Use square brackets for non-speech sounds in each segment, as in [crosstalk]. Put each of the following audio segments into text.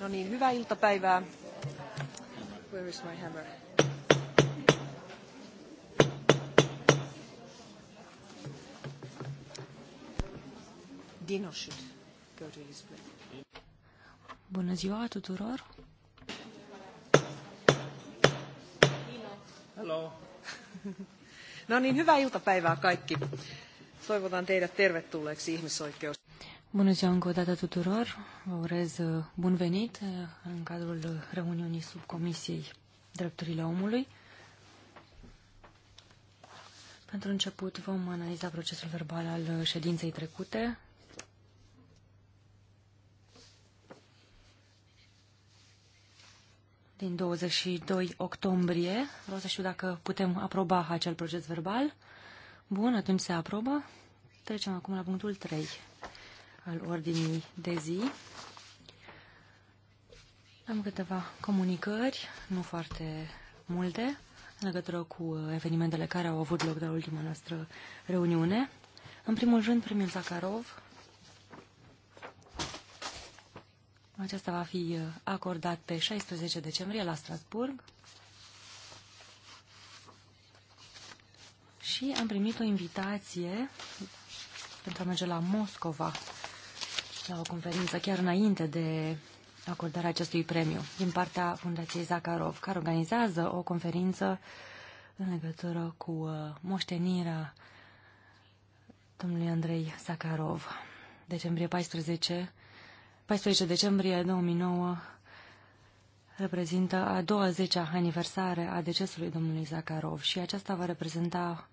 No niin, hyvää iltapäivää. Where is my hammer? Dino should go to his place. Bună ziua tuturor! Hello. [laughs] No niin, hyvää iltapäivää kaikki. Toivotan teidät tervetulleeksi ihmisoikeus. Bună ziua încă o dată tuturor. Vă urez uh, bun venit uh, în cadrul reuniunii subcomisiei drepturile omului. Pentru început vom analiza procesul verbal al uh, ședinței trecute, din 22 octombrie. Vreau să știu dacă putem aproba acel proces verbal. Bun, atunci se aprobă. Trecem acum la punctul 3 al ordinii de zi. Am câteva comunicări, nu foarte multe, în legătură cu evenimentele care au avut loc de la ultima noastră reuniune. În primul rând, primul Zakharov Acesta va fi uh, acordat pe 16 decembrie la Strasburg. Și am primit o invitație pentru a merge la Moscova, la o conferință chiar înainte de acordarea acestui premiu, din partea Fundației Zakharov, care organizează o conferință în legătură cu uh, moștenirea domnului Andrei Zakharov, decembrie 14 14 decembrie 2009 reprezintă a 20-a aniversare a decesului domnului Zakharov și aceasta va reprezenta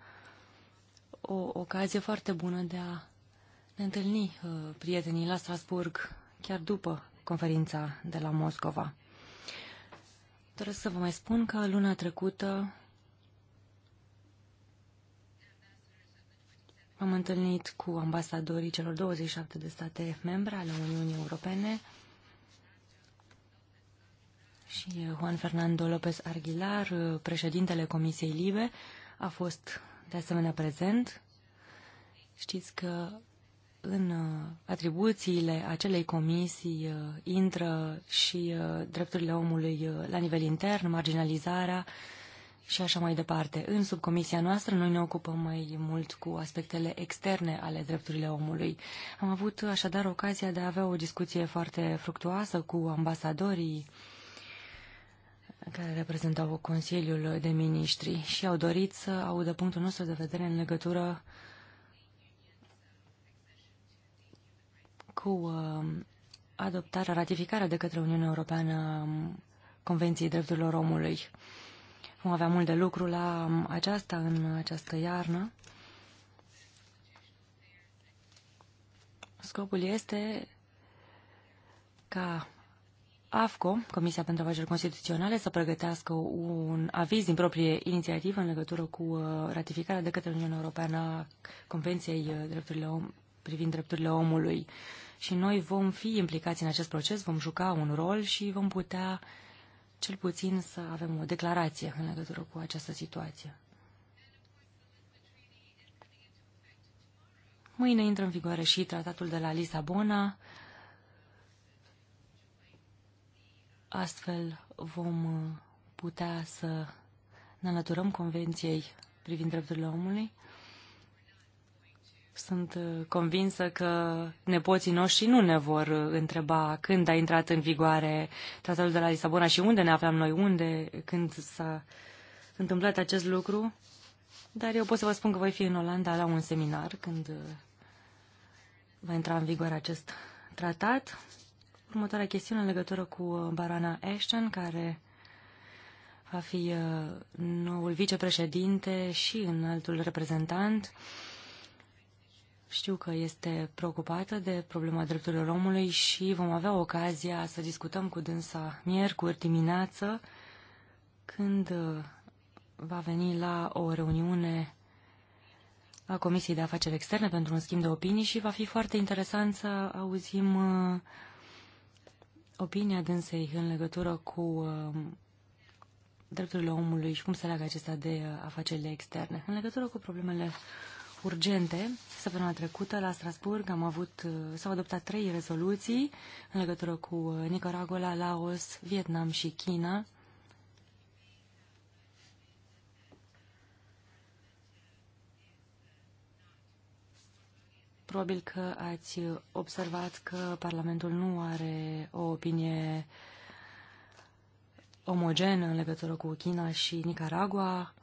o ocazie foarte bună de a ne întâlni uh, prietenii la Strasburg chiar după conferința de la Moscova. Doresc să vă mai spun că luna trecută M-am întâlnit cu ambasadorii celor 27 de state membre ale Uniunii Europene și Juan Fernando López Arguilar, președintele Comisiei Libe, a fost de asemenea prezent. Știți că în uh, atribuțiile acelei comisii uh, intră și uh, drepturile omului la nivel intern, marginalizarea, și așa mai departe. În subcomisia noastră noi ne ocupăm mai mult cu aspectele externe ale drepturilor omului. Am avut așadar ocazia de a avea o discuție foarte fructuoasă cu ambasadorii care reprezentau Consiliul de Ministri și au dorit să audă punctul nostru de vedere în legătură cu uh, adoptarea, ratificarea de către Uniunea Europeană um, Convenției Drepturilor Omului. Vom avea mult de lucru la um, aceasta în această iarnă. Scopul este ca AFCO, Comisia pentru Afaceri Constituționale, să pregătească un aviz din proprie inițiativă în legătură cu uh, ratificarea de către Uniunea Europeană a Convenției uh, drepturile om, privind drepturile omului. Și noi vom fi implicați în acest proces, vom juca un rol și vom putea uh, cel puțin să avem o declarație în legătură cu această situație. Mâine intră în vigoare și tratatul de la Lisabona, astfel vom putea să ne alăturăm Convenției privind drepturile omului. Sunt uh, convinsă că nepoții noștri nu ne vor uh, întreba când a intrat în vigoare tratatul de la Lisabona și unde ne aflam noi, unde, când s-a întâmplat acest lucru. Dar eu pot să vă spun că voi fi în Olanda la un seminar când uh, va intra în vigoare acest tratat. Următoarea chestiune în legătură cu barona Ashton, care va fi noul vicepreședinte și înaltul altul reprezentant știu că este preocupată de problema drepturilor omului și vom avea ocazia să discutăm cu dânsa miercuri dimineață, când uh, va veni la o reuniune a Comisiei de Afaceri Externe pentru un schimb de opinii și va fi foarte interesant să auzim uh, opinia dânsei în legătură cu uh, drepturile omului și cum se leagă acestea de afacerile externe. În legătură cu problemele urgente. Săptămâna trecută, la Strasburg, am avut, uh, s-au adoptat trei rezoluții în legătură cu uh, Nicaragua, Laos, Vietnam și China. Probabil că ați observat că Parlamentul nu are o opinie omogenă în legătură cu China și Nicaragua.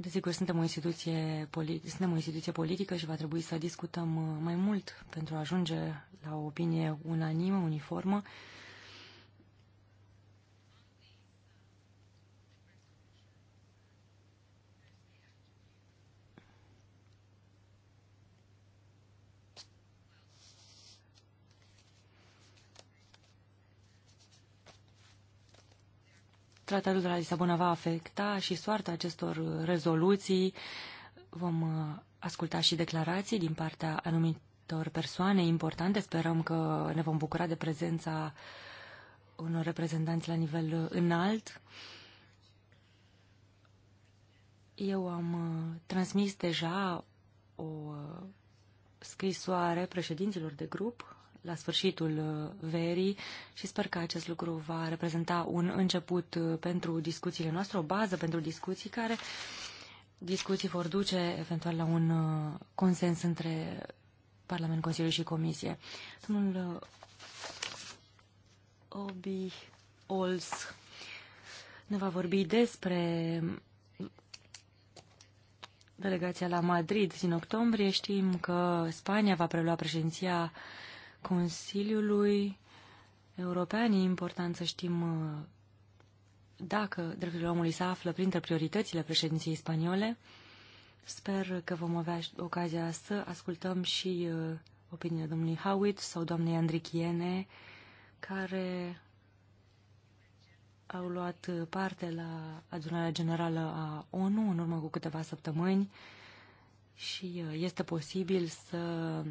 Desigur, suntem o, instituție suntem o instituție politică și va trebui să discutăm uh, mai mult pentru a ajunge la o opinie unanimă, uniformă. Tratatul de la Lisabona va afecta și soarta acestor rezoluții. Vom uh, asculta și declarații din partea anumitor persoane importante. Sperăm că ne vom bucura de prezența unor reprezentanți la nivel uh, înalt. Eu am uh, transmis deja o scrisoare președinților de grup la sfârșitul uh, verii și sper că acest lucru va reprezenta un început uh, pentru discuțiile noastre, o bază pentru discuții care discuții vor duce eventual la un uh, consens între Parlament, Consiliu și Comisie. Domnul Obi Ols ne va vorbi despre delegația la Madrid din octombrie. Știm că Spania va prelua președinția Consiliului European e important să știm uh, dacă drepturile omului se află printre prioritățile președinției spaniole. Sper că vom avea ocazia să ascultăm și uh, opinia domnului Howitt sau doamnei Andrichiene, care au luat parte la adunarea generală a ONU în urmă cu câteva săptămâni și uh, este posibil să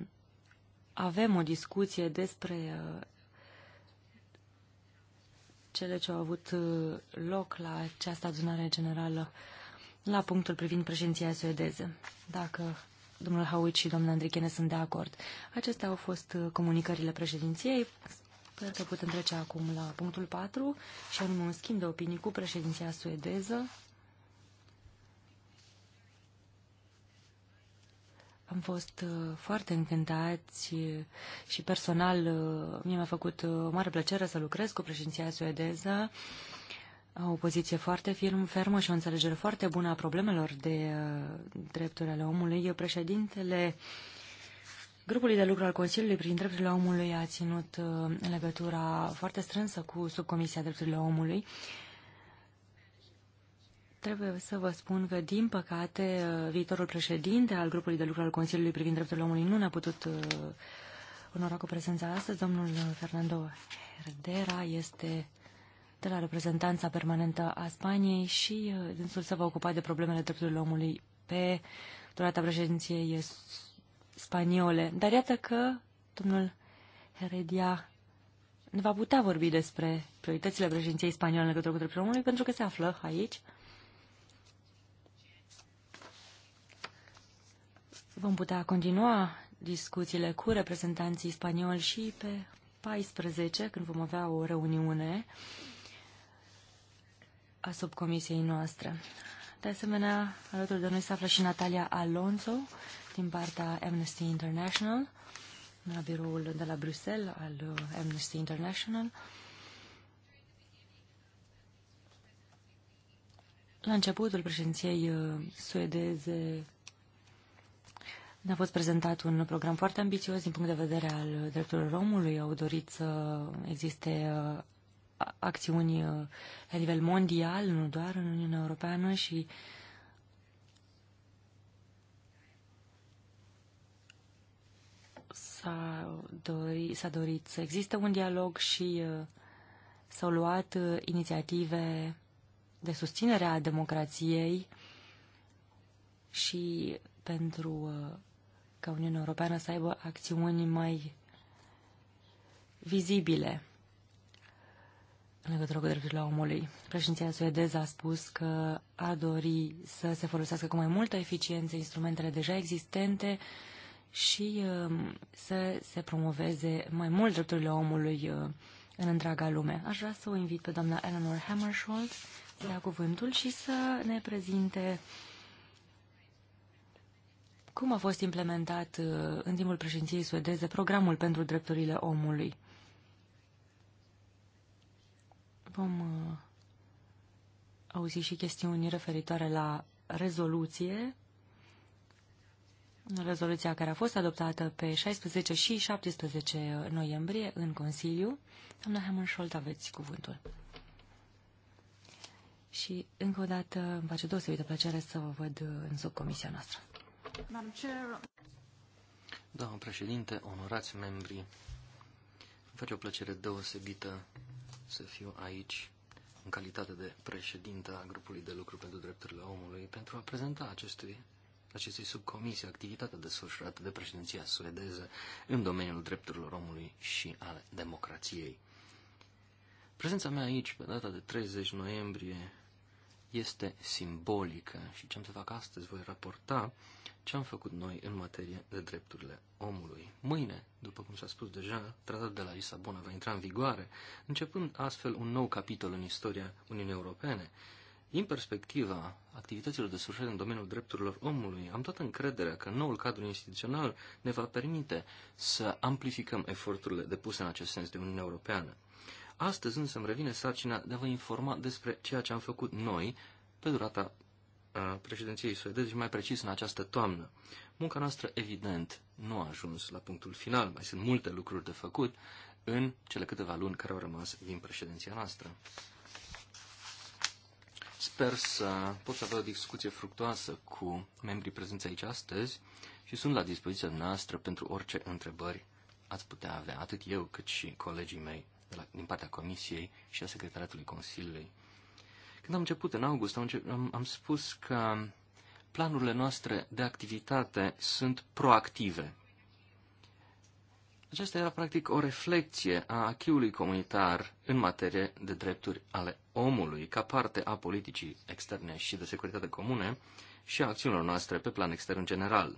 avem o discuție despre uh, cele ce au avut uh, loc la această adunare generală la punctul privind președinția suedeză, dacă domnul Hauici și domnul Andrichene sunt de acord. Acestea au fost uh, comunicările președinției. Sper că putem trece acum la punctul 4 și anume un schimb de opinii cu președinția suedeză Am fost uh, foarte încântați uh, și personal mie uh, mi-a făcut o mare plăcere să lucrez cu președinția suedeză. Au o poziție foarte firm, fermă și o înțelegere foarte bună a problemelor de drepturi ale omului. Eu, președintele grupului de lucru al Consiliului prin drepturile omului a ținut legătura foarte strânsă cu subcomisia drepturile omului trebuie să vă spun că, din păcate, viitorul președinte al grupului de lucru al Consiliului privind drepturile omului nu ne-a putut uh, onora cu prezența astăzi. Domnul Fernando Herdera este de la reprezentanța permanentă a Spaniei și uh, dânsul se va ocupa de problemele drepturilor omului pe durata președinției spaniole. Dar iată că domnul Heredia va putea vorbi despre prioritățile președinției spaniole în legătură cu drepturile omului, pentru că se află aici. Vom putea continua discuțiile cu reprezentanții spanioli și pe 14, când vom avea o reuniune a subcomisiei noastre. De asemenea, alături de noi se află și Natalia Alonso, din partea Amnesty International, la biroul de la Bruxelles al Amnesty International. La începutul președinției uh, suedeze ne-a fost prezentat un program foarte ambițios din punct de vedere al drepturilor omului. Au dorit să existe uh, acțiuni uh, la nivel mondial, nu doar în Uniunea Europeană și s-a dorit, s-a dorit să existe un dialog și uh, s-au luat inițiative de susținere a democrației și pentru ca Uniunea Europeană să aibă acțiuni mai vizibile în legătură cu drepturile omului. Președinția suedeză a spus că a dori să se folosească cu mai multă eficiență instrumentele deja existente și um, să se promoveze mai mult drepturile omului uh, în întreaga lume. Aș vrea să o invit pe doamna Eleanor Hammersholt să ia cuvântul și să ne prezinte cum a fost implementat uh, în timpul președinției suedeze programul pentru drepturile omului? Vom uh, auzi și chestiuni referitoare la rezoluție, rezoluția care a fost adoptată pe 16 și 17 noiembrie în Consiliu. Doamna Hammond Scholt, aveți cuvântul. Și, încă o dată, îmi face deosebită plăcere să vă văd uh, în subcomisia noastră. Doamnă președinte, onorați membri, îmi face o plăcere deosebită să fiu aici în calitate de președinte a grupului de lucru pentru drepturile omului pentru a prezenta acestui, acestei subcomisii activitatea desfășurată de președinția suedeză în domeniul drepturilor omului și al democrației. Prezența mea aici, pe data de 30 noiembrie, este simbolică și ce am să fac astăzi, voi raporta ce am făcut noi în materie de drepturile omului. Mâine, după cum s-a spus deja, tratatul de la Lisabona va intra în vigoare, începând astfel un nou capitol în istoria Uniunii Europene. Din perspectiva activităților de sfârșit în domeniul drepturilor omului, am toată încrederea că noul cadru instituțional ne va permite să amplificăm eforturile depuse în acest sens de Uniunea Europeană. Astăzi însă îmi revine sarcina de a vă informa despre ceea ce am făcut noi pe durata președinției suedeze și mai precis în această toamnă. Munca noastră, evident, nu a ajuns la punctul final. Mai sunt multe lucruri de făcut în cele câteva luni care au rămas din președinția noastră. Sper să pot să avea o discuție fructoasă cu membrii prezenți aici astăzi și sunt la dispoziția noastră pentru orice întrebări ați putea avea, atât eu cât și colegii mei de la, din partea Comisiei și a Secretariatului Consiliului. Când am început în august, am, început, am, am spus că planurile noastre de activitate sunt proactive. Aceasta era practic o reflecție a achiului comunitar în materie de drepturi ale omului, ca parte a politicii externe și de securitate comune și a acțiunilor noastre pe plan extern general.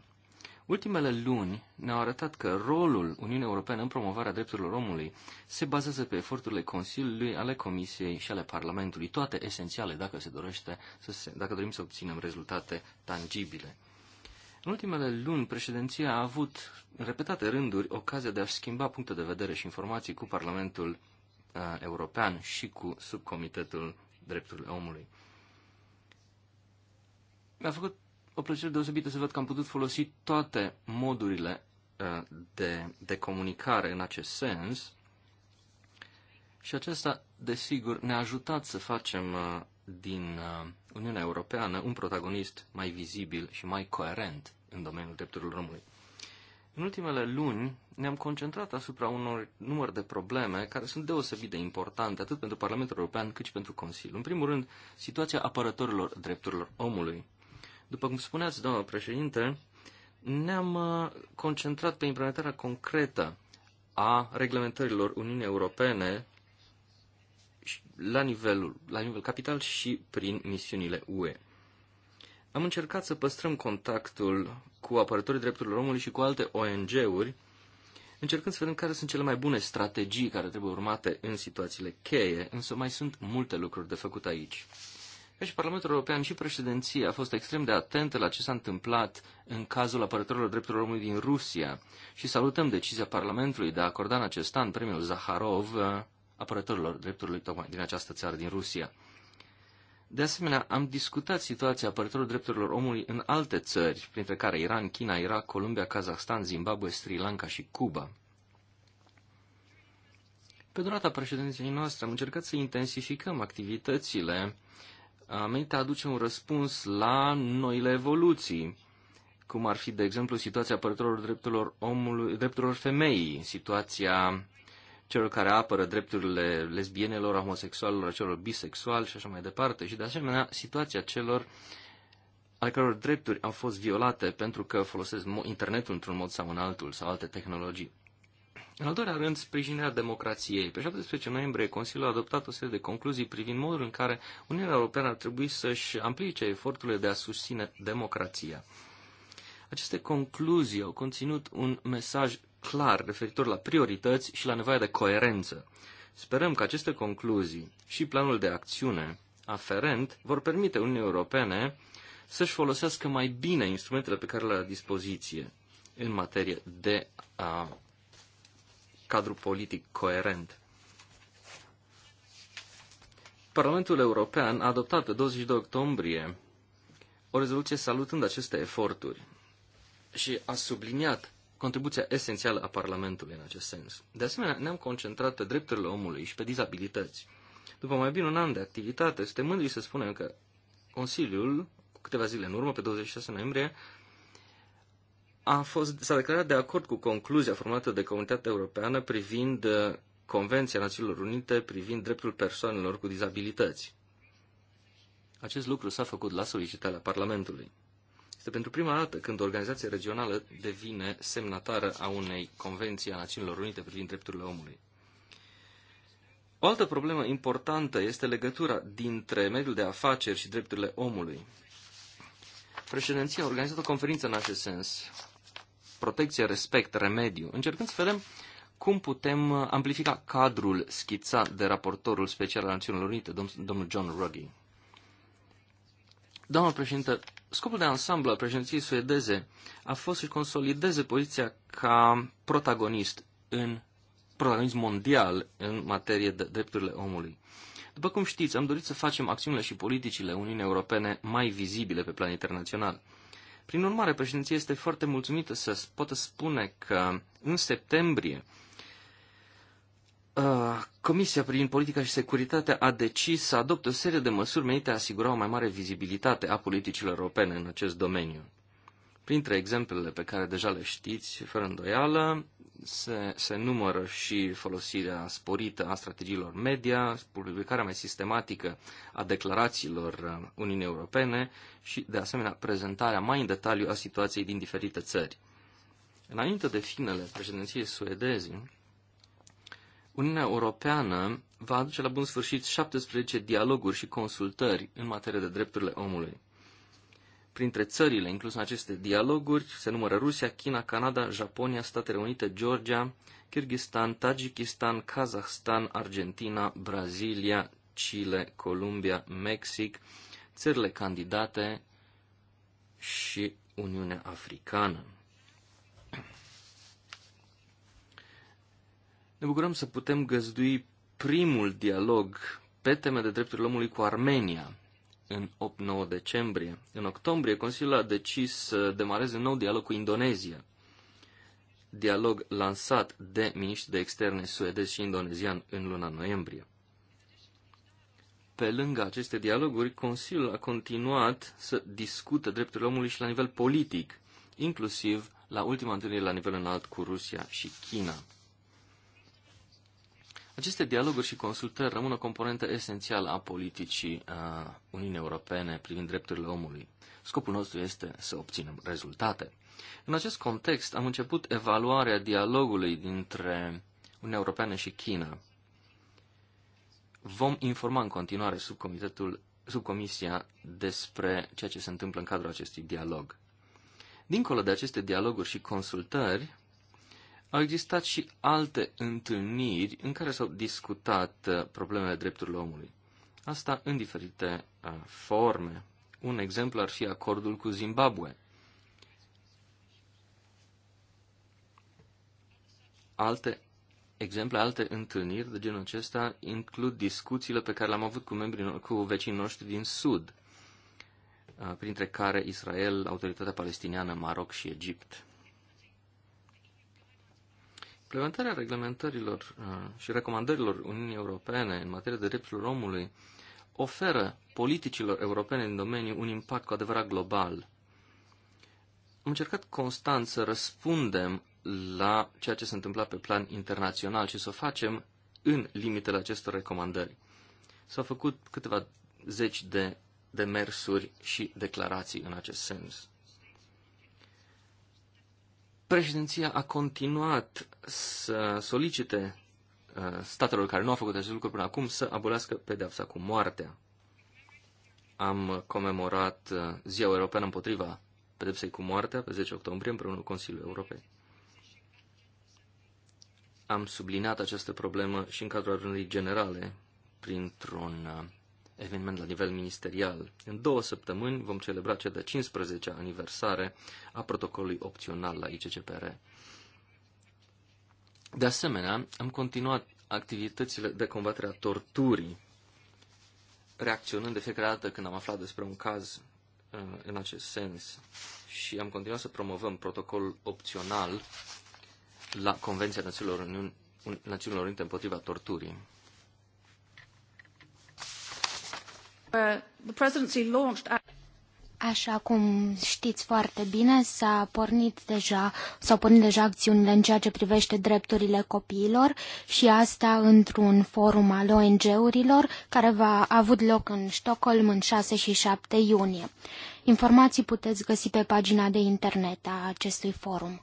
Ultimele luni ne-au arătat că rolul Uniunii Europene în promovarea drepturilor omului se bazează pe eforturile Consiliului, ale Comisiei și ale Parlamentului, toate esențiale dacă, se dorește să se, dacă dorim să obținem rezultate tangibile. În ultimele luni, președinția a avut repetate rânduri ocazia de a-și schimba puncte de vedere și informații cu Parlamentul uh, European și cu subcomitetul drepturilor omului. Mi-a făcut o plăcere deosebită să văd că am putut folosi toate modurile uh, de, de comunicare în acest sens și acesta, desigur, ne-a ajutat să facem uh, din uh, Uniunea Europeană un protagonist mai vizibil și mai coerent în domeniul drepturilor omului. În ultimele luni ne-am concentrat asupra unor număr de probleme care sunt deosebit de importante atât pentru Parlamentul European cât și pentru Consiliu. În primul rând, situația apărătorilor drepturilor omului. După cum spuneați, doamnă președinte, ne-am uh, concentrat pe implementarea concretă a reglementărilor Uniunii Europene la, nivelul, la nivel capital și prin misiunile UE. Am încercat să păstrăm contactul cu apărătorii drepturilor omului și cu alte ONG-uri, încercând să vedem care sunt cele mai bune strategii care trebuie urmate în situațiile cheie, însă mai sunt multe lucruri de făcut aici. Ca și Parlamentul European și președinția a fost extrem de atentă la ce s-a întâmplat în cazul apărătorilor drepturilor omului din Rusia și salutăm decizia Parlamentului de a acorda în acest an premiul Zaharov uh, apărătorilor drepturilor tocmai din această țară, din Rusia. De asemenea, am discutat situația apărătorilor drepturilor omului în alte țări, printre care Iran, China, Irak, Columbia, Kazahstan, Zimbabwe, Sri Lanka și Cuba. Pe durata președinției noastre am încercat să intensificăm activitățile a a aduce un răspuns la noile evoluții, cum ar fi, de exemplu, situația apărătorilor drepturilor omului, drepturilor femeii, situația celor care apără drepturile lesbienelor, a homosexualilor, a celor bisexuali și așa mai departe, și de asemenea situația celor ale căror drepturi au fost violate pentru că folosesc internetul într-un mod sau în altul sau alte tehnologii. În al doilea rând, sprijinirea democrației. Pe 17 noiembrie, Consiliul a adoptat o serie de concluzii privind modul în care Uniunea Europeană ar trebui să-și amplice eforturile de a susține democrația. Aceste concluzii au conținut un mesaj clar referitor la priorități și la nevoia de coerență. Sperăm că aceste concluzii și planul de acțiune aferent vor permite Uniunii Europene să-și folosească mai bine instrumentele pe care le are la dispoziție în materie de a cadru politic coerent. Parlamentul European a adoptat pe 22 octombrie o rezoluție salutând aceste eforturi și a subliniat contribuția esențială a Parlamentului în acest sens. De asemenea, ne-am concentrat pe drepturile omului și pe dizabilități. După mai bine un an de activitate, suntem mândri să spunem că Consiliul, câteva zile în urmă, pe 26 noiembrie, a fost, s-a declarat de acord cu concluzia formată de Comunitatea Europeană privind uh, Convenția Națiunilor Unite privind dreptul persoanelor cu dizabilități. Acest lucru s-a făcut la solicitarea Parlamentului. Este pentru prima dată când o organizație regională devine semnatară a unei convenții a Națiunilor Unite privind drepturile omului. O altă problemă importantă este legătura dintre mediul de afaceri și drepturile omului. Președinția a organizat o conferință în acest sens protecție, respect, remediu, încercând să vedem cum putem amplifica cadrul schițat de raportorul special al Națiunilor Unite, domnul John Ruggie. Doamnă președinte, scopul de ansamblu al președinției suedeze a fost să-și consolideze poziția ca protagonist în protagonist mondial în materie de drepturile omului. După cum știți, am dorit să facem acțiunile și politicile Uniunii Europene mai vizibile pe plan internațional. Prin urmare, președinția este foarte mulțumită să poată spune că în septembrie uh, Comisia prin politica și Securitate a decis să adopte o serie de măsuri menite a asigura o mai mare vizibilitate a politicilor europene în acest domeniu. Printre exemplele pe care deja le știți, fără îndoială, se, se numără și folosirea sporită a strategiilor media, publicarea mai sistematică a declarațiilor Uniunii Europene și, de asemenea, prezentarea mai în detaliu a situației din diferite țări. Înainte de finele președinției suedeze, Uniunea Europeană va aduce la bun sfârșit 17 dialoguri și consultări în materie de drepturile omului. Printre țările incluse în aceste dialoguri se numără Rusia, China, Canada, Japonia, Statele Unite, Georgia, Kyrgyzstan, Tajikistan, Kazahstan, Argentina, Brazilia, Chile, Columbia, Mexic, țările candidate și Uniunea Africană. Ne bucurăm să putem găzdui primul dialog pe teme de drepturile omului cu Armenia în 8-9 decembrie. În octombrie, Consiliul a decis să demareze un nou dialog cu Indonezia. Dialog lansat de miniștri de externe suedez și indonezian în luna noiembrie. Pe lângă aceste dialoguri, Consiliul a continuat să discute drepturile omului și la nivel politic, inclusiv la ultima întâlnire la nivel înalt cu Rusia și China. Aceste dialoguri și consultări rămân o componentă esențială a politicii a uh, Uniunii Europene privind drepturile omului. Scopul nostru este să obținem rezultate. În acest context am început evaluarea dialogului dintre Uniunea Europeană și China. Vom informa în continuare subcomitetul, subcomisia despre ceea ce se întâmplă în cadrul acestui dialog. Dincolo de aceste dialoguri și consultări, au existat și alte întâlniri în care s-au discutat uh, problemele drepturilor omului. Asta în diferite uh, forme. Un exemplu ar fi acordul cu Zimbabwe. Alte exemple, alte întâlniri de genul acesta includ discuțiile pe care le-am avut cu, membrii, cu vecinii noștri din Sud, uh, printre care Israel, Autoritatea Palestiniană, Maroc și Egipt. Implementarea reglementărilor uh, și recomandărilor Uniunii Europene în materie de drepturile omului oferă politicilor europene în domeniu un impact cu adevărat global. Am încercat constant să răspundem la ceea ce se întâmpla pe plan internațional și să o facem în limitele acestor recomandări. S-au făcut câteva zeci de demersuri și declarații în acest sens. Președinția a continuat să solicite uh, statelor care nu au făcut acest lucru până acum să abolească pedeapsa cu moartea. Am comemorat uh, Ziua Europeană împotriva pedepsei cu moartea pe 10 octombrie împreună cu Consiliul Europei. Am subliniat această problemă și în cadrul adunării generale printr-un uh, eveniment la nivel ministerial. În două săptămâni vom celebra cea de 15-a aniversare a protocolului opțional la ICCPR. De asemenea, am continuat activitățile de combatere a torturii, reacționând de fiecare dată când am aflat despre un caz uh, în acest sens și am continuat să promovăm protocolul opțional la Convenția Națiunilor, Națiunilor Unite împotriva torturii. Uh, Așa cum știți foarte bine, s-a pornit deja, s-au pornit deja acțiunile în ceea ce privește drepturile copiilor și asta într-un forum al ONG-urilor care va a avut loc în Stockholm în 6 și 7 iunie. Informații puteți găsi pe pagina de internet a acestui forum.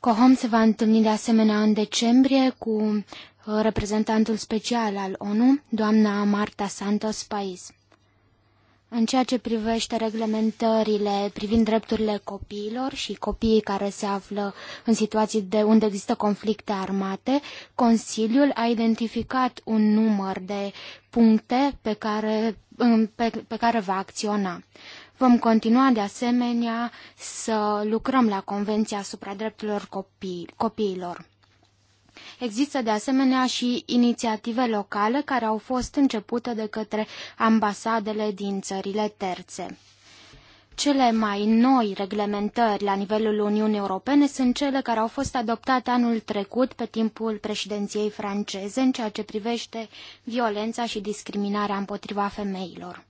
Cohom se va întâlni de asemenea în decembrie cu reprezentantul special al ONU, doamna Marta Santos Pais. În ceea ce privește reglementările privind drepturile copiilor și copiii care se află în situații de unde există conflicte armate, Consiliul a identificat un număr de puncte pe care, pe, pe care va acționa. Vom continua de asemenea să lucrăm la Convenția asupra drepturilor copii, copiilor. Există de asemenea și inițiative locale care au fost începute de către ambasadele din țările terțe. Cele mai noi reglementări la nivelul Uniunii Europene sunt cele care au fost adoptate anul trecut pe timpul președinției franceze în ceea ce privește violența și discriminarea împotriva femeilor.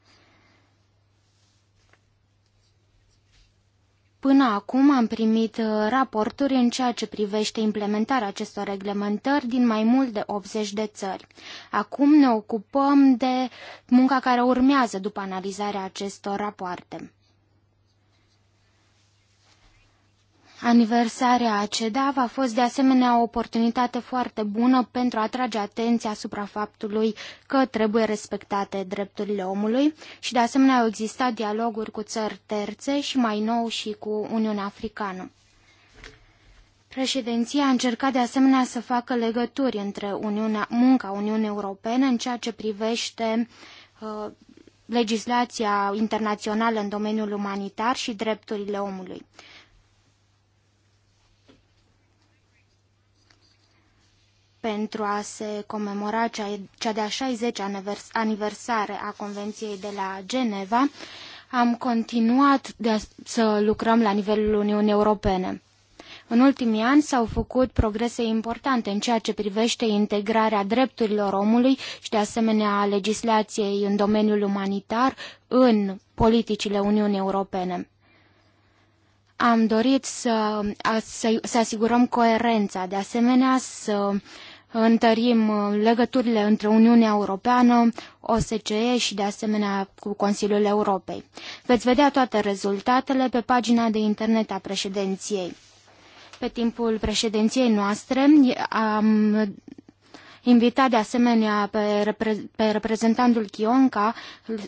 Până acum am primit uh, raporturi în ceea ce privește implementarea acestor reglementări din mai mult de 80 de țări. Acum ne ocupăm de munca care urmează după analizarea acestor rapoarte. Aniversarea aceea a fost de asemenea o oportunitate foarte bună pentru a atrage atenția asupra faptului că trebuie respectate drepturile omului și de asemenea au existat dialoguri cu țări terțe și mai nou și cu Uniunea Africană. Președinția a încercat de asemenea să facă legături între Uniunea, munca Uniunii Europene în ceea ce privește uh, legislația internațională în domeniul umanitar și drepturile omului. pentru a se comemora cea de-a 60 aniversare a Convenției de la Geneva, am continuat de a, să lucrăm la nivelul Uniunii Europene. În ultimii ani s-au făcut progrese importante în ceea ce privește integrarea drepturilor omului și de asemenea a legislației în domeniul umanitar în politicile Uniunii Europene. Am dorit să, să, să asigurăm coerența, de asemenea să întărim uh, legăturile între Uniunea Europeană, OSCE și de asemenea cu Consiliul Europei. Veți vedea toate rezultatele pe pagina de internet a președinției. Pe timpul președinției noastre am invitat de asemenea pe, repre- pe reprezentantul Chionca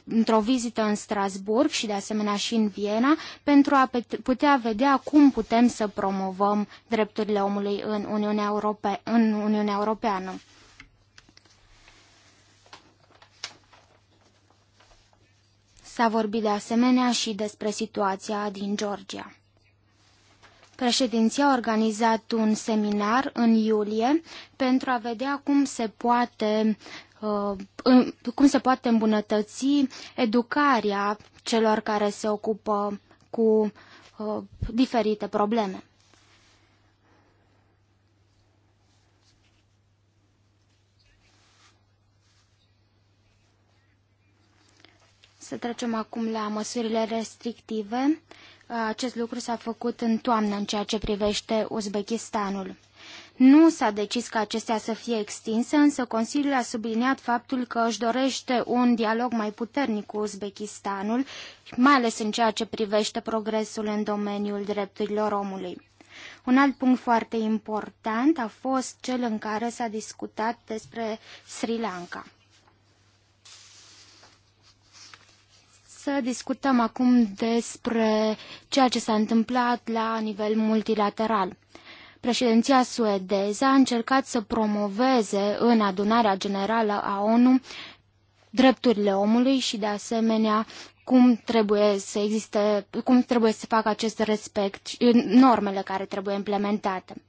într-o vizită în Strasburg și de asemenea și în Viena pentru a putea vedea cum putem să promovăm drepturile omului în Uniunea, Europe- în Uniunea Europeană. S-a vorbit de asemenea și despre situația din Georgia. Președinția a organizat un seminar în iulie pentru a vedea cum se poate uh, cum se poate îmbunătăți educarea celor care se ocupă cu uh, diferite probleme. Să trecem acum la măsurile restrictive. Acest lucru s-a făcut în toamnă în ceea ce privește Uzbekistanul. Nu s-a decis ca acestea să fie extinse, însă Consiliul a subliniat faptul că își dorește un dialog mai puternic cu Uzbekistanul, mai ales în ceea ce privește progresul în domeniul drepturilor omului. Un alt punct foarte important a fost cel în care s-a discutat despre Sri Lanka. să discutăm acum despre ceea ce s-a întâmplat la nivel multilateral. Președinția suedeză a încercat să promoveze în adunarea generală a ONU drepturile omului și de asemenea cum trebuie să existe, cum trebuie să facă acest respect, normele care trebuie implementate.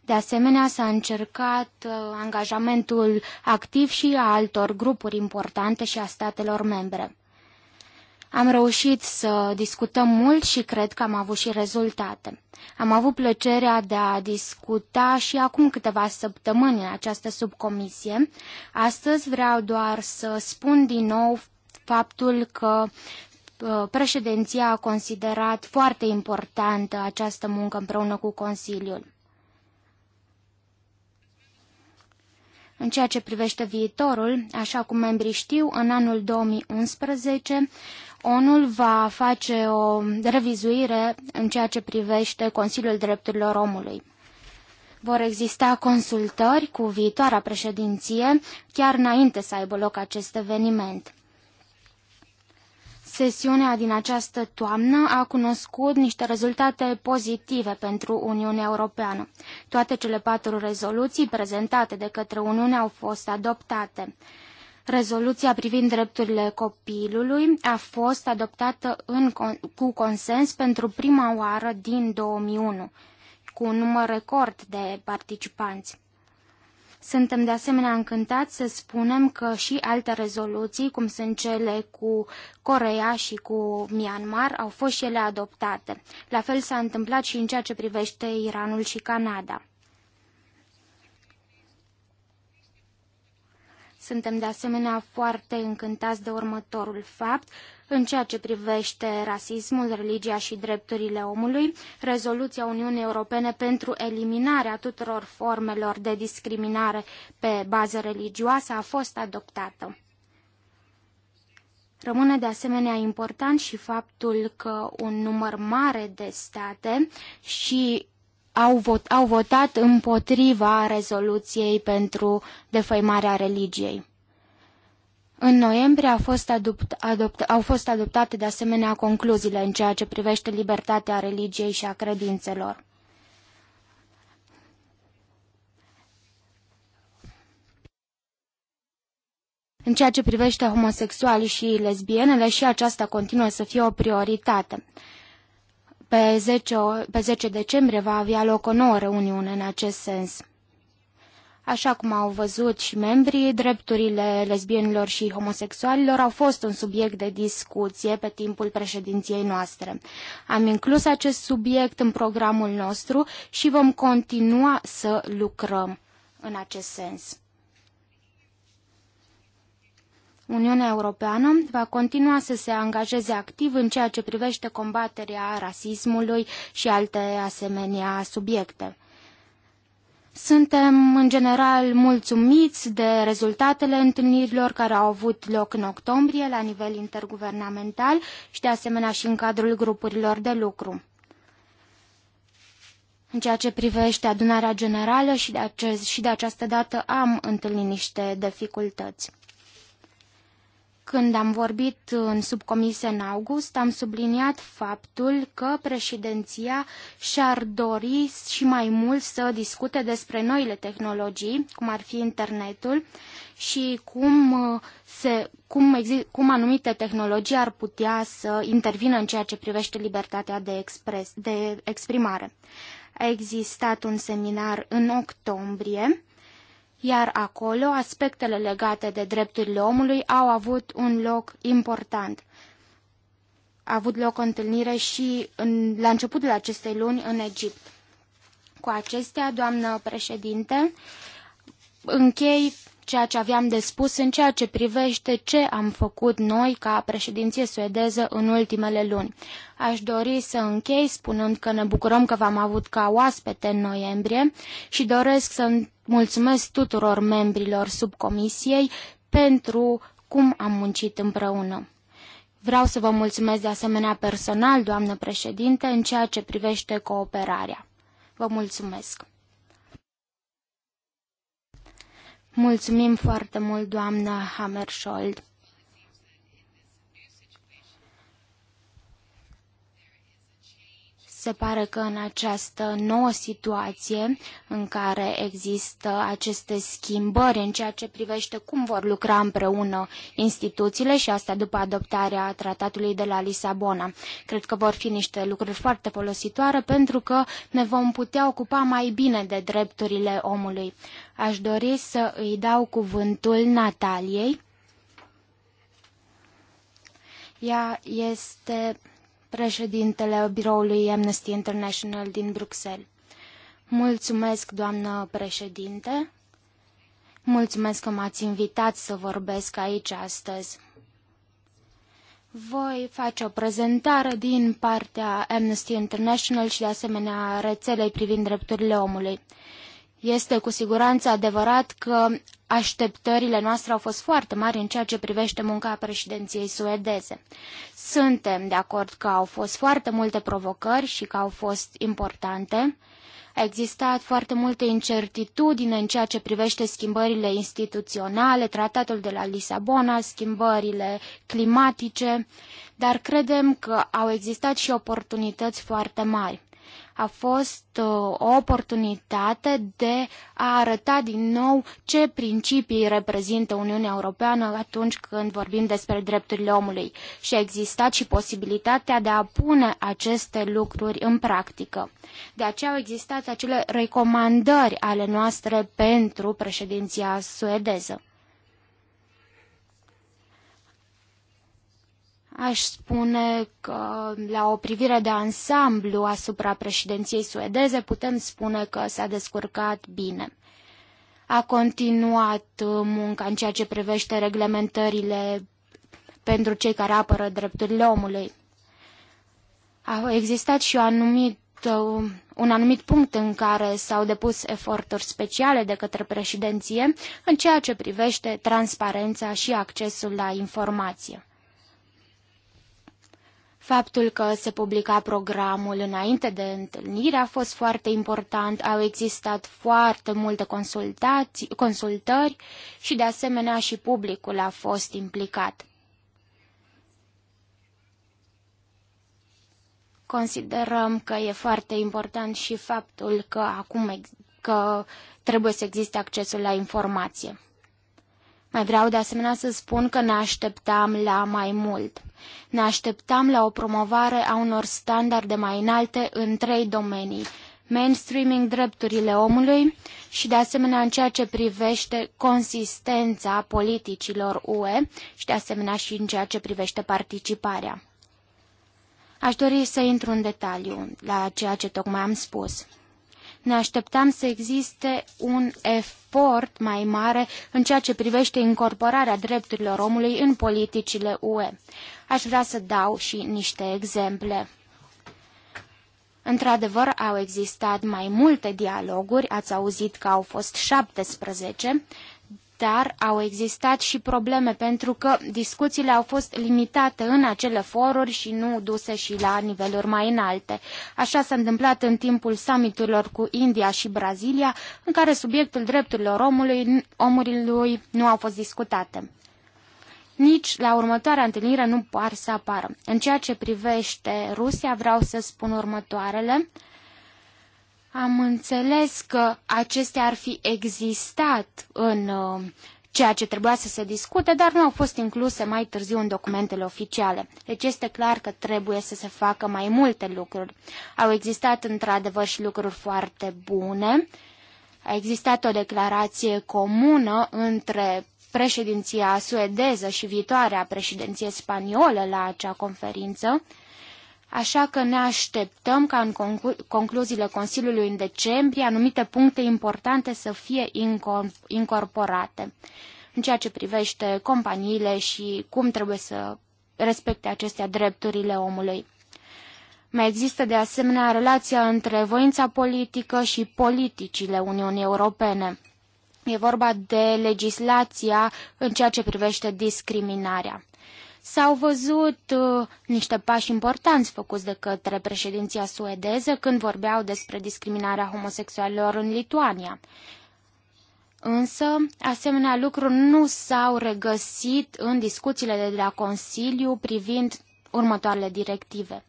De asemenea, s-a încercat uh, angajamentul activ și a altor grupuri importante și a statelor membre. Am reușit să discutăm mult și cred că am avut și rezultate. Am avut plăcerea de a discuta și acum câteva săptămâni în această subcomisie. Astăzi vreau doar să spun din nou faptul că uh, președinția a considerat foarte importantă această muncă împreună cu Consiliul. În ceea ce privește viitorul, așa cum membrii știu, în anul 2011 ONU va face o revizuire în ceea ce privește Consiliul Drepturilor Omului. Vor exista consultări cu viitoarea președinție chiar înainte să aibă loc acest eveniment. Sesiunea din această toamnă a cunoscut niște rezultate pozitive pentru Uniunea Europeană. Toate cele patru rezoluții prezentate de către Uniune au fost adoptate. Rezoluția privind drepturile copilului a fost adoptată în, cu consens pentru prima oară din 2001, cu un număr record de participanți. Suntem de asemenea încântați să spunem că și alte rezoluții, cum sunt cele cu Corea și cu Myanmar, au fost și ele adoptate. La fel s-a întâmplat și în ceea ce privește Iranul și Canada. Suntem de asemenea foarte încântați de următorul fapt. În ceea ce privește rasismul, religia și drepturile omului, rezoluția Uniunii Europene pentru eliminarea tuturor formelor de discriminare pe bază religioasă a fost adoptată. Rămâne de asemenea important și faptul că un număr mare de state și au, vot, au votat împotriva rezoluției pentru defăimarea religiei. În noiembrie au fost adopt, adopt, au fost adoptate de asemenea concluziile în ceea ce privește libertatea religiei și a credințelor. În ceea ce privește homosexualii și lesbienele, și aceasta continuă să fie o prioritate. Pe 10, pe 10 decembrie va avea loc o nouă reuniune în acest sens. Așa cum au văzut și membrii, drepturile lesbienilor și homosexualilor au fost un subiect de discuție pe timpul președinției noastre. Am inclus acest subiect în programul nostru și vom continua să lucrăm în acest sens. Uniunea Europeană va continua să se angajeze activ în ceea ce privește combaterea rasismului și alte asemenea subiecte. Suntem, în general, mulțumiți de rezultatele întâlnirilor care au avut loc în octombrie la nivel interguvernamental și, de asemenea, și în cadrul grupurilor de lucru. În ceea ce privește adunarea generală și de, acest, și de această dată am întâlnit niște dificultăți. Când am vorbit în subcomisie în august, am subliniat faptul că președinția și-ar dori și mai mult să discute despre noile tehnologii, cum ar fi internetul, și cum, uh, se, cum, cum anumite tehnologii ar putea să intervină în ceea ce privește libertatea de, expres, de exprimare. A existat un seminar în octombrie iar acolo aspectele legate de drepturile omului au avut un loc important. A avut loc o întâlnire și în, la începutul acestei luni în Egipt. Cu acestea, doamnă președinte, închei ceea ce aveam de spus în ceea ce privește ce am făcut noi ca președinție suedeză în ultimele luni. Aș dori să închei spunând că ne bucurăm că v-am avut ca oaspete în noiembrie și doresc să mulțumesc tuturor membrilor subcomisiei pentru cum am muncit împreună. Vreau să vă mulțumesc de asemenea personal, doamnă președinte, în ceea ce privește cooperarea. Vă mulțumesc! Mulțumim foarte mult, doamna Hammerschold. Se pare că în această nouă situație în care există aceste schimbări în ceea ce privește cum vor lucra împreună instituțiile și asta după adoptarea tratatului de la Lisabona. Cred că vor fi niște lucruri foarte folositoare pentru că ne vom putea ocupa mai bine de drepturile omului. Aș dori să îi dau cuvântul Nataliei. Ea este președintele biroului Amnesty International din Bruxelles. Mulțumesc, doamnă președinte. Mulțumesc că m-ați invitat să vorbesc aici astăzi. Voi face o prezentare din partea Amnesty International și de asemenea rețelei privind drepturile omului. Este cu siguranță adevărat că așteptările noastre au fost foarte mari în ceea ce privește munca președinției suedeze. Suntem de acord că au fost foarte multe provocări și că au fost importante. A existat foarte multă incertitudine în ceea ce privește schimbările instituționale, tratatul de la Lisabona, schimbările climatice, dar credem că au existat și oportunități foarte mari a fost uh, o oportunitate de a arăta din nou ce principii reprezintă Uniunea Europeană atunci când vorbim despre drepturile omului și a existat și posibilitatea de a pune aceste lucruri în practică. De aceea au existat acele recomandări ale noastre pentru președinția suedeză. Aș spune că, la o privire de ansamblu asupra președinției suedeze, putem spune că s-a descurcat bine. A continuat munca în ceea ce privește reglementările pentru cei care apără drepturile omului. A existat și un anumit, un anumit punct în care s-au depus eforturi speciale de către președinție în ceea ce privește transparența și accesul la informație. Faptul că se publica programul înainte de întâlnire a fost foarte important, au existat foarte multe consultații, consultări și de asemenea și publicul a fost implicat. Considerăm că e foarte important și faptul că acum că trebuie să existe accesul la informație. Mai vreau de asemenea să spun că ne așteptam la mai mult. Ne așteptam la o promovare a unor standarde mai înalte în trei domenii mainstreaming drepturile omului și de asemenea în ceea ce privește consistența politicilor UE și de asemenea și în ceea ce privește participarea. Aș dori să intru în detaliu la ceea ce tocmai am spus. Ne așteptam să existe un efort mai mare în ceea ce privește incorporarea drepturilor omului în politicile UE. Aș vrea să dau și niște exemple. Într-adevăr, au existat mai multe dialoguri, ați auzit că au fost 17, dar au existat și probleme pentru că discuțiile au fost limitate în acele foruri și nu duse și la niveluri mai înalte. Așa s-a întâmplat în timpul summiturilor cu India și Brazilia, în care subiectul drepturilor omului, omului nu a fost discutate. Nici la următoarea întâlnire nu par să apară. În ceea ce privește Rusia, vreau să spun următoarele. Am înțeles că acestea ar fi existat în uh, ceea ce trebuia să se discute, dar nu au fost incluse mai târziu în documentele oficiale. Deci este clar că trebuie să se facă mai multe lucruri. Au existat într-adevăr și lucruri foarte bune. A existat o declarație comună între președinția suedeză și viitoarea președinție spaniolă la acea conferință. Așa că ne așteptăm ca în conclu concluziile Consiliului în decembrie anumite puncte importante să fie incorporate în ceea ce privește companiile și cum trebuie să respecte acestea drepturile omului. Mai există de asemenea relația între voința politică și politicile Uniunii Europene. E vorba de legislația în ceea ce privește discriminarea. S-au văzut uh, niște pași importanți făcuți de către președinția suedeză când vorbeau despre discriminarea homosexualilor în Lituania. Însă, asemenea lucruri nu s-au regăsit în discuțiile de la Consiliu privind următoarele directive.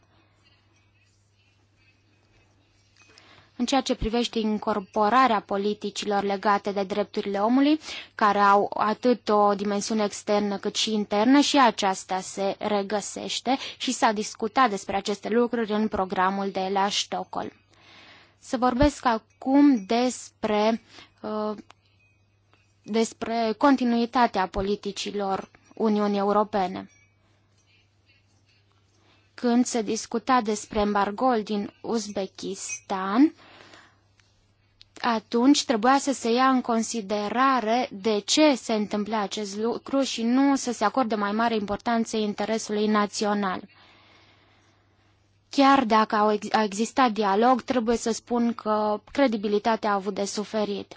În ceea ce privește incorporarea politicilor legate de drepturile omului, care au atât o dimensiune externă cât și internă, și aceasta se regăsește și s-a discutat despre aceste lucruri în programul de la Stockholm. Să vorbesc acum despre, uh, despre continuitatea politicilor Uniunii Europene când se discuta despre embargoul din Uzbekistan, atunci trebuia să se ia în considerare de ce se întâmplă acest lucru și nu să se acorde mai mare importanță interesului național. Chiar dacă a existat dialog, trebuie să spun că credibilitatea a avut de suferit.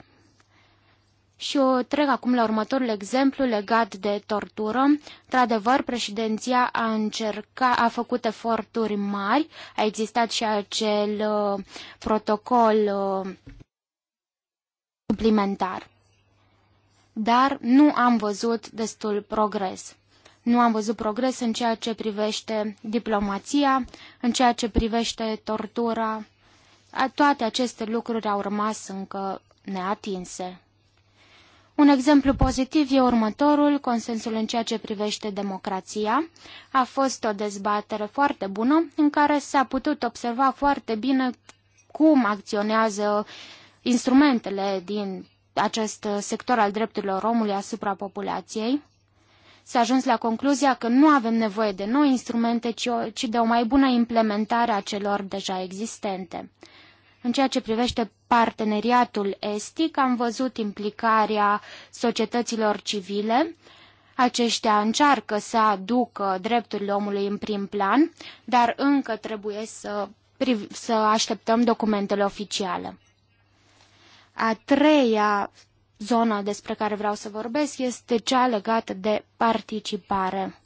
Și o trec acum la următorul exemplu legat de tortură. Într-adevăr, președinția a încercat, a făcut eforturi mari, a existat și acel uh, protocol uh, suplimentar. Dar nu am văzut destul progres. Nu am văzut progres în ceea ce privește diplomația, în ceea ce privește tortura. Toate aceste lucruri au rămas încă neatinse. Un exemplu pozitiv e următorul, consensul în ceea ce privește democrația. A fost o dezbatere foarte bună în care s-a putut observa foarte bine cum acționează instrumentele din acest sector al drepturilor omului asupra populației, s-a ajuns la concluzia că nu avem nevoie de noi instrumente, ci de o mai bună implementare a celor deja existente. În ceea ce privește parteneriatul estic, am văzut implicarea societăților civile. Aceștia încearcă să aducă drepturile omului în prim plan, dar încă trebuie să, să așteptăm documentele oficiale. A treia zonă despre care vreau să vorbesc este cea legată de participare.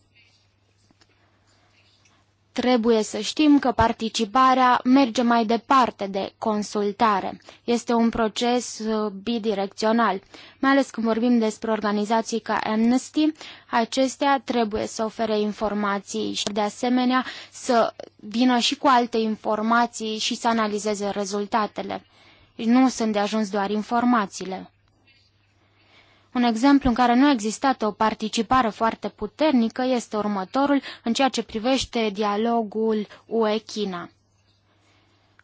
Trebuie să știm că participarea merge mai departe de consultare. Este un proces uh, bidirecțional. Mai ales când vorbim despre organizații ca Amnesty, acestea trebuie să ofere informații și de asemenea să vină și cu alte informații și să analizeze rezultatele. Deci nu sunt de ajuns doar informațiile. Un exemplu în care nu a existat o participare foarte puternică este următorul în ceea ce privește dialogul UE-China.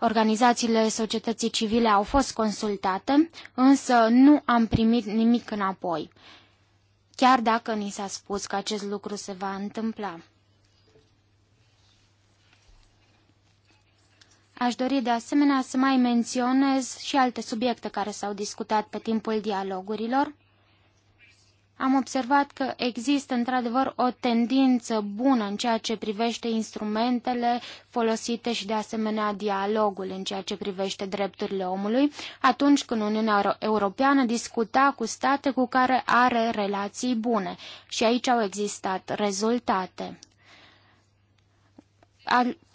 Organizațiile societății civile au fost consultate, însă nu am primit nimic înapoi, chiar dacă ni s-a spus că acest lucru se va întâmpla. Aș dori de asemenea să mai menționez și alte subiecte care s-au discutat pe timpul dialogurilor. Am observat că există într-adevăr o tendință bună în ceea ce privește instrumentele folosite și de asemenea dialogul în ceea ce privește drepturile omului, atunci când Uniunea Europeană discuta cu state cu care are relații bune. Și aici au existat rezultate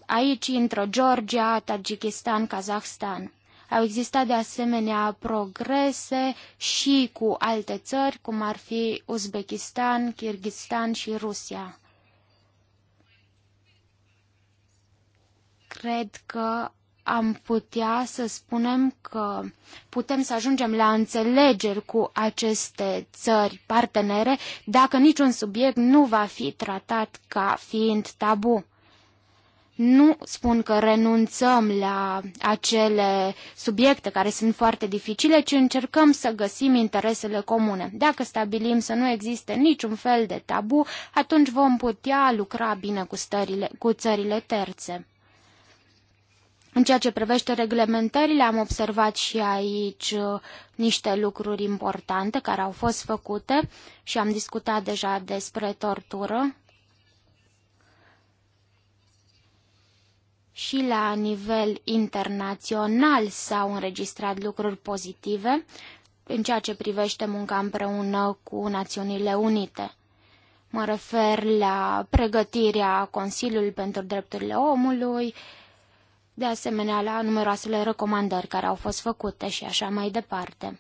Aici intră Georgia, Tajikistan, Kazahstan. Au existat de asemenea progrese și cu alte țări, cum ar fi Uzbekistan, Kirghistan și Rusia. Cred că am putea să spunem că putem să ajungem la înțelegeri cu aceste țări partenere dacă niciun subiect nu va fi tratat ca fiind tabu. Nu spun că renunțăm la acele subiecte care sunt foarte dificile, ci încercăm să găsim interesele comune. Dacă stabilim să nu existe niciun fel de tabu, atunci vom putea lucra bine cu, stările, cu țările terțe. În ceea ce privește reglementările, am observat și aici uh, niște lucruri importante care au fost făcute și am discutat deja despre tortură. și la nivel internațional s-au înregistrat lucruri pozitive în ceea ce privește munca împreună cu Națiunile Unite. Mă refer la pregătirea Consiliului pentru Drepturile Omului, de asemenea la numeroasele recomandări care au fost făcute și așa mai departe.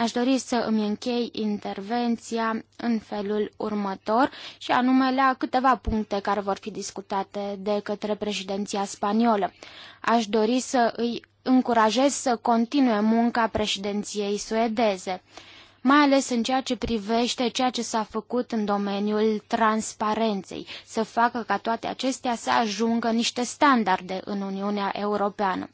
Aș dori să îmi închei intervenția în felul următor și anume la câteva puncte care vor fi discutate de către președinția spaniolă. Aș dori să îi încurajez să continue munca președinției suedeze mai ales în ceea ce privește ceea ce s-a făcut în domeniul transparenței, să facă ca toate acestea să ajungă niște standarde în Uniunea Europeană.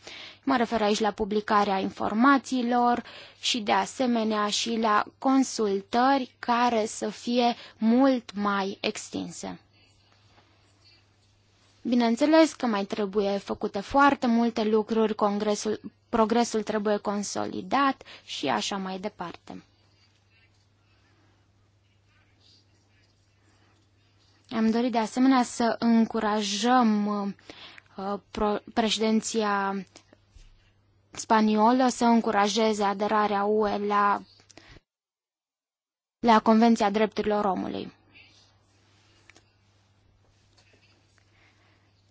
Mă refer aici la publicarea informațiilor și de asemenea și la consultări care să fie mult mai extinse. Bineînțeles că mai trebuie făcute foarte multe lucruri, congresul, progresul trebuie consolidat și așa mai departe. Am dorit de asemenea să încurajăm uh, președinția spaniolă să încurajeze aderarea UE la, la Convenția Drepturilor Omului.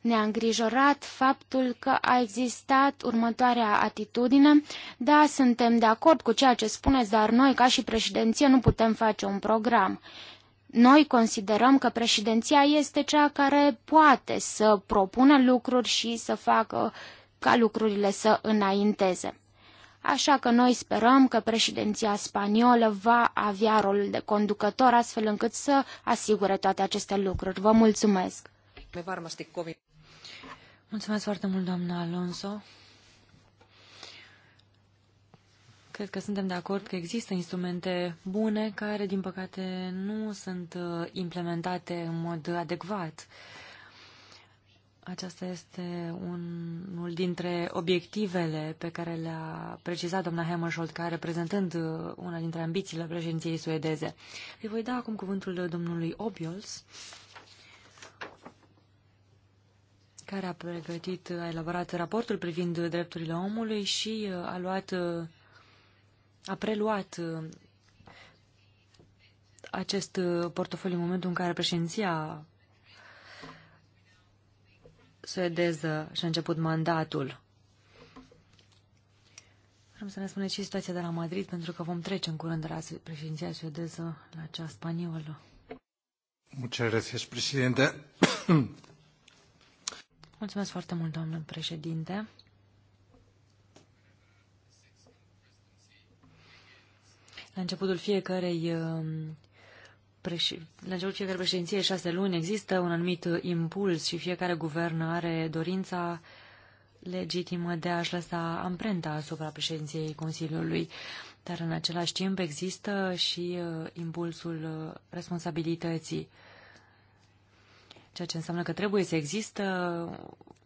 Ne-a îngrijorat faptul că a existat următoarea atitudine. Da, suntem de acord cu ceea ce spuneți, dar noi, ca și președinție, nu putem face un program. Noi considerăm că președinția este cea care poate să propună lucruri și să facă uh, ca lucrurile să înainteze. Așa că noi sperăm că președinția spaniolă va avea rolul de conducător astfel încât să asigure toate aceste lucruri. Vă mulțumesc! Mulțumesc foarte mult, doamna Alonso. Cred că suntem de acord că există instrumente bune care, din păcate, nu sunt uh, implementate în mod adecvat. Aceasta este unul dintre obiectivele pe care le-a precizat doamna Hammersholt, care reprezentând uh, una dintre ambițiile președinției suedeze. Îi voi da acum cuvântul domnului Obiols, care a pregătit, a elaborat raportul privind drepturile omului și uh, a luat, uh, a preluat acest portofoliu în momentul în care președinția suedeză și-a început mandatul. Vrem să ne spuneți și situația de la Madrid, pentru că vom trece în curând de la președinția suedeză la cea spaniolă. Muchas gracias, presidente. Mulțumesc foarte mult, doamnă președinte. La începutul fiecarei um, la începutul fiecare președinție, șase luni, există un anumit impuls și fiecare guvern are dorința legitimă de a-și lăsa amprenta asupra președinției Consiliului. Dar în același timp există și uh, impulsul uh, responsabilității, ceea ce înseamnă că trebuie să există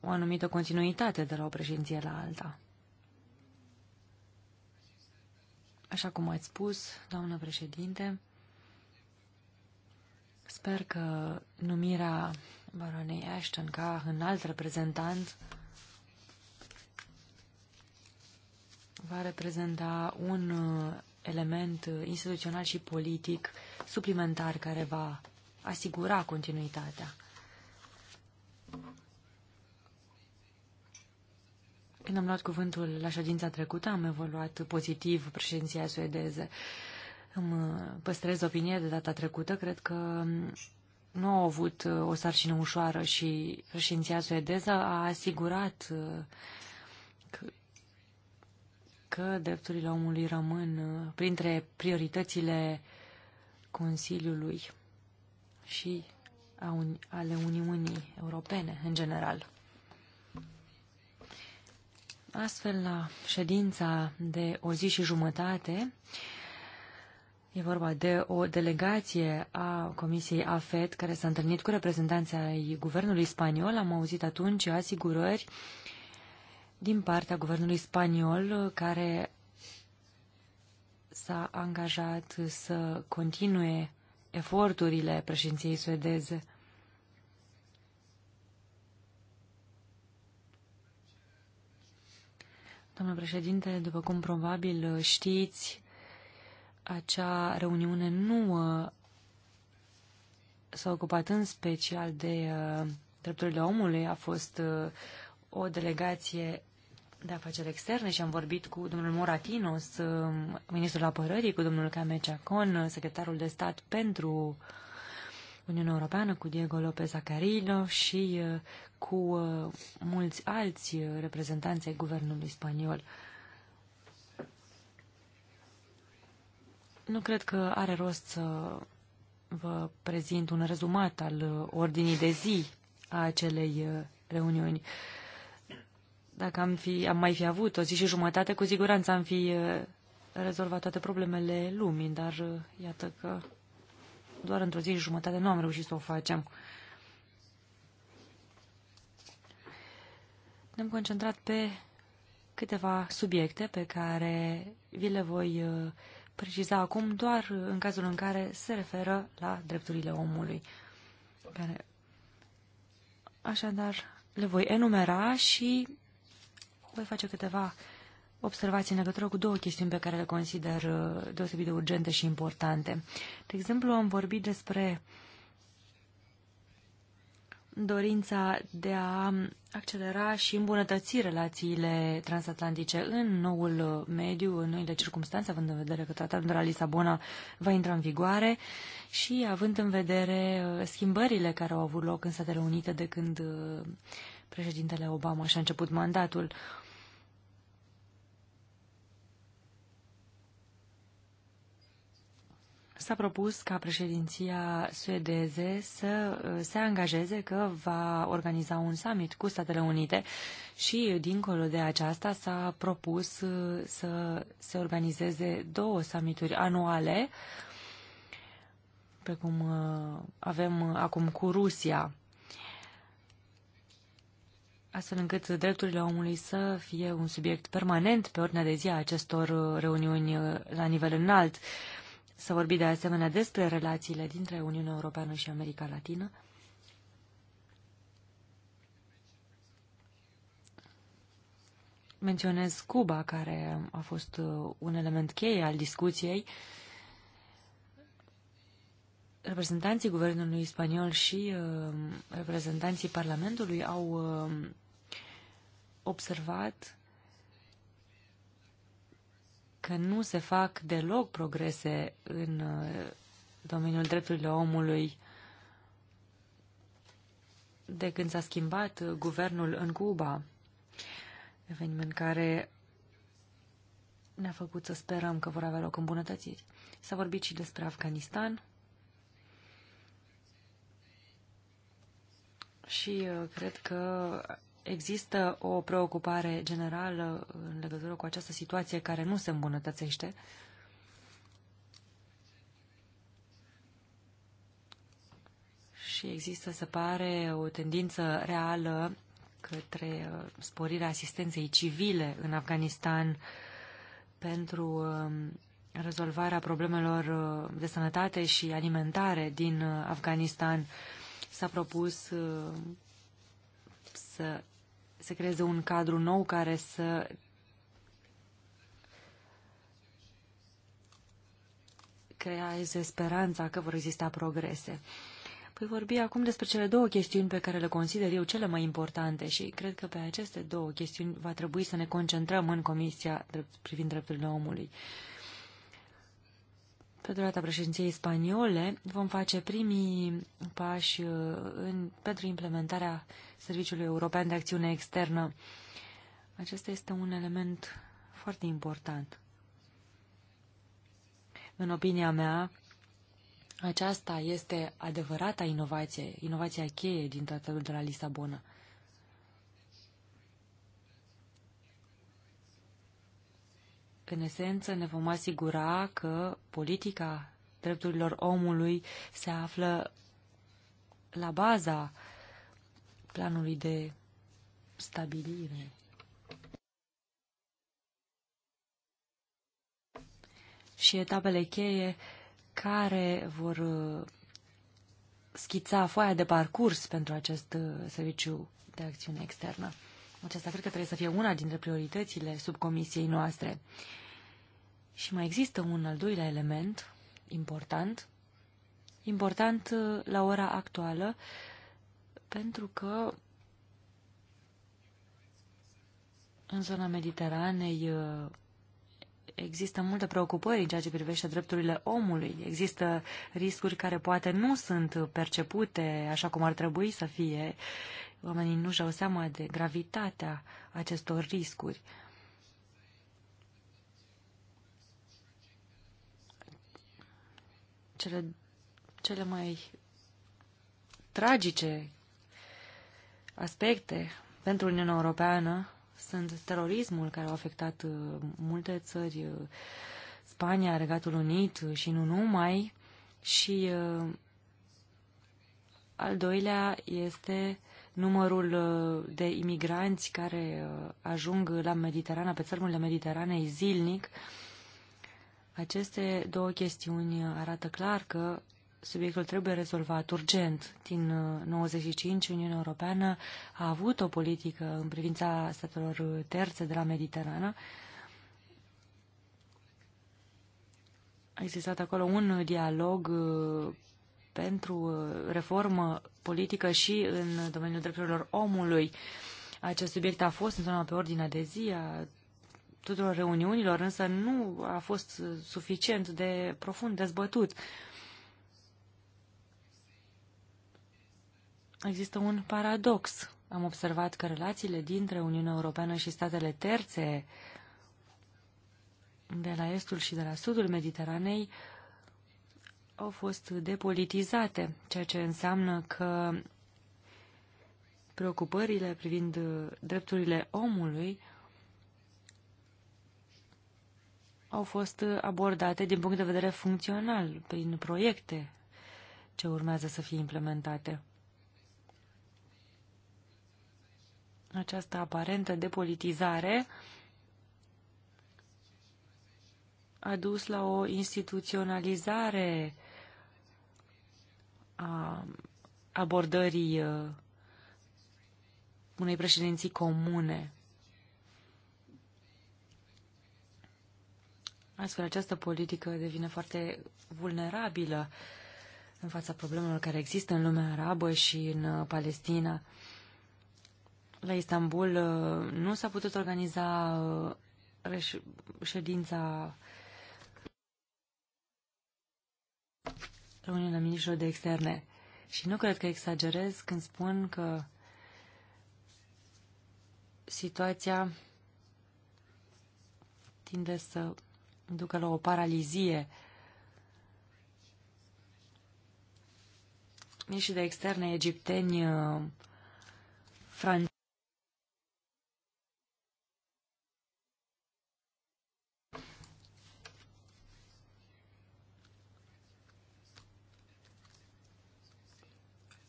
o anumită continuitate de la o președinție la alta. Așa cum ați spus, doamnă președinte, Sper că numirea baronei Ashton ca înalt reprezentant va reprezenta un uh, element uh, instituțional și politic suplimentar care va asigura continuitatea. Când am luat cuvântul la ședința trecută, am evoluat pozitiv președinția suedeză. Uh, îmi uh, păstrez opinie de data trecută. Cred că um, nu au avut uh, o sarcină ușoară și președinția suedeză a asigurat uh, că, că drepturile omului rămân printre prioritățile Consiliului și ale Uniunii Europene în general. Astfel, la ședința de o zi și jumătate, E vorba de o delegație a Comisiei AFET care s-a întâlnit cu reprezentanții ai guvernului spaniol. Am auzit atunci asigurări din partea guvernului spaniol care s-a angajat să continue eforturile președinției suedeze. Domnule președinte, după cum probabil știți, acea reuniune nu uh, s-a ocupat în special de uh, drepturile omului. A fost uh, o delegație de afaceri externe și am vorbit cu domnul Moratinos, ministrul apărării, cu domnul con, secretarul de stat pentru Uniunea Europeană, cu Diego López Acarino și cu mulți alți reprezentanți ai guvernului spaniol. Nu cred că are rost să vă prezint un rezumat al uh, ordinii de zi a acelei uh, reuniuni. Dacă am, fi, am mai fi avut o zi și jumătate, cu siguranță am fi uh, rezolvat toate problemele lumii, dar iată că doar într-o zi și jumătate nu am reușit să o facem. Ne-am concentrat pe câteva subiecte pe care vi le voi preciza acum doar în cazul în care se referă la drepturile omului. Care... Așadar, le voi enumera și voi face câteva observații în legătură cu două chestiuni pe care le consider uh, deosebit de urgente și importante. De exemplu, am vorbit despre uh, dorința de a accelera și îmbunătăți relațiile transatlantice în noul mediu, în noile circunstanțe, având în vedere că tratatul de la Lisabona va intra în vigoare și având în vedere uh, schimbările care au avut loc în Statele Unite de când uh, președintele Obama și-a început mandatul. Uh, s-a propus ca președinția suedeze să uh, se angajeze că va organiza un summit cu Statele Unite și, dincolo de aceasta, s-a propus uh, să se organizeze două summituri anuale, precum uh, avem acum cu Rusia, astfel încât drepturile omului să fie un subiect permanent pe ordinea de zi a acestor reuniuni la nivel înalt. S-a vorbit de asemenea despre relațiile dintre Uniunea Europeană și America Latină. Menționez Cuba, care a fost uh, un element cheie al discuției. Reprezentanții guvernului spaniol și uh, reprezentanții Parlamentului au uh, observat că nu se fac deloc progrese în uh, domeniul drepturilor omului de când s-a schimbat uh, guvernul în Cuba, eveniment care ne-a făcut să sperăm că vor avea loc îmbunătățiri. S-a vorbit și despre Afganistan și uh, cred că există o preocupare generală în legătură cu această situație care nu se îmbunătățește. Și există, se pare, o tendință reală către uh, sporirea asistenței civile în Afganistan pentru um, rezolvarea problemelor uh, de sănătate și alimentare din uh, Afganistan. S-a propus să se creeze un cadru nou care să creeze speranța că vor exista progrese. Voi vorbi acum despre cele două chestiuni pe care le consider eu cele mai importante și cred că pe aceste două chestiuni va trebui să ne concentrăm în Comisia privind drepturile omului. Uh, pe durata președinției spaniole vom face primii pași uh, în, pentru implementarea Serviciului European de Acțiune Externă. Acesta este un element foarte important. În opinia mea, aceasta este adevărata inovație, inovația cheie din tratatul de la Lisabona. în esență, ne vom asigura că politica drepturilor omului se află la baza planului de stabilire. Și etapele cheie care vor uh, schița foaia de parcurs pentru acest uh, serviciu de acțiune externă. Aceasta cred că trebuie să fie una dintre prioritățile subcomisiei noastre. Și mai există un al doilea element important, important uh, la ora actuală, pentru că în zona Mediteranei uh, există multe preocupări în ceea ce privește drepturile omului. Există riscuri care poate nu sunt percepute așa cum ar trebui să fie Oamenii nu și-au seama de gravitatea acestor riscuri. Cele, cele mai tragice aspecte pentru Uniunea Europeană sunt terorismul care a afectat uh, multe țări, uh, Spania, Regatul Unit uh, și nu numai. Și al doilea este numărul uh, de imigranți care uh, ajung la Mediterana, pe țărmurile Mediteranei zilnic, aceste două chestiuni uh, arată clar că subiectul trebuie rezolvat urgent. Din 95, Uniunea Europeană a avut o politică în privința statelor terțe de la Mediterana. A existat acolo un dialog pentru uh, reformă politică și în domeniul drepturilor omului. Acest subiect a fost întotdeauna pe ordinea de zi a tuturor reuniunilor, însă nu a fost uh, suficient de profund dezbătut. Există un paradox. Am observat că relațiile dintre Uniunea Europeană și statele terțe de la estul și de la sudul Mediteranei uh, au fost depolitizate, ceea ce înseamnă că preocupările privind drepturile omului au fost abordate din punct de vedere funcțional, prin proiecte ce urmează să fie implementate. Această aparentă depolitizare a dus la o instituționalizare a abordării uh, unei președinții comune. Astfel, această politică devine foarte vulnerabilă în fața problemelor care există în lumea arabă și în uh, Palestina. La Istanbul uh, nu s-a putut organiza ședința Reuniunea Ministrilor de Externe. Și nu cred că exagerez când spun că situația tinde să ducă la o paralizie Nici de externe egipteni uh, francezi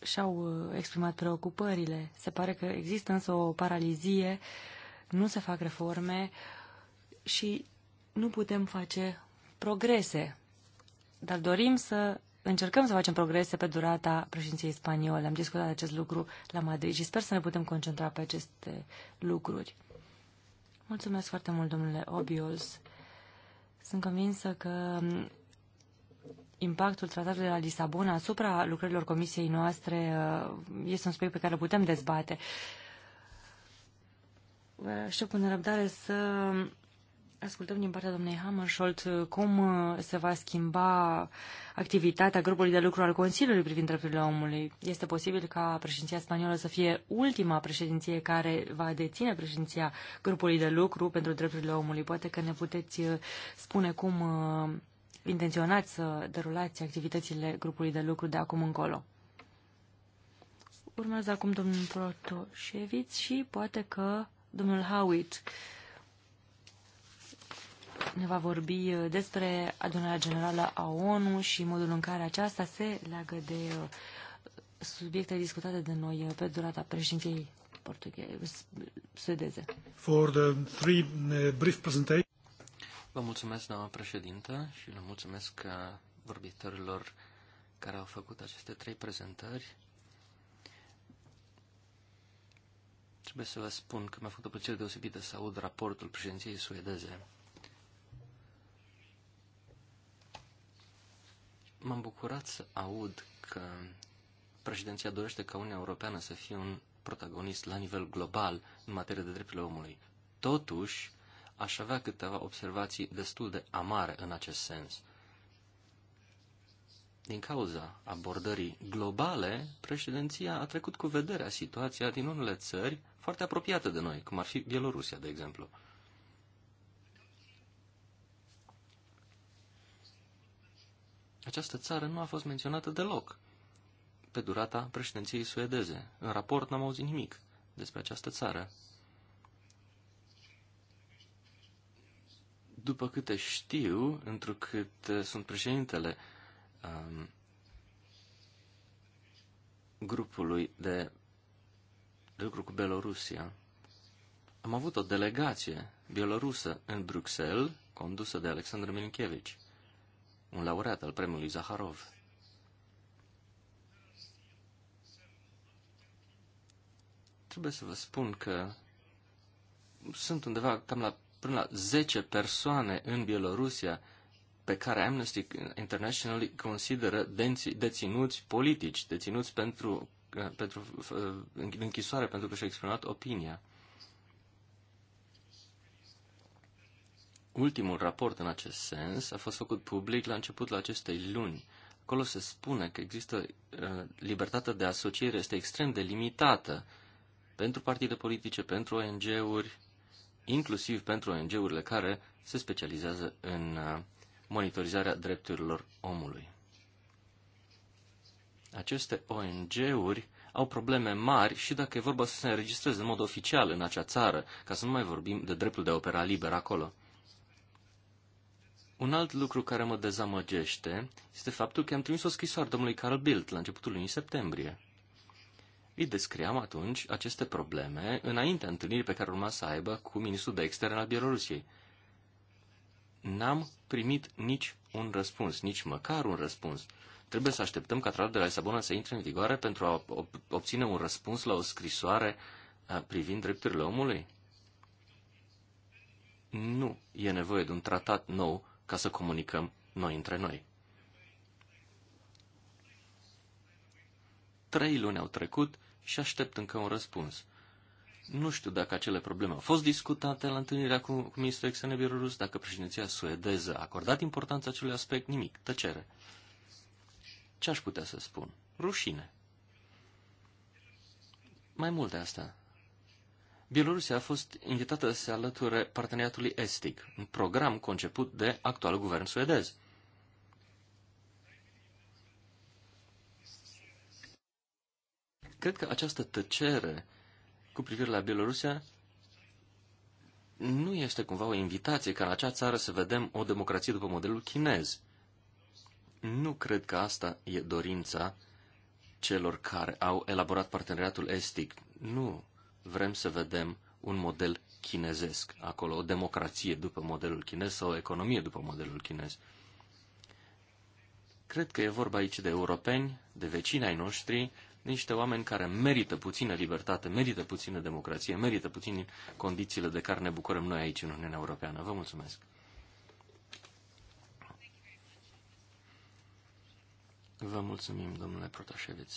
și-au uh, exprimat preocupările. Se pare că există însă o paralizie, nu se fac reforme și nu putem face progrese. Dar dorim să încercăm să facem progrese pe durata președinției spaniole. Am discutat acest lucru la Madrid și sper să ne putem concentra pe aceste lucruri. Mulțumesc foarte mult, domnule Obiols. Sunt convinsă că impactul tratatului de la Lisabona asupra lucrărilor comisiei noastre uh, este un subiect pe care îl putem dezbate. Și cu nerăbdare să ascultăm din partea domnei Hammersholt cum uh, se va schimba activitatea grupului de lucru al Consiliului privind drepturile omului. Este posibil ca președinția spaniolă să fie ultima președinție care va deține președinția grupului de lucru pentru drepturile omului. Poate că ne puteți uh, spune cum intenționați să derulați activitățile grupului de lucru de acum încolo. Urmează acum domnul Protoșeviț și poate că domnul Howitt ne va vorbi uh, despre adunarea generală a ONU și modul în care aceasta se leagă de uh, subiecte discutate de noi uh, pe durata președinției portugheze. For the three brief presentation. Vă mulțumesc, doamna președintă, și le mulțumesc uh, vorbitorilor care au făcut aceste trei prezentări. Trebuie să vă spun că mi-a făcut o plăcere deosebită să aud raportul președinției suedeze. M-am bucurat să aud că președinția dorește ca Uniunea Europeană să fie un protagonist la nivel global în materie de drepturile omului. Totuși, aș avea câteva observații destul de amare în acest sens. Din cauza abordării globale, președinția a trecut cu vederea situația din unele țări foarte apropiate de noi, cum ar fi Bielorusia, de exemplu. Această țară nu a fost menționată deloc pe durata președinției suedeze. În raport n-am auzit nimic despre această țară. După câte știu, întrucât uh, sunt președintele um, grupului de lucru cu Belorusia, am avut o delegație bielorusă în Bruxelles, condusă de Alexandru Milinkevici, un laureat al premiului Zaharov. Trebuie să vă spun că sunt undeva cam la până la 10 persoane în Bielorusia pe care Amnesty International consideră deținuți politici, deținuți pentru, uh, pentru uh, închisoare pentru că și-a exprimat opinia. Ultimul raport în acest sens a fost făcut public la începutul acestei luni. Acolo se spune că există uh, libertatea de asociere este extrem de limitată pentru partide politice, pentru ONG-uri, inclusiv pentru ONG-urile care se specializează în uh, monitorizarea drepturilor omului. Aceste ONG-uri au probleme mari și dacă e vorba să se înregistreze în mod oficial în acea țară, ca să nu mai vorbim de dreptul de a opera liber acolo. Un alt lucru care mă dezamăgește este faptul că am trimis o scrisoare domnului Carl Bildt la începutul lunii septembrie îi descriam atunci aceste probleme înaintea întâlnirii pe care urma să aibă cu ministrul de externe al Bielorusiei. N-am primit nici un răspuns, nici măcar un răspuns. Trebuie să așteptăm ca tratatul de la Lisabona să intre în vigoare pentru a obține un răspuns la o scrisoare privind drepturile omului? Nu e nevoie de un tratat nou ca să comunicăm noi între noi. Trei luni au trecut și aștept încă un răspuns. Nu știu dacă acele probleme au fost discutate la întâlnirea cu, cu ministrul externe bielorus, dacă președinția suedeză a acordat importanța acelui aspect, nimic, tăcere. Ce aș putea să spun? Rușine. Mai mult de asta. Bielorusia a fost invitată să se alăture parteneriatului estic, un program conceput de actualul guvern suedez. Cred că această tăcere cu privire la Bielorusia nu este cumva o invitație ca în acea țară să vedem o democrație după modelul chinez. Nu cred că asta e dorința celor care au elaborat parteneriatul estic. Nu vrem să vedem un model chinezesc acolo, o democrație după modelul chinez sau o economie după modelul chinez. Cred că e vorba aici de europeni, de vecini ai noștri, niște oameni care merită puțină libertate, merită puțină democrație, merită puțin condițiile de care ne bucurăm noi aici în Uniunea Europeană. Vă mulțumesc! Vă mulțumim, domnule Protașeviț.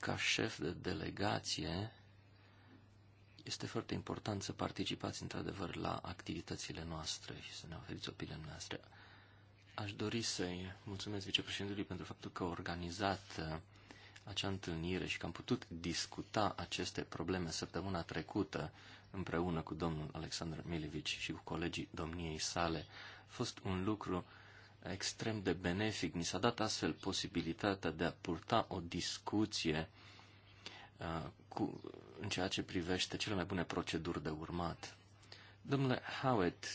Ca șef de delegație, este foarte important să participați într-adevăr la activitățile noastre și să ne oferiți opiniile noastre. Aș dori să-i mulțumesc vicepreședintelui pentru faptul că a organizat uh, acea întâlnire și că am putut discuta aceste probleme săptămâna trecută împreună cu domnul Alexandru Milivici și cu colegii domniei sale. A fost un lucru extrem de benefic. Mi s-a dat astfel posibilitatea de a purta o discuție uh, cu, în ceea ce privește cele mai bune proceduri de urmat. Domnule Howitt,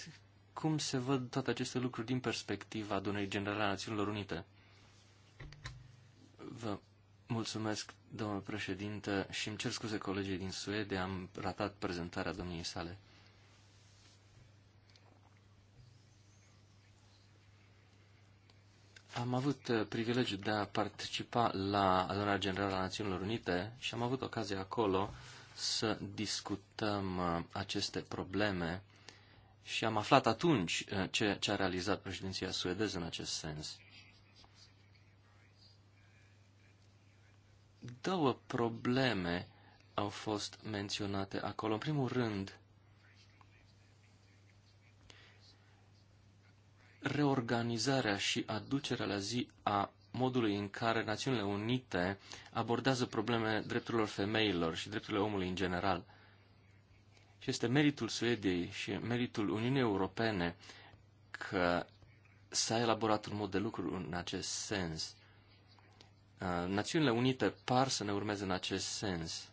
cum se văd toate aceste lucruri din perspectiva adunării generale a Națiunilor Unite? Vă mulțumesc, domnule președinte, și îmi cer scuze colegii din Suedia, am ratat prezentarea domniei sale. Am avut uh, privilegiul de a participa la adunarea generală a Națiunilor Unite și am avut ocazia acolo să discutăm uh, aceste probleme și am aflat atunci uh, ce, ce a realizat președinția suedeză în acest sens. Două probleme au fost menționate acolo. În primul rând, reorganizarea și aducerea la zi a modului în care Națiunile Unite abordează probleme drepturilor femeilor și drepturile omului în general. Și este meritul Suediei și meritul Uniunii Europene că s-a elaborat un mod de lucru în acest sens. Uh, Națiunile Unite par să ne urmeze în acest sens.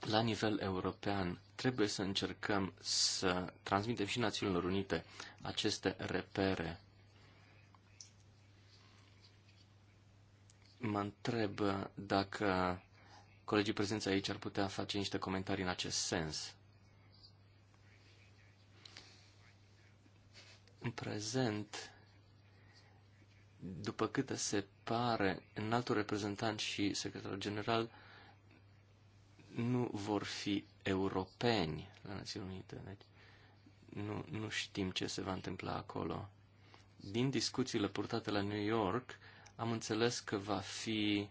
La nivel european, trebuie să încercăm să transmitem și Națiunilor Unite aceste repere Mă întreb dacă colegii prezenți aici ar putea face niște comentarii în acest sens. În prezent, după câte se pare, înaltul reprezentant și secretarul general nu vor fi europeni la Națiunile Unite. Deci nu, nu știm ce se va întâmpla acolo. Din discuțiile purtate la New York, am înțeles că va fi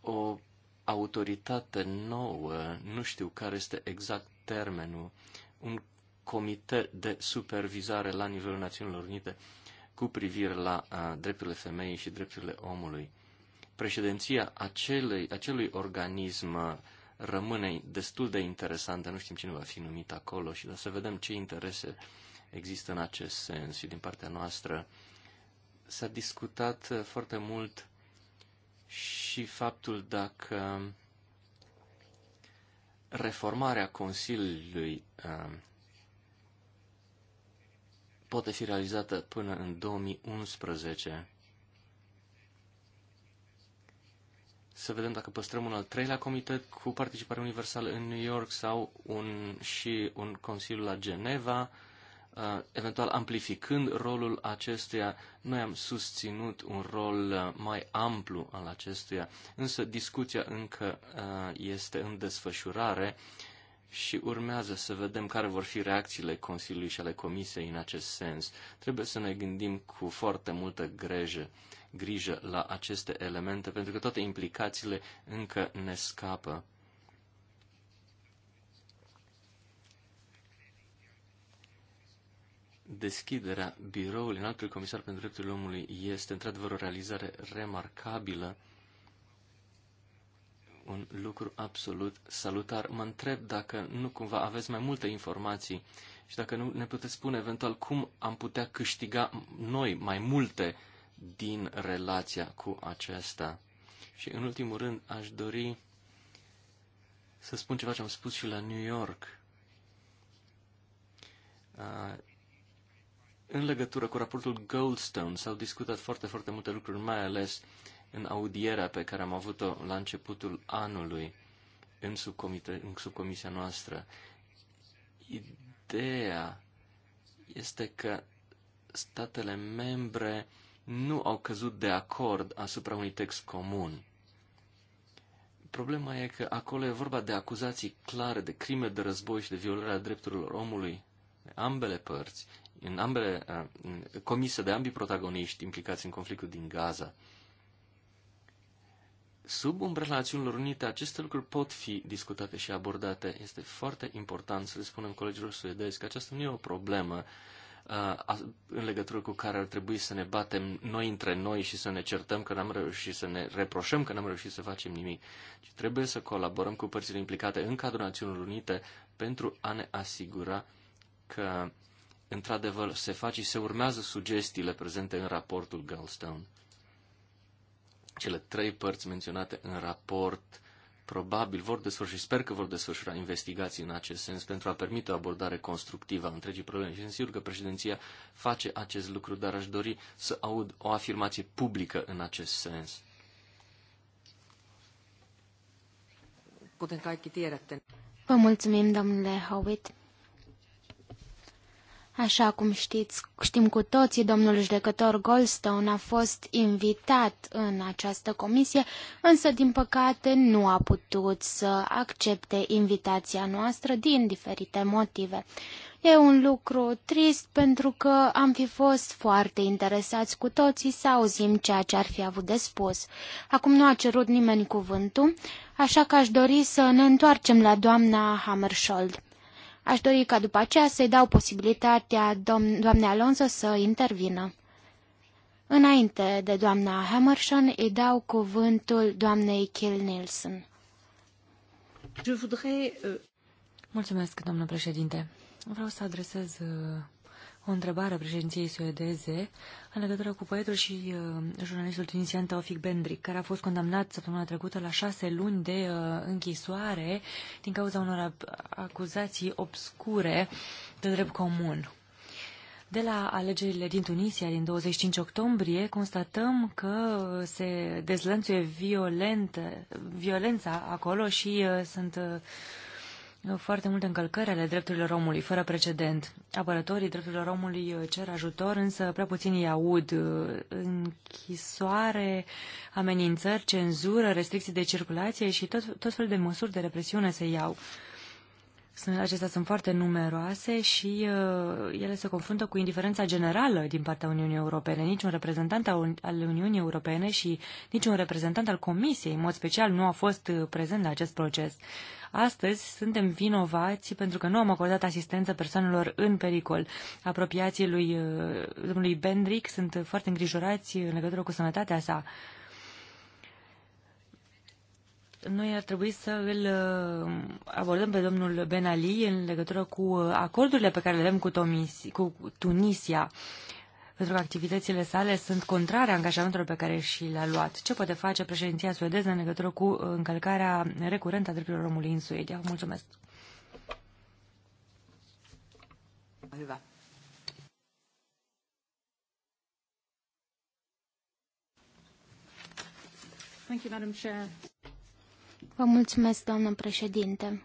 o autoritate nouă, nu știu care este exact termenul, un comitet de supervizare la nivelul Națiunilor Unite cu privire la a, drepturile femeii și drepturile omului. Președinția acelei, acelui organism rămâne destul de interesantă, nu știm cine va fi numit acolo și să vedem ce interese există în acest sens și din partea noastră S-a discutat uh, foarte mult și faptul dacă reformarea Consiliului uh, poate fi realizată până în 2011. Să vedem dacă păstrăm un al treilea comitet cu participare universală în New York sau un, și un consiliu la Geneva eventual amplificând rolul acestuia, noi am susținut un rol mai amplu al acestuia, însă discuția încă este în desfășurare și urmează să vedem care vor fi reacțiile Consiliului și ale Comisiei în acest sens. Trebuie să ne gândim cu foarte multă grejă, grijă la aceste elemente, pentru că toate implicațiile încă ne scapă. deschiderea biroului înaltului comisar pentru drepturile omului este într-adevăr o realizare remarcabilă, un lucru absolut salutar. Mă întreb dacă nu cumva aveți mai multe informații și dacă nu ne puteți spune eventual cum am putea câștiga noi mai multe din relația cu acesta. Și în ultimul rând aș dori să spun ceva ce am spus și la New York. În legătură cu raportul Goldstone s-au discutat foarte, foarte multe lucruri, mai ales în audierea pe care am avut-o la începutul anului în, subcomite, în subcomisia noastră. Ideea este că statele membre nu au căzut de acord asupra unui text comun. Problema e că acolo e vorba de acuzații clare de crime de război și de violarea drepturilor omului de ambele părți în ambele, comisă de ambii protagoniști implicați în conflictul din Gaza. Sub umbrela Națiunilor Unite, aceste lucruri pot fi discutate și abordate. Este foarte important să le spunem colegilor suedezi că aceasta nu e o problemă în legătură cu care ar trebui să ne batem noi între noi și să ne certăm că n-am reușit, să ne reproșăm că n-am reușit să facem nimic, ci trebuie să colaborăm cu părțile implicate în cadrul Națiunilor Unite pentru a ne asigura că într-adevăr, se face și se urmează sugestiile prezente în raportul Goldstone. Cele trei părți menționate în raport probabil vor desfășura și sper că vor desfășura investigații în acest sens pentru a permite o abordare constructivă a întregii probleme. Și sunt sigur că președinția face acest lucru, dar aș dori să aud o afirmație publică în acest sens. Vă mulțumim, domnule Howitt. Așa cum știți, știm cu toții, domnul judecător Goldstone a fost invitat în această comisie, însă, din păcate, nu a putut să accepte invitația noastră din diferite motive. E un lucru trist pentru că am fi fost foarte interesați cu toții să auzim ceea ce ar fi avut de spus. Acum nu a cerut nimeni cuvântul, așa că aș dori să ne întoarcem la doamna Hammersholt. Aș dori ca după aceea să-i dau posibilitatea doamnei Alonso să intervină. Înainte de doamna Hammerson, îi dau cuvântul doamnei Kill Nielsen. Euh, Mulțumesc, doamnă președinte. Vreau să adresez uh, o întrebare a președinției suedeze în legătură cu poetul și uh, jurnalistul tunisian Taufik Bendrick, care a fost condamnat săptămâna trecută la șase luni de uh, închisoare din cauza unor acuzații obscure de drept comun. De la alegerile din Tunisia din 25 octombrie constatăm că se dezlănțuie violent, violența acolo și uh, sunt uh, foarte multe încălcări ale drepturilor omului, fără precedent. Apărătorii drepturilor omului uh, cer ajutor, însă prea puțin îi aud. Uh, închisoare, amenințări, cenzură, restricții de circulație și tot, tot felul de măsuri de represiune se iau. Sunt, acestea sunt foarte numeroase și uh, ele se confruntă cu indiferența generală din partea Uniunii Europene. Niciun reprezentant al Uniunii Europene și niciun reprezentant al Comisiei, în mod special, nu a fost uh, prezent la acest proces. Uh, Astăzi suntem vinovați pentru că nu am acordat asistență persoanelor în pericol. Apropiații lui uh, domnului Bendrick sunt foarte îngrijorați în legătură cu sănătatea sa. Noi ar trebui să îl uh, abordăm pe domnul Ben Ali în legătură cu uh, acordurile pe care le avem cu, Tomis, cu Tunisia pentru că activitățile sale sunt contrare angajamentelor pe care și le-a luat. Ce poate face președinția suedeză în legătură cu încălcarea recurentă a drepturilor omului în Suedia? Mulțumesc! Hyvä. Thank you, Madam Chair. Vă mulțumesc, doamnă președinte.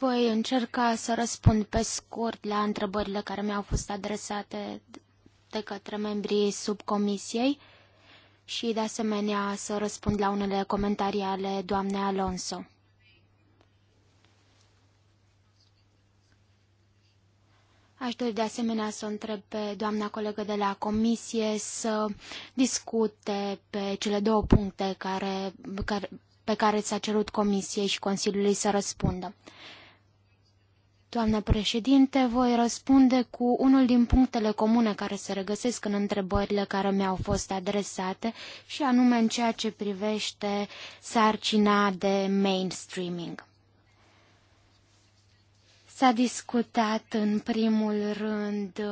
Voi încerca să răspund pe scurt la întrebările care mi-au fost adresate de către membrii subcomisiei și, de asemenea, să răspund la unele comentarii ale doamnei Alonso. Aș dori de asemenea să întreb pe doamna colegă de la comisie să discute pe cele două puncte care, care, pe care s-a cerut comisiei și Consiliului să răspundă. Doamnă președinte, voi răspunde cu unul din punctele comune care se regăsesc în întrebările care mi-au fost adresate și anume în ceea ce privește sarcina de mainstreaming. S-a discutat în primul rând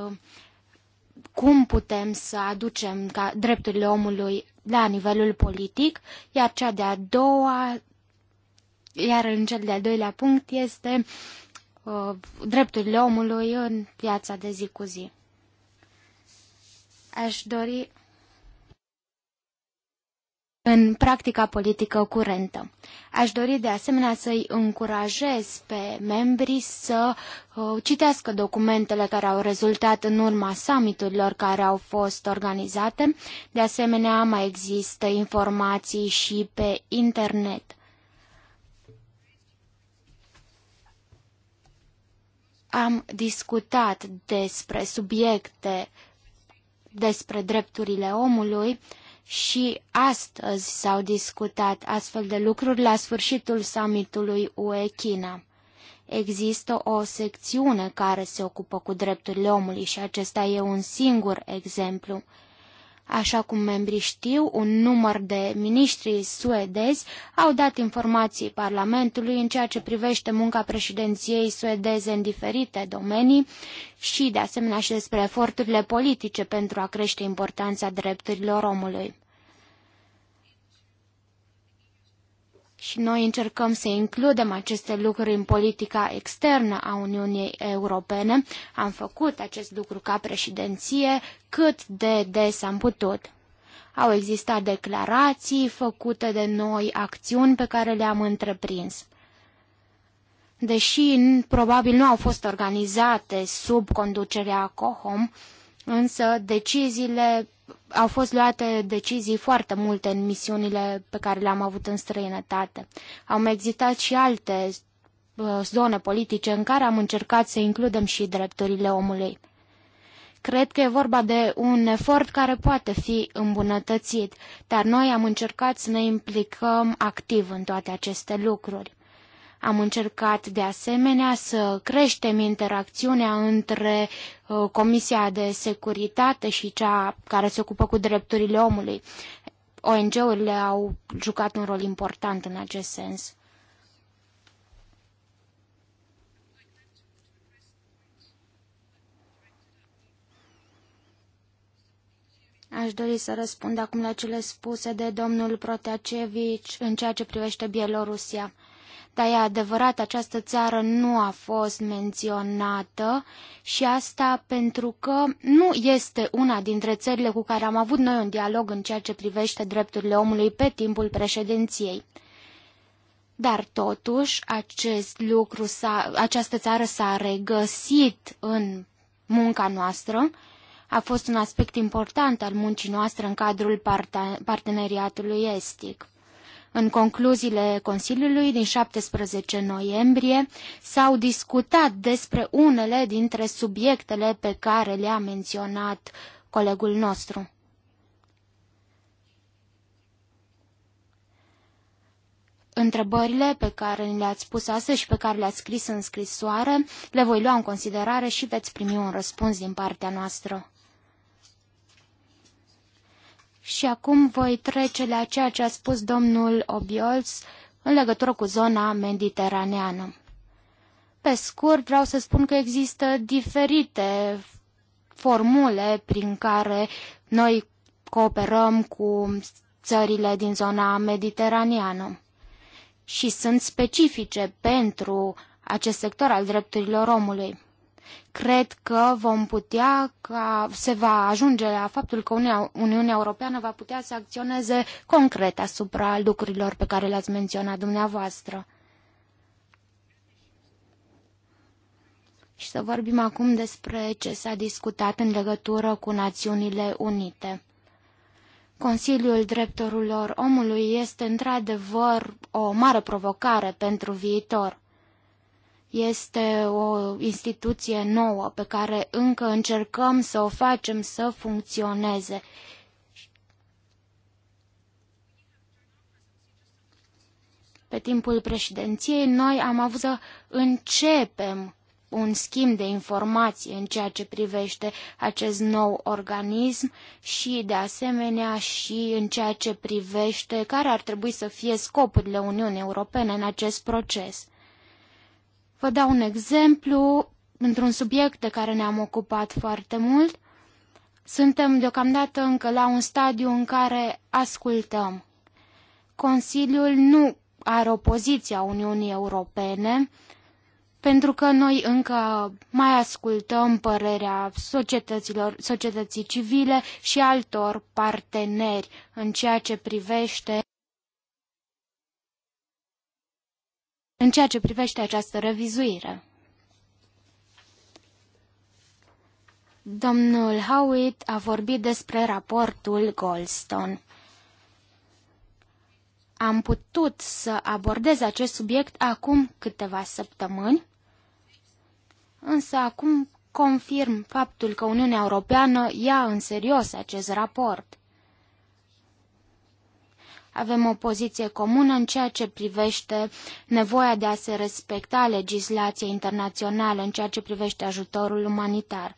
cum putem să aducem drepturile omului la nivelul politic, iar cea de-a doua, iar în cel de-al doilea punct este Uh, drepturile omului în viața de zi cu zi. Aș dori în practica politică curentă. Aș dori de asemenea să-i încurajez pe membrii să uh, citească documentele care au rezultat în urma summiturilor care au fost organizate. De asemenea, mai există informații și pe internet. Am discutat despre subiecte, despre drepturile omului și astăzi s-au discutat astfel de lucruri la sfârșitul summitului UE-China. Există o secțiune care se ocupă cu drepturile omului și acesta e un singur exemplu. Așa cum membrii știu, un număr de miniștri suedezi au dat informații Parlamentului în ceea ce privește munca președinției suedeze în diferite domenii și, de asemenea, și despre eforturile politice pentru a crește importanța drepturilor omului. și noi încercăm să includem aceste lucruri în politica externă a Uniunii Europene. Am făcut acest lucru ca președinție cât de des am putut. Au existat declarații făcute de noi, acțiuni pe care le-am întreprins. Deși probabil nu au fost organizate sub conducerea COHOM, însă deciziile au fost luate decizii foarte multe în misiunile pe care le-am avut în străinătate. Au existat și alte uh, zone politice în care am încercat să includem și drepturile omului. Cred că e vorba de un efort care poate fi îmbunătățit, dar noi am încercat să ne implicăm activ în toate aceste lucruri. Am încercat de asemenea să creștem interacțiunea între uh, Comisia de Securitate și cea care se ocupă cu drepturile omului. ONG-urile au jucat un rol important în acest sens. Aș dori să răspund acum la cele spuse de domnul Proteacevici în ceea ce privește Bielorusia. Dar e adevărat, această țară nu a fost menționată și asta pentru că nu este una dintre țările cu care am avut noi un dialog în ceea ce privește drepturile omului pe timpul președinției. Dar totuși, acest lucru această țară s-a regăsit în munca noastră, a fost un aspect important al muncii noastre în cadrul parteneriatului estic. În concluziile Consiliului din 17 noiembrie s-au discutat despre unele dintre subiectele pe care le-a menționat colegul nostru. Întrebările pe care le-ați pus astăzi și pe care le-ați scris în scrisoare le voi lua în considerare și veți primi un răspuns din partea noastră. Și acum voi trece la ceea ce a spus domnul Obiols în legătură cu zona mediteraneană. Pe scurt, vreau să spun că există diferite formule prin care noi cooperăm cu țările din zona mediteraneană și sunt specifice pentru acest sector al drepturilor omului. Cred că vom putea, ca se va ajunge la faptul că Uniunea, Uniunea Europeană va putea să acționeze concret asupra lucrurilor pe care le-ați menționat dumneavoastră. Și să vorbim acum despre ce s-a discutat în legătură cu Națiunile Unite. Consiliul Drepturilor Omului este într-adevăr o mare provocare pentru viitor. Este o instituție nouă pe care încă încercăm să o facem să funcționeze. Pe timpul președinției, noi am avut să începem un schimb de informații în ceea ce privește acest nou organism și, de asemenea, și în ceea ce privește care ar trebui să fie scopurile Uniunii Europene în acest proces. Vă dau un exemplu într-un subiect de care ne-am ocupat foarte mult. Suntem deocamdată încă la un stadiu în care ascultăm. Consiliul nu are o poziție a Uniunii Europene, pentru că noi încă mai ascultăm părerea societăților, societății civile și altor parteneri în ceea ce privește în ceea ce privește această revizuire. Domnul Howitt a vorbit despre raportul Goldstone. Am putut să abordez acest subiect acum câteva săptămâni, însă acum confirm faptul că Uniunea Europeană ia în serios acest raport. Avem o poziție comună în ceea ce privește nevoia de a se respecta legislația internațională în ceea ce privește ajutorul umanitar.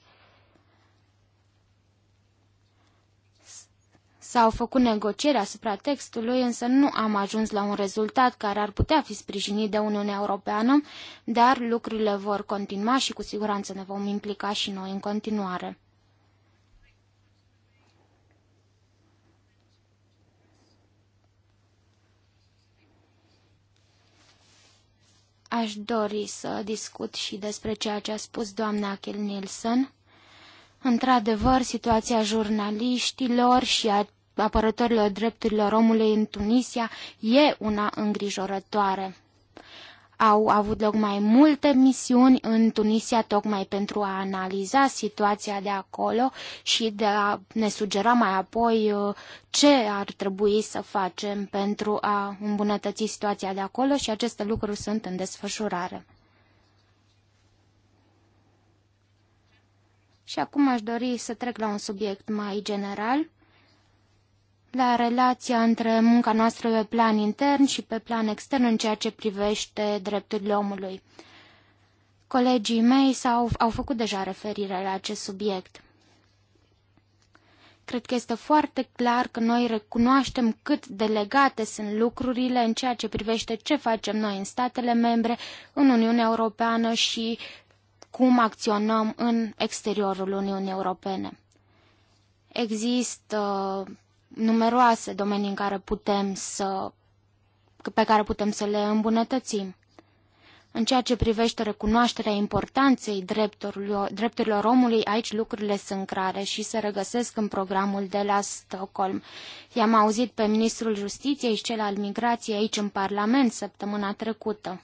S-au făcut negocieri asupra textului, însă nu am ajuns la un rezultat care ar putea fi sprijinit de Uniunea Europeană, dar lucrurile vor continua și cu siguranță ne vom implica și noi în continuare. Aș dori să discut și despre ceea ce a spus doamna Achel Nielsen. Într-adevăr, situația jurnaliștilor și a apărătorilor drepturilor omului în Tunisia e una îngrijorătoare. Au avut loc mai multe misiuni în Tunisia tocmai pentru a analiza situația de acolo și de a ne sugera mai apoi uh, ce ar trebui să facem pentru a îmbunătăți situația de acolo și aceste lucruri sunt în desfășurare. Și acum aș dori să trec la un subiect mai general la relația între munca noastră pe plan intern și pe plan extern în ceea ce privește drepturile omului. Colegii mei s-au, au făcut deja referire la acest subiect. Cred că este foarte clar că noi recunoaștem cât de legate sunt lucrurile în ceea ce privește ce facem noi în statele membre, în Uniunea Europeană și cum acționăm în exteriorul Uniunii Europene. Există numeroase domenii în care putem să, pe care putem să le îmbunătățim. În ceea ce privește recunoașterea importanței drepturilor, omului, aici lucrurile sunt clare și se regăsesc în programul de la Stockholm. I-am auzit pe ministrul justiției și cel al migrației aici în Parlament săptămâna trecută.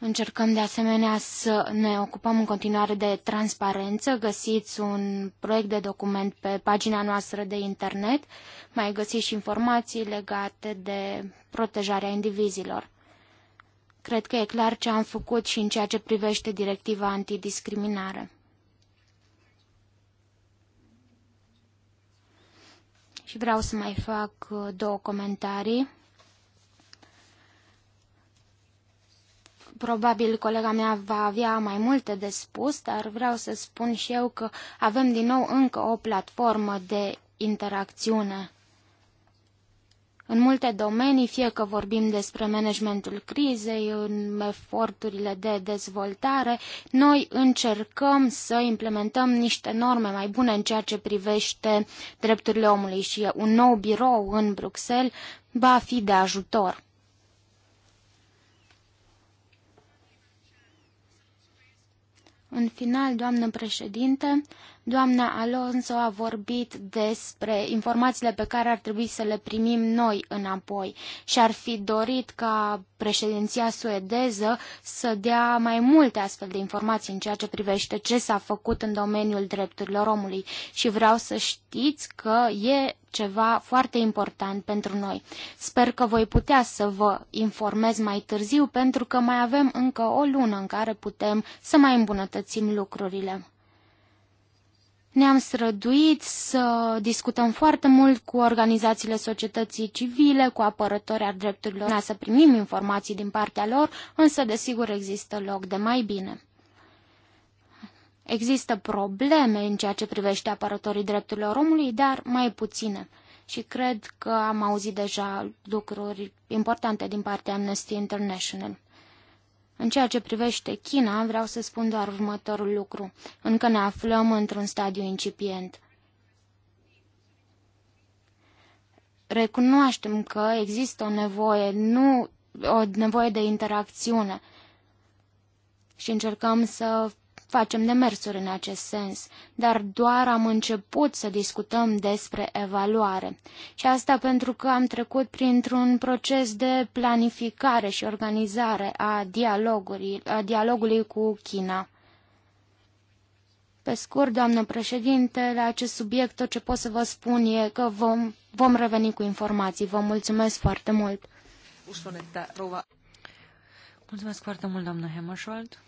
Încercăm de asemenea să ne ocupăm în continuare de transparență. Găsiți un proiect de document pe pagina noastră de internet. Mai găsiți și informații legate de protejarea indivizilor. Cred că e clar ce am făcut și în ceea ce privește directiva antidiscriminare. Și vreau să mai fac două comentarii. Probabil colega mea va avea mai multe de spus, dar vreau să spun și eu că avem din nou încă o platformă de interacțiune. În multe domenii, fie că vorbim despre managementul crizei, în eforturile de dezvoltare, noi încercăm să implementăm niște norme mai bune în ceea ce privește drepturile omului și un nou birou în Bruxelles va fi de ajutor. În final, doamnă președinte, Doamna Alonso a vorbit despre informațiile pe care ar trebui să le primim noi înapoi și ar fi dorit ca președinția suedeză să dea mai multe astfel de informații în ceea ce privește ce s-a făcut în domeniul drepturilor omului și vreau să știți că e ceva foarte important pentru noi. Sper că voi putea să vă informez mai târziu pentru că mai avem încă o lună în care putem să mai îmbunătățim lucrurile. Ne-am străduit să discutăm foarte mult cu organizațiile societății civile, cu apărători al drepturilor, să primim informații din partea lor, însă desigur există loc de mai bine. Există probleme în ceea ce privește apărătorii drepturilor omului, dar mai puține. Și cred că am auzit deja lucruri importante din partea Amnesty International. În ceea ce privește China, vreau să spun doar următorul lucru. Încă ne aflăm într-un stadiu incipient. Recunoaștem că există o nevoie, nu o nevoie de interacțiune și încercăm să Facem demersuri în acest sens, dar doar am început să discutăm despre evaluare. Și asta pentru că am trecut printr-un proces de planificare și organizare a, dialogului, a dialogului cu China. Pe scurt, doamnă președinte, la acest subiect tot ce pot să vă spun e că vom, vom reveni cu informații. Vă mulțumesc foarte mult! Mulțumesc foarte mult, doamnă Hemmerschold.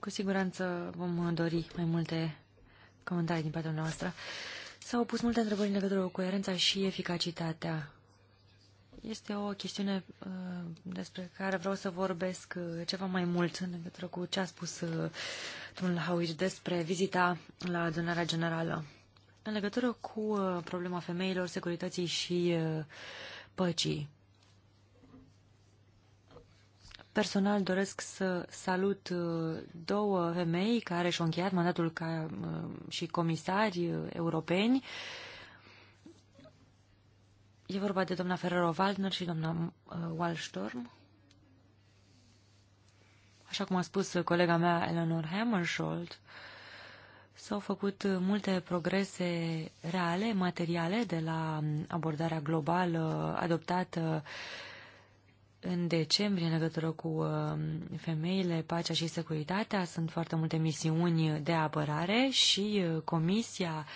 Cu siguranță vom dori mai multe comentarii din partea noastră. S-au pus multe întrebări în legătură cu coerența și eficacitatea. Este o chestiune uh, despre care vreau să vorbesc uh, ceva mai mult în legătură cu ce a spus uh, domnul Hauici despre vizita la adunarea generală. În legătură cu uh, problema femeilor, securității și uh, păcii. Personal doresc să salut uh, două femei care și-au încheiat mandatul ca uh, și comisari uh, europeni. E vorba de doamna Ferrero-Waldner și doamna Wallstorm. Așa cum a spus colega mea Eleanor Hammersholt, s-au făcut multe progrese reale, materiale, de la abordarea globală adoptată în decembrie în legătură cu uh, femeile, pacea și securitatea. Sunt foarte multe misiuni de apărare și uh, Comisia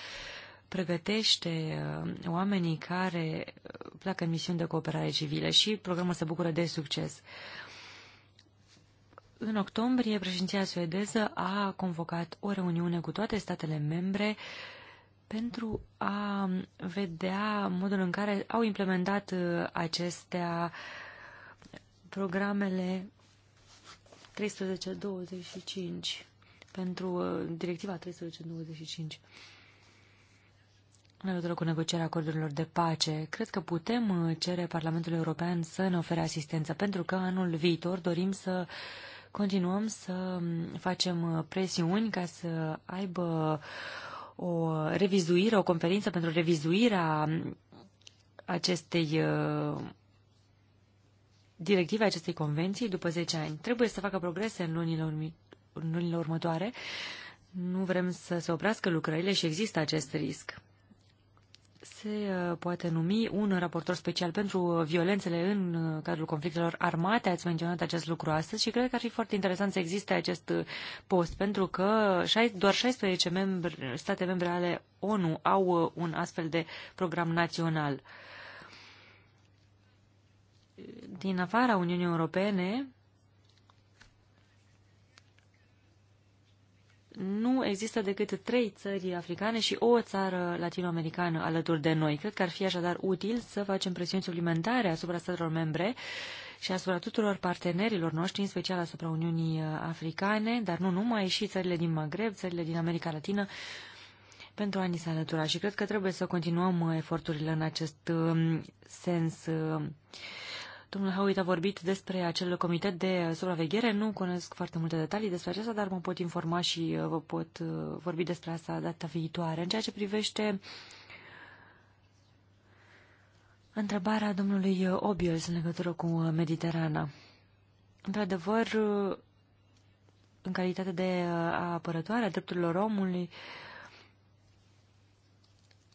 pregătește uh, oamenii care pleacă în misiuni de cooperare civilă și programul se bucură de succes. În octombrie, președinția suedeză a convocat o reuniune cu toate statele membre pentru a vedea modul în care au implementat acestea uh, programele 1325 pentru uh, directiva 1325 în legătură cu negocierea acordurilor de pace, cred că putem uh, cere Parlamentului European să ne ofere asistență, pentru că anul viitor dorim să continuăm să um, facem uh, presiuni ca să aibă o revizuire, o conferință pentru revizuirea acestei directive acestei convenții după 10 ani. Trebuie să facă progrese în lunile, urmi, în lunile următoare. Nu vrem să se oprească lucrările și există acest risc. Se uh, poate numi un raportor special pentru violențele în uh, cadrul conflictelor armate. Ați menționat acest lucru astăzi și cred că ar fi foarte interesant să existe acest uh, post, pentru că doar 16 membri, state membre ale ONU au un astfel de program național din afara Uniunii Europene nu există decât trei țări africane și o țară latinoamericană alături de noi. Cred că ar fi așadar util să facem presiuni suplimentare asupra statelor membre și asupra tuturor partenerilor noștri, în special asupra Uniunii Africane, dar nu numai, și țările din Maghreb, țările din America Latină, pentru a ni se alătura. Și cred că trebuie să continuăm eforturile în acest um, sens. Um, Domnul Howitt a vorbit despre acel comitet de supraveghere. Nu cunosc foarte multe detalii despre acesta, dar mă pot informa și uh, vă pot uh, vorbi despre asta data viitoare. În ceea ce privește întrebarea domnului Obios în legătură cu Mediterana. Într-adevăr, uh, în calitate de apărătoare a drepturilor omului,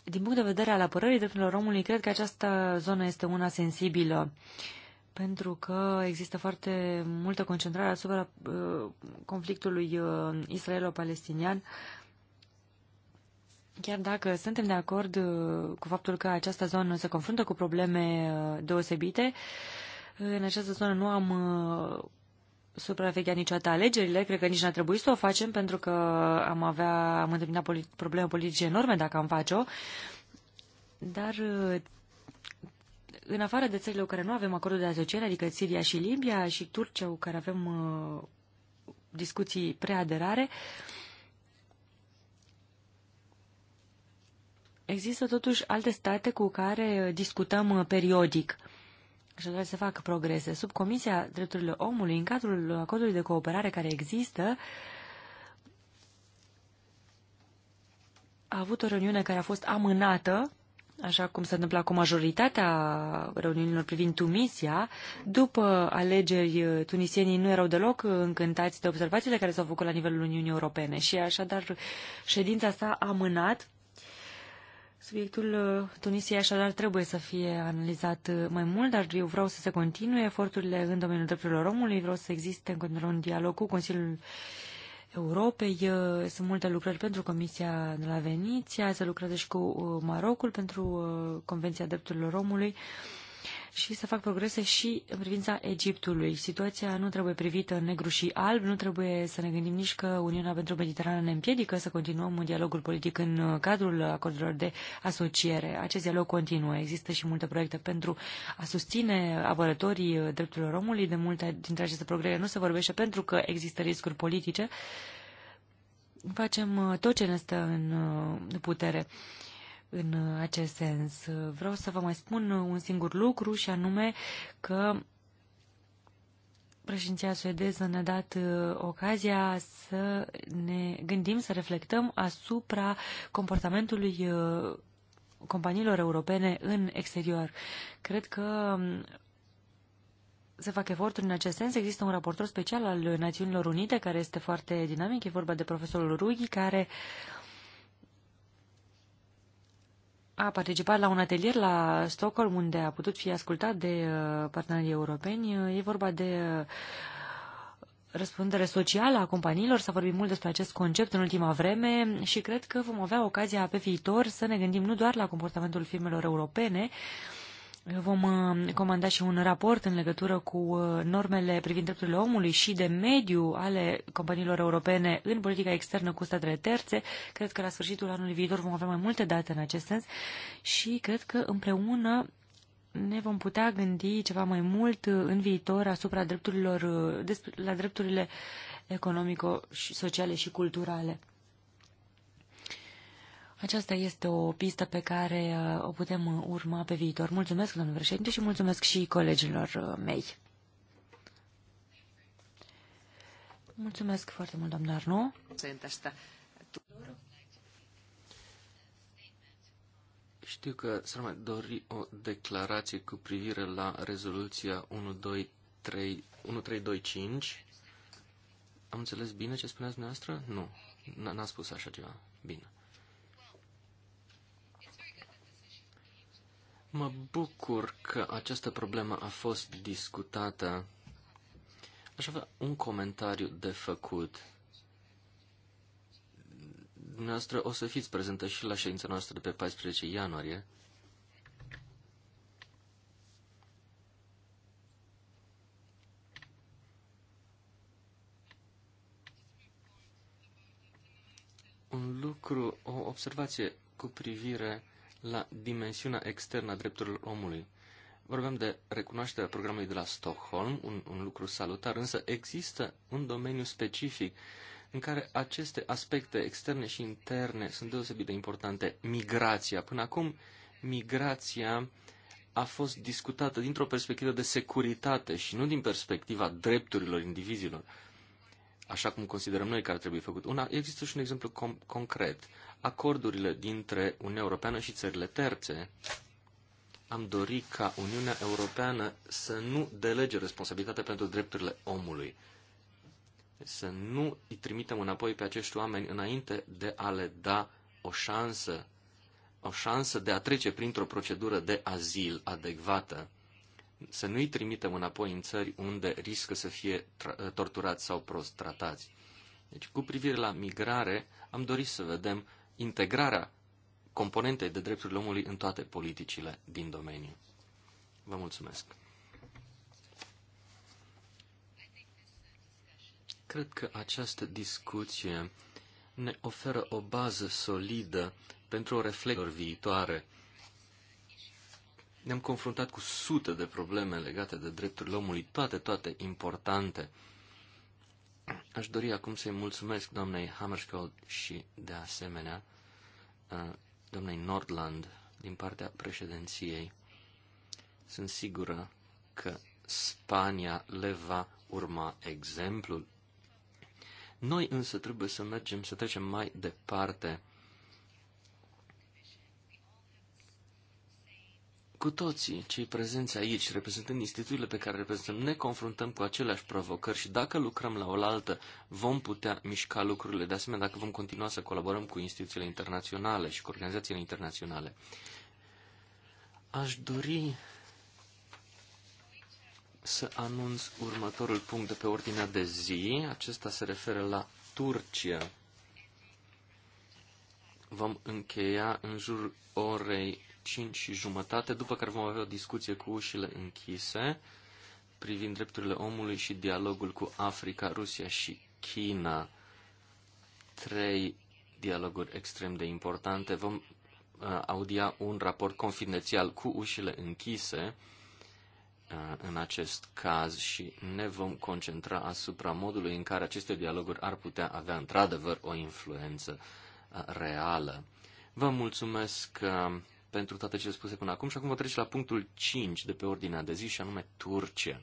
din punct de vedere al apărării drepturilor omului, cred că această zonă este una sensibilă. Uh, pentru că există foarte multă concentrare asupra uh, conflictului uh, israelo-palestinian. Chiar dacă suntem de acord uh, cu faptul că această zonă se confruntă cu probleme uh, deosebite, uh, în această zonă nu am uh, supravegheat niciodată alegerile, cred că nici n-a trebuit să o facem pentru că am avea, am întâmpinat polit- probleme politice enorme dacă am face-o, dar uh, în afară de țările cu care nu avem acordul de asociere, adică Siria și Libia și Turcia, cu care avem uh, discuții preaderare, există totuși alte state cu care uh, discutăm uh, periodic. Așadar se fac progrese. Sub Comisia Drepturilor Omului, în cadrul acordului de cooperare care există, a avut o reuniune care a fost amânată așa cum se întâmplă cu majoritatea reuniunilor privind Tunisia, după alegeri tunisienii nu erau deloc încântați de observațiile care s-au făcut la nivelul Uniunii Europene și așadar ședința s-a amânat. Subiectul uh, Tunisiei așadar trebuie să fie analizat uh, mai mult, dar eu vreau să se continue eforturile în domeniul drepturilor omului, vreau să existe în continuare un dialog cu Consiliul Europei. Sunt multe lucrări pentru Comisia de la Veniția, se lucrează și cu uh, Marocul pentru uh, Convenția Drepturilor Omului. Uh, și să fac progrese și în privința Egiptului. Situația nu trebuie privită în negru și alb, nu trebuie să ne gândim nici că Uniunea pentru Mediterană ne împiedică să continuăm un dialogul politic în uh, cadrul acordurilor de asociere. Acest dialog continuă. Există și multe proiecte pentru a susține apărătorii uh, drepturilor omului. De multe dintre aceste progrese nu se vorbește pentru că există riscuri politice. Facem uh, tot ce ne stă în putere în acest sens. Vreau să vă mai spun un singur lucru și anume că președinția suedeză ne-a dat uh, ocazia să ne gândim, să reflectăm asupra comportamentului uh, companiilor europene în exterior. Cred că um, se fac eforturi în acest sens. Există un raportor special al Națiunilor Unite care este foarte dinamic. E vorba de profesorul Rughi, care uh, a participat la un atelier la Stockholm unde a putut fi ascultat de uh, partenerii europeni. Uh, e vorba de uh, răspundere socială a companiilor. S-a vorbit mult despre acest concept în ultima vreme și cred că vom avea ocazia pe viitor să ne gândim nu doar la comportamentul firmelor europene, Vom uh, comanda și un raport în legătură cu uh, normele privind drepturile omului și de mediu ale companiilor europene în politica externă cu statele terțe. Cred că la sfârșitul anului viitor vom avea mai multe date în acest sens și cred că împreună ne vom putea gândi ceva mai mult uh, în viitor asupra drepturilor, la drepturile economico-sociale și culturale. Aceasta este o pistă pe care uh, o putem uh, urma pe viitor. Mulțumesc, domnul președinte, și mulțumesc și colegilor uh, mei. Mulțumesc foarte mult, doamna Arnu. Știu că s-ar mai dori o declarație cu privire la rezoluția 1325. Am înțeles bine ce spuneați dumneavoastră? Nu, n-a spus așa ceva. Bine. Mă bucur că această problemă a fost discutată. Aș avea un comentariu de făcut. Dumneavoastră o să fiți prezentă și la ședința noastră de pe 14 ianuarie. Un lucru, o observație cu privire la dimensiunea externă a drepturilor omului. Vorbeam de recunoașterea programului de la Stockholm, un, un lucru salutar, însă există un domeniu specific în care aceste aspecte externe și interne sunt deosebit de importante. Migrația. Până acum, migrația a fost discutată dintr-o perspectivă de securitate și nu din perspectiva drepturilor indivizilor, așa cum considerăm noi că ar trebui făcut. Una, există și un exemplu com- concret acordurile dintre Uniunea Europeană și țările terțe. Am dorit ca Uniunea Europeană să nu delege responsabilitatea pentru drepturile omului, să nu îi trimitem înapoi pe acești oameni înainte de a le da o șansă, o șansă de a trece printr-o procedură de azil adecvată să nu-i trimitem înapoi în țări unde riscă să fie torturați sau prost tratați. Deci, cu privire la migrare, am dorit să vedem integrarea componentei de drepturile omului în toate politicile din domeniu. Vă mulțumesc! Cred că această discuție ne oferă o bază solidă pentru o reflecție viitoare. Ne-am confruntat cu sute de probleme legate de drepturile omului, toate, toate importante. Aș dori acum să-i mulțumesc doamnei Hammerskold și, de asemenea, uh, doamnei Nordland din partea președinției. Sunt sigură că Spania le va urma exemplul. Noi însă trebuie să mergem, să trecem mai departe Cu toții cei prezenți aici, reprezentând instituțiile pe care reprezentăm, ne confruntăm cu aceleași provocări și dacă lucrăm la oaltă, vom putea mișca lucrurile. De asemenea, dacă vom continua să colaborăm cu instituțiile internaționale și cu organizațiile internaționale. Aș dori să anunț următorul punct de pe ordinea de zi. Acesta se referă la Turcia. Vom încheia în jurul orei 5 și jumătate, după care vom avea o discuție cu ușile închise privind drepturile omului și dialogul cu Africa, Rusia și China. Trei dialoguri extrem de importante. Vom uh, audia un raport confidențial cu ușile închise uh, în acest caz și ne vom concentra asupra modului în care aceste dialoguri ar putea avea într-adevăr o influență uh, reală. Vă mulțumesc pentru toate cele spuse până acum și acum vă trece la punctul 5 de pe ordinea de zi și anume Turcia.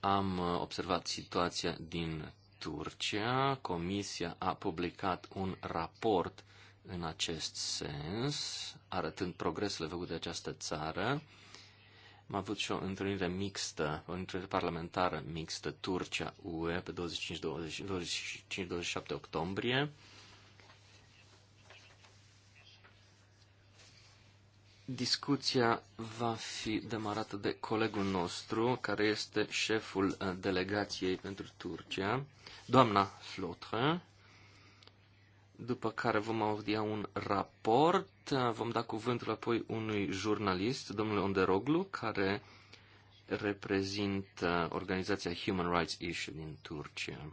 Am uh, observat situația din Turcia. Comisia a publicat un raport în acest sens, arătând progresele făcute de această țară. Am avut și o întâlnire mixtă, o întâlnire parlamentară mixtă Turcia-UE pe 25-27 octombrie. Discuția va fi demarată de colegul nostru, care este șeful uh, delegației pentru Turcia, doamna Flotre, după care vom audia un raport, vom da cuvântul apoi unui jurnalist, domnul Onderoglu, care reprezintă organizația Human Rights Issue din Turcia.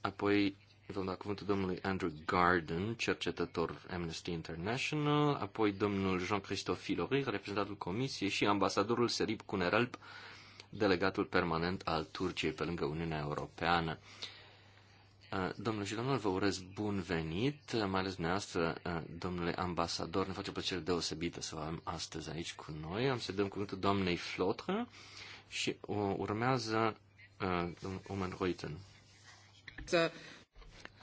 Apoi Vom da cuvântul domnului Andrew Garden, cercetător Amnesty International, apoi domnul Jean-Christophe Filori, reprezentantul Comisiei și ambasadorul Serip Cunerelp, delegatul permanent al Turciei pe lângă Uniunea Europeană. Uh, domnule și domnul, vă urez bun venit, mai ales dumneavoastră, uh, domnule ambasador. Ne face o plăcere deosebită să vă avem astăzi aici cu noi. Am să dăm cuvântul doamnei Flotre și urmează uh, domnul Omen Reuten.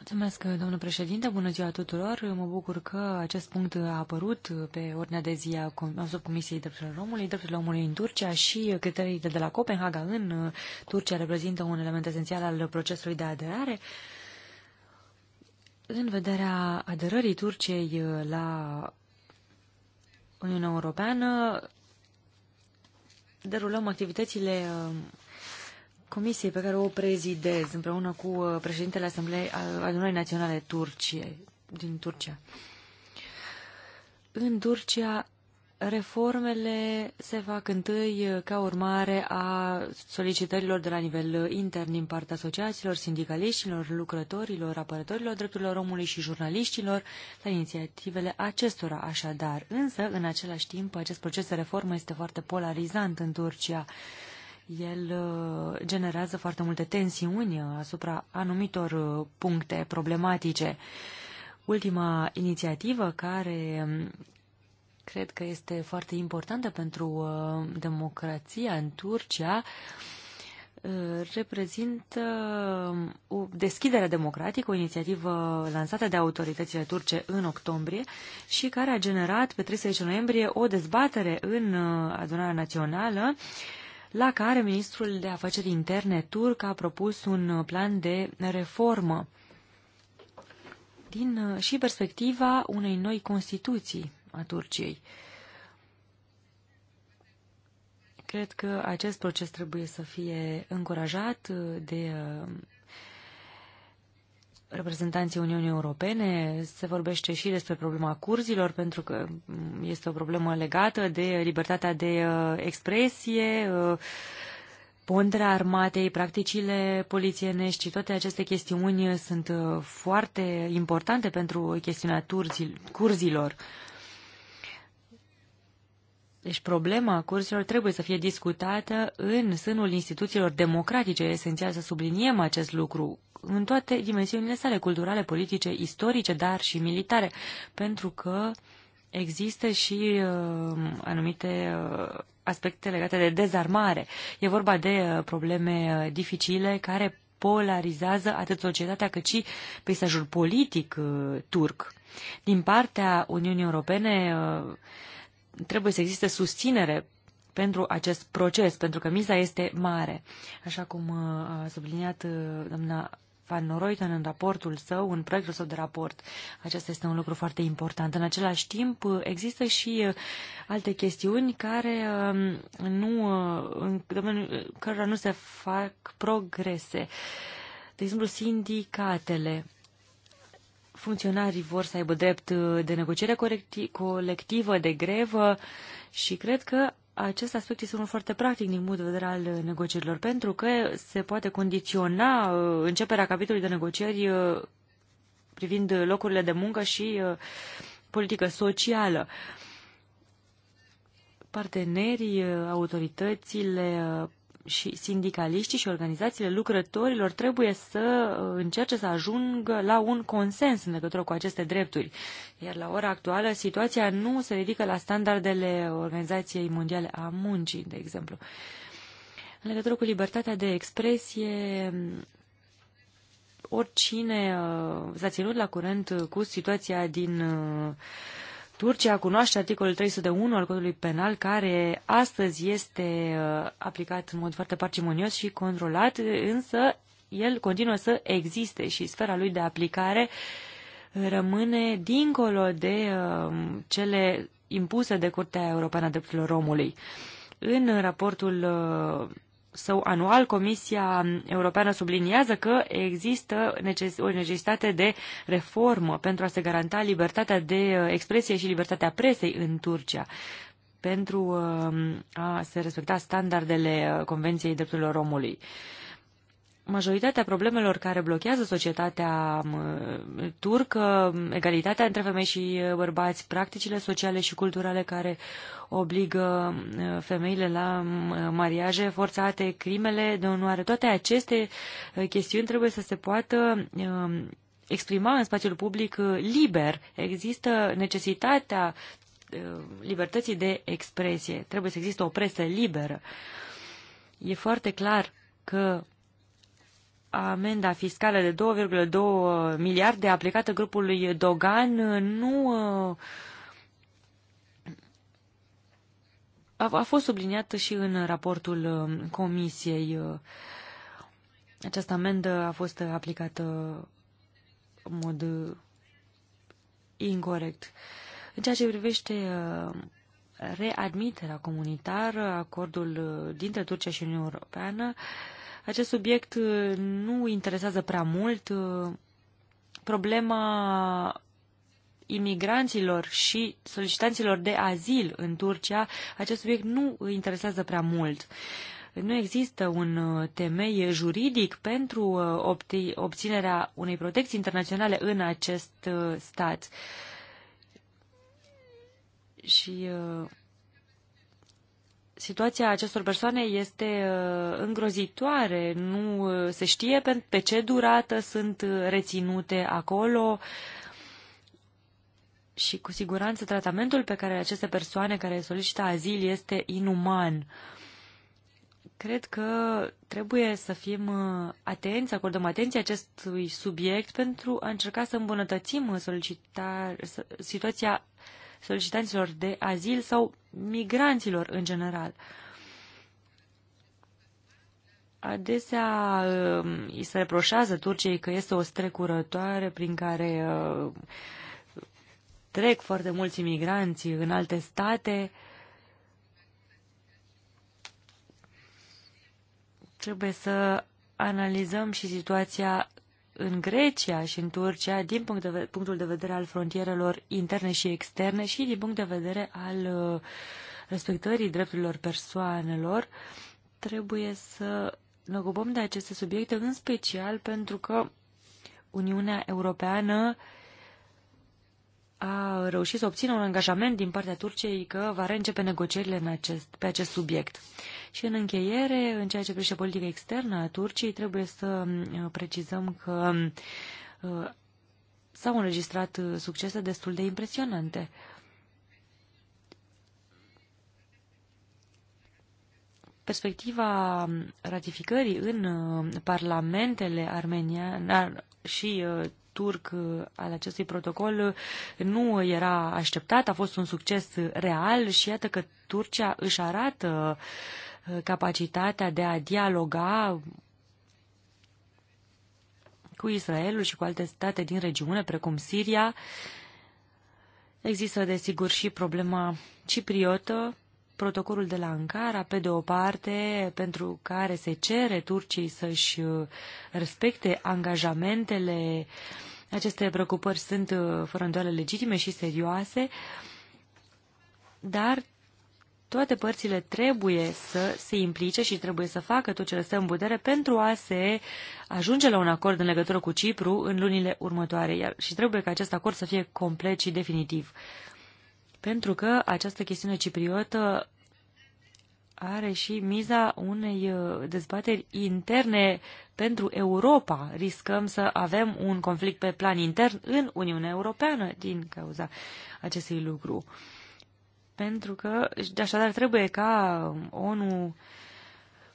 Mulțumesc, domnul președinte. Bună ziua tuturor. Mă bucur că acest punct a apărut pe ordinea de zi a subcomisiei drepturilor omului, drepturile omului în Turcia și criteriile de la Copenhaga în uh, Turcia reprezintă un element esențial al procesului de aderare. În vederea aderării Turciei uh, la Uniunea Europeană, derulăm activitățile uh, comisiei pe care o prezidez împreună cu uh, președintele Asamblei Adunării Naționale Turciei, din Turcia. În Turcia, reformele se fac întâi uh, ca urmare a solicitărilor de la nivel uh, intern din partea asociațiilor, sindicaliștilor, lucrătorilor, apărătorilor drepturilor omului și jurnaliștilor, la inițiativele acestora așadar. Însă, în același timp, acest proces de reformă este foarte polarizant în Turcia. El uh, generează foarte multe tensiuni uh, asupra anumitor uh, puncte problematice. Ultima inițiativă care um, cred că este foarte importantă pentru democrația în Turcia reprezintă um, o deschidere democratică, o inițiativă lansată de autoritățile turce în octombrie și care a generat pe 30 noiembrie o dezbatere în adunarea națională uh, la care ministrul de afaceri interne turc a propus un uh, plan de reformă din uh, și perspectiva unei noi constituții a Turciei. Cred că acest proces trebuie să fie încurajat uh, de reprezentanții Uniunii Europene, se vorbește și despre problema curzilor, pentru că mm, este o problemă legată de libertatea de uh, expresie, uh, ponderea armatei, practicile polițienești, toate aceste chestiuni sunt uh, foarte importante pentru chestiunea curzilor. Deci problema cursilor trebuie să fie discutată în sânul instituțiilor democratice. E esențial să subliniem acest lucru în toate dimensiunile sale, culturale, politice, istorice, dar și militare, pentru că există și uh, anumite uh, aspecte legate de dezarmare. E vorba de uh, probleme uh, dificile care polarizează atât societatea cât și peisajul politic uh, turc. Din partea Uniunii Europene uh, trebuie să existe susținere pentru acest proces, pentru că miza este mare. Așa cum uh, a subliniat uh, doamna Van Noroiten în raportul său, în proiectul său de raport. Acesta este un lucru foarte important. În același timp, există și uh, alte chestiuni care uh, nu, uh, în domeniul cărora nu se fac progrese. De exemplu, sindicatele funcționarii vor să aibă drept de negociere colectivă, de grevă și cred că acest aspect este unul foarte practic din punct de vedere al negocierilor, pentru că se poate condiționa uh, începerea capitolului de negocieri uh, privind locurile de muncă și uh, politică socială. Partenerii, autoritățile, și sindicaliștii și organizațiile lucrătorilor trebuie să uh, încerce să ajungă la un consens în legătură cu aceste drepturi. Iar la ora actuală, situația nu se ridică la standardele Organizației Mondiale a Muncii, de exemplu. În legătură cu libertatea de expresie, oricine uh, s-a ținut la curent cu situația din uh, Turcia cunoaște articolul 301 al codului penal, care astăzi este uh, aplicat în mod foarte parcimonios și controlat, însă el continuă să existe și sfera lui de aplicare rămâne dincolo de uh, cele impuse de Curtea Europeană a Drepturilor Omului. În raportul uh, său anual, Comisia Europeană subliniază că există o necesitate de reformă pentru a se garanta libertatea de uh, expresie și libertatea presei în Turcia pentru uh, a se respecta standardele uh, Convenției Drepturilor Omului majoritatea problemelor care blochează societatea turcă, egalitatea între femei și bărbați, practicile sociale și culturale care obligă femeile la mariaje forțate, crimele de onoare, toate aceste chestiuni trebuie să se poată exprima în spațiul public liber. Există necesitatea libertății de expresie. Trebuie să existe o presă liberă. E foarte clar că amenda fiscală de 2,2 miliarde aplicată grupului Dogan nu uh, a fost subliniată și în raportul uh, comisiei. Uh, această amendă a fost aplicată în mod incorrect. În ceea ce privește readmiterea comunitară, acordul dintre Turcia și Uniunea Europeană, acest subiect uh, nu interesează prea mult. Uh, problema imigranților și solicitanților de azil în Turcia, acest subiect nu interesează prea mult. Nu există un uh, temei juridic pentru obținerea unei protecții internaționale în acest stat. Și situația acestor persoane este uh, îngrozitoare. Nu uh, se știe pe ce durată sunt uh, reținute acolo și cu siguranță tratamentul pe care aceste persoane care solicită azil este inuman. Cred că trebuie să fim atenți, acordăm atenție acestui subiect pentru a încerca să îmbunătățim solicita, situația solicitanților de azil sau migranților în general. Adesea um, îi se reproșează Turciei că este o strecurătoare prin care uh, trec foarte mulți imigranți în alte state. Trebuie să analizăm și situația în Grecia și în Turcia din punct de, punctul de vedere al frontierelor interne și externe și din punct de vedere al uh, respectării drepturilor persoanelor, trebuie să ne ocupăm de aceste subiecte, în special pentru că Uniunea Europeană a reușit să obțină un angajament din partea Turciei că va reîncepe negocierile în acest, pe acest subiect. Și în încheiere, în ceea ce privește politica externă a Turciei, trebuie să mm, precizăm că mm, s-au înregistrat mm, succese destul de impresionante. Perspectiva ratificării în parlamentele armenian, și turc uh, al acestui protocol uh, nu era așteptat, a fost un succes real și iată că Turcia își arată uh, capacitatea de a dialoga cu Israelul și cu alte state din regiune, precum Siria. Există, desigur, și problema cipriotă, protocolul de la Ankara, pe de o parte, pentru care se cere Turcii să-și uh, respecte angajamentele. Aceste preocupări sunt uh, fără îndoială legitime și serioase, dar toate părțile trebuie să se implice și trebuie să facă tot ce le stă în putere pentru a se ajunge la un acord în legătură cu Cipru în lunile următoare iar, și trebuie ca acest acord să fie complet și definitiv pentru că această chestiune cipriotă are și miza unei uh, dezbateri interne pentru Europa. Riscăm să avem un conflict pe plan intern în Uniunea Europeană din cauza acestui lucru. Pentru că, așadar, trebuie ca ONU,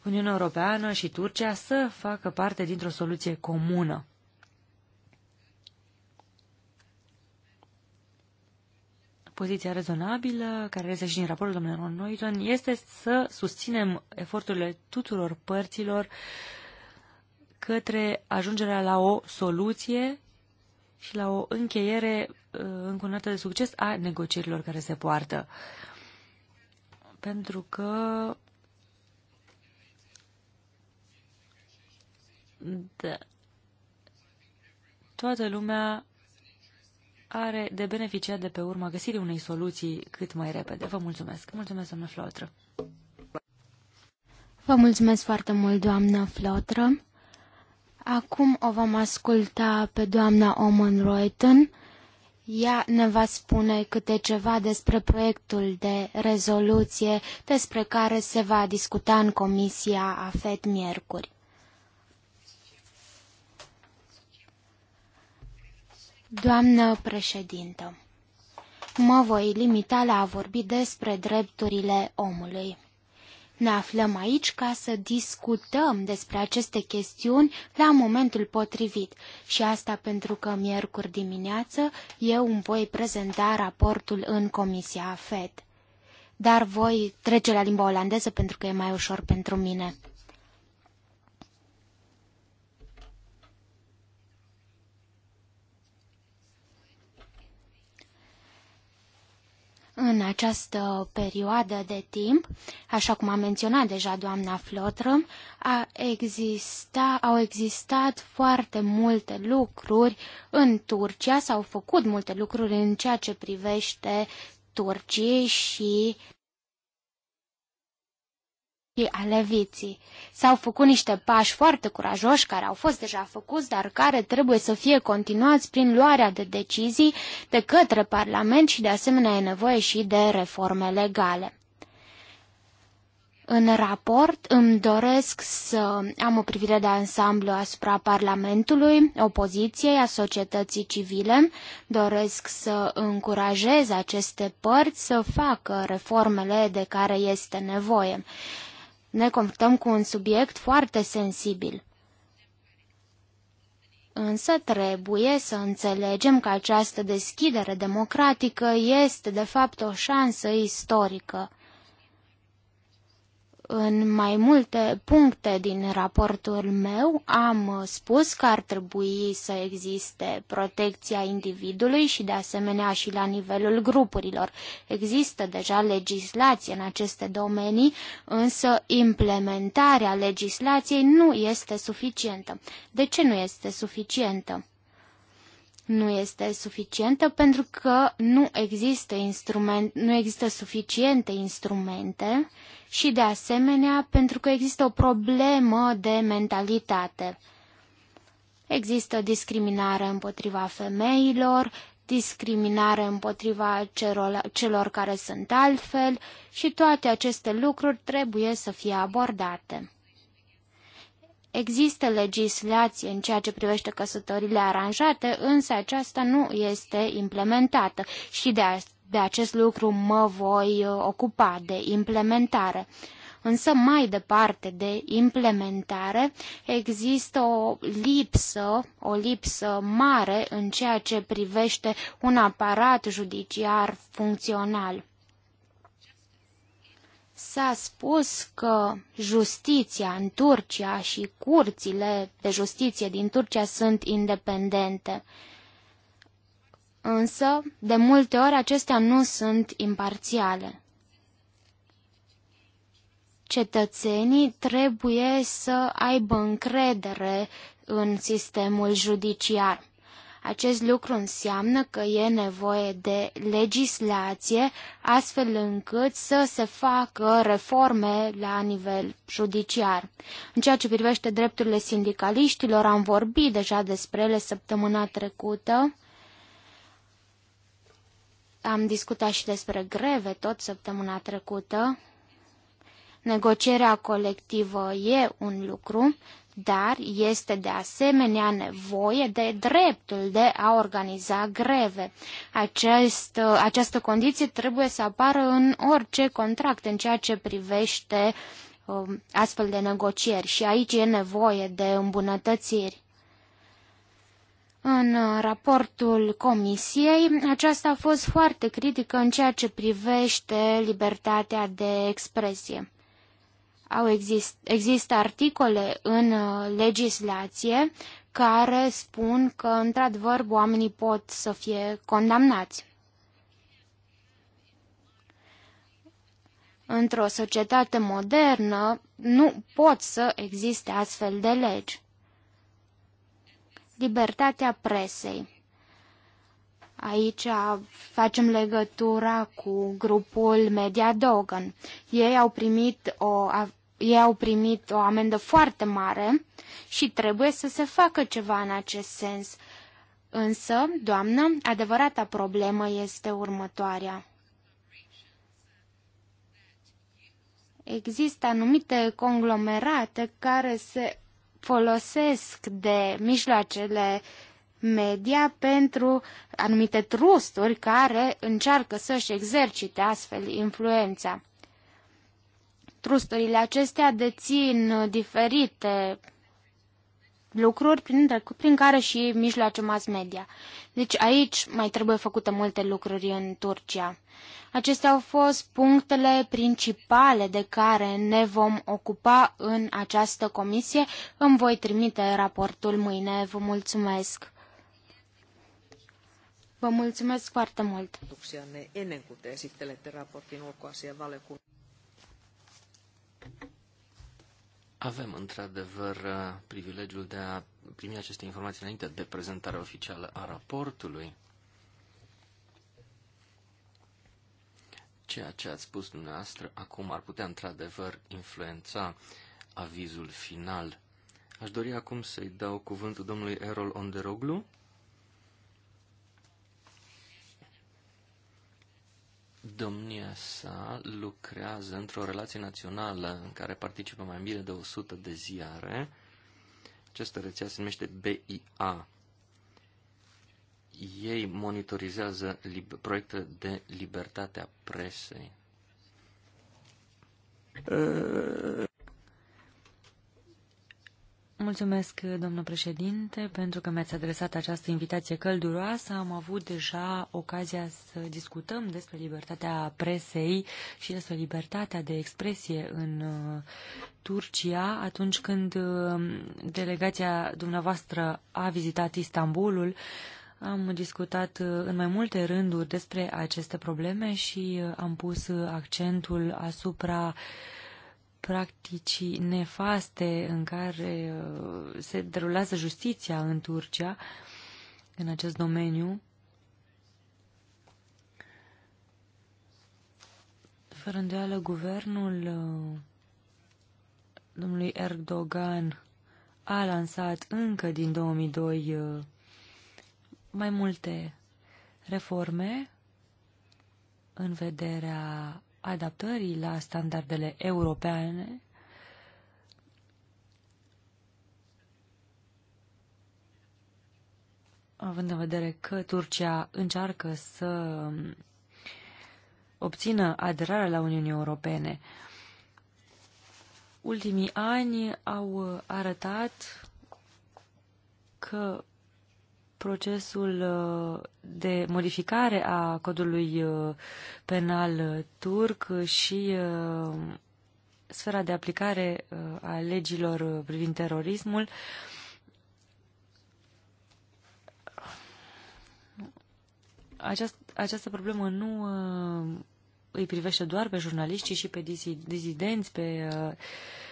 Uniunea Europeană și Turcia să facă parte dintr-o soluție comună. poziția rezonabilă, care este și din raportul domnului Noiton, este să susținem eforturile tuturor părților către ajungerea la o soluție și la o încheiere uh, încunată de succes a negocierilor care se poartă. Pentru că da, toată lumea are de beneficiat de pe urma găsirii unei soluții cât mai repede. Vă mulțumesc. Mulțumesc, doamnă Flotră. Vă mulțumesc foarte mult, doamnă Flotră. Acum o vom asculta pe doamna Oman Royton. Ea ne va spune câte ceva despre proiectul de rezoluție despre care se va discuta în Comisia AFET miercuri. Doamnă președintă, mă voi limita la a vorbi despre drepturile omului. Ne aflăm aici ca să discutăm despre aceste chestiuni la momentul potrivit și asta pentru că miercuri dimineață eu îmi voi prezenta raportul în Comisia FED. Dar voi trece la limba olandeză pentru că e mai ușor pentru mine. în această perioadă de timp, așa cum a menționat deja doamna Flotrăm, a exista, au existat foarte multe lucruri în Turcia, s-au făcut multe lucruri în ceea ce privește Turciei și aleviții. S-au făcut niște pași foarte curajoși care au fost deja făcuți, dar care trebuie să fie continuați prin luarea de decizii de către Parlament și de asemenea e nevoie și de reforme legale. În raport îmi doresc să am o privire de ansamblu asupra Parlamentului, opoziției, a societății civile. Doresc să încurajez aceste părți să facă reformele de care este nevoie ne confruntăm cu un subiect foarte sensibil. Însă trebuie să înțelegem că această deschidere democratică este de fapt o șansă istorică. În mai multe puncte din raportul meu am spus că ar trebui să existe protecția individului și de asemenea și la nivelul grupurilor. Există deja legislație în aceste domenii, însă implementarea legislației nu este suficientă. De ce nu este suficientă? nu este suficientă pentru că nu există, instrument, nu există suficiente instrumente și de asemenea pentru că există o problemă de mentalitate. Există discriminare împotriva femeilor, discriminare împotriva celor, celor care sunt altfel și toate aceste lucruri trebuie să fie abordate. Există legislație în ceea ce privește căsătorile aranjate, însă aceasta nu este implementată și de, de acest lucru mă voi uh, ocupa de implementare. Însă mai departe de implementare există o lipsă, o lipsă mare în ceea ce privește un aparat judiciar funcțional. S-a spus că justiția în Turcia și curțile de justiție din Turcia sunt independente. Însă, de multe ori, acestea nu sunt imparțiale. Cetățenii trebuie să aibă încredere în sistemul judiciar. Acest lucru înseamnă că e nevoie de legislație astfel încât să se facă reforme la nivel judiciar. În ceea ce privește drepturile sindicaliștilor, am vorbit deja despre ele săptămâna trecută. Am discutat și despre greve tot săptămâna trecută. Negocierea colectivă e un lucru, dar este de asemenea nevoie de dreptul de a organiza greve. această uh, această condiție trebuie să apară în orice contract în ceea ce privește um, astfel de negocieri și aici e nevoie de îmbunătățiri. În uh, raportul comisiei, aceasta a fost foarte critică în ceea ce privește libertatea de expresie. Au exist, există articole în uh, legislație care spun că, într-adevăr, oamenii pot să fie condamnați. Într-o societate modernă nu pot să existe astfel de legi. Libertatea presei Aici facem legătura cu grupul Media Dogan. Ei au primit o ei au primit o amendă foarte mare și trebuie să se facă ceva în acest sens. Însă, doamnă, adevărata problemă este următoarea. Există anumite conglomerate care se folosesc de mijloacele media pentru anumite trusturi care încearcă să-și exercite astfel influența. Trusturile acestea dețin diferite lucruri prin, prin care și mijloace mass media. Deci aici mai trebuie făcute multe lucruri în Turcia. Acestea au fost punctele principale de care ne vom ocupa în această comisie. Îmi voi trimite raportul mâine. Vă mulțumesc! Vă mulțumesc foarte mult! Avem, într-adevăr, privilegiul de a primi aceste informații înainte de prezentarea oficială a raportului. Ceea ce ați spus dumneavoastră acum ar putea, într-adevăr, influența avizul final. Aș dori acum să-i dau cuvântul domnului Erol Onderoglu Domnia sa lucrează într-o relație națională în care participă mai bine de 100 de ziare. Această rețea se numește BIA. Ei monitorizează proiecte de libertate a presei. Uh, Mulțumesc, domnul președinte, pentru că mi-ați adresat această invitație călduroasă. Am avut deja ocazia să discutăm despre libertatea presei și despre libertatea de expresie în uh, Turcia atunci când uh, delegația dumneavoastră a vizitat Istanbulul. Am discutat uh, în mai multe rânduri despre aceste probleme și am pus accentul asupra uh, practicii nefaste în care uh, se derulează justiția în Turcia, în acest domeniu, fără îndoială, guvernul uh, domnului Erdogan a lansat încă din 2002 uh, mai multe reforme în vederea adaptării la standardele europene având în vedere că Turcia încearcă să obțină aderarea la Uniunii Europene. Ultimii ani au arătat că procesul uh, de modificare a codului uh, penal uh, turc și sfera de aplicare a legilor privind terorismul. Această, această problemă nu îi privește doar pe jurnaliști, ci și pe dizidenți, pe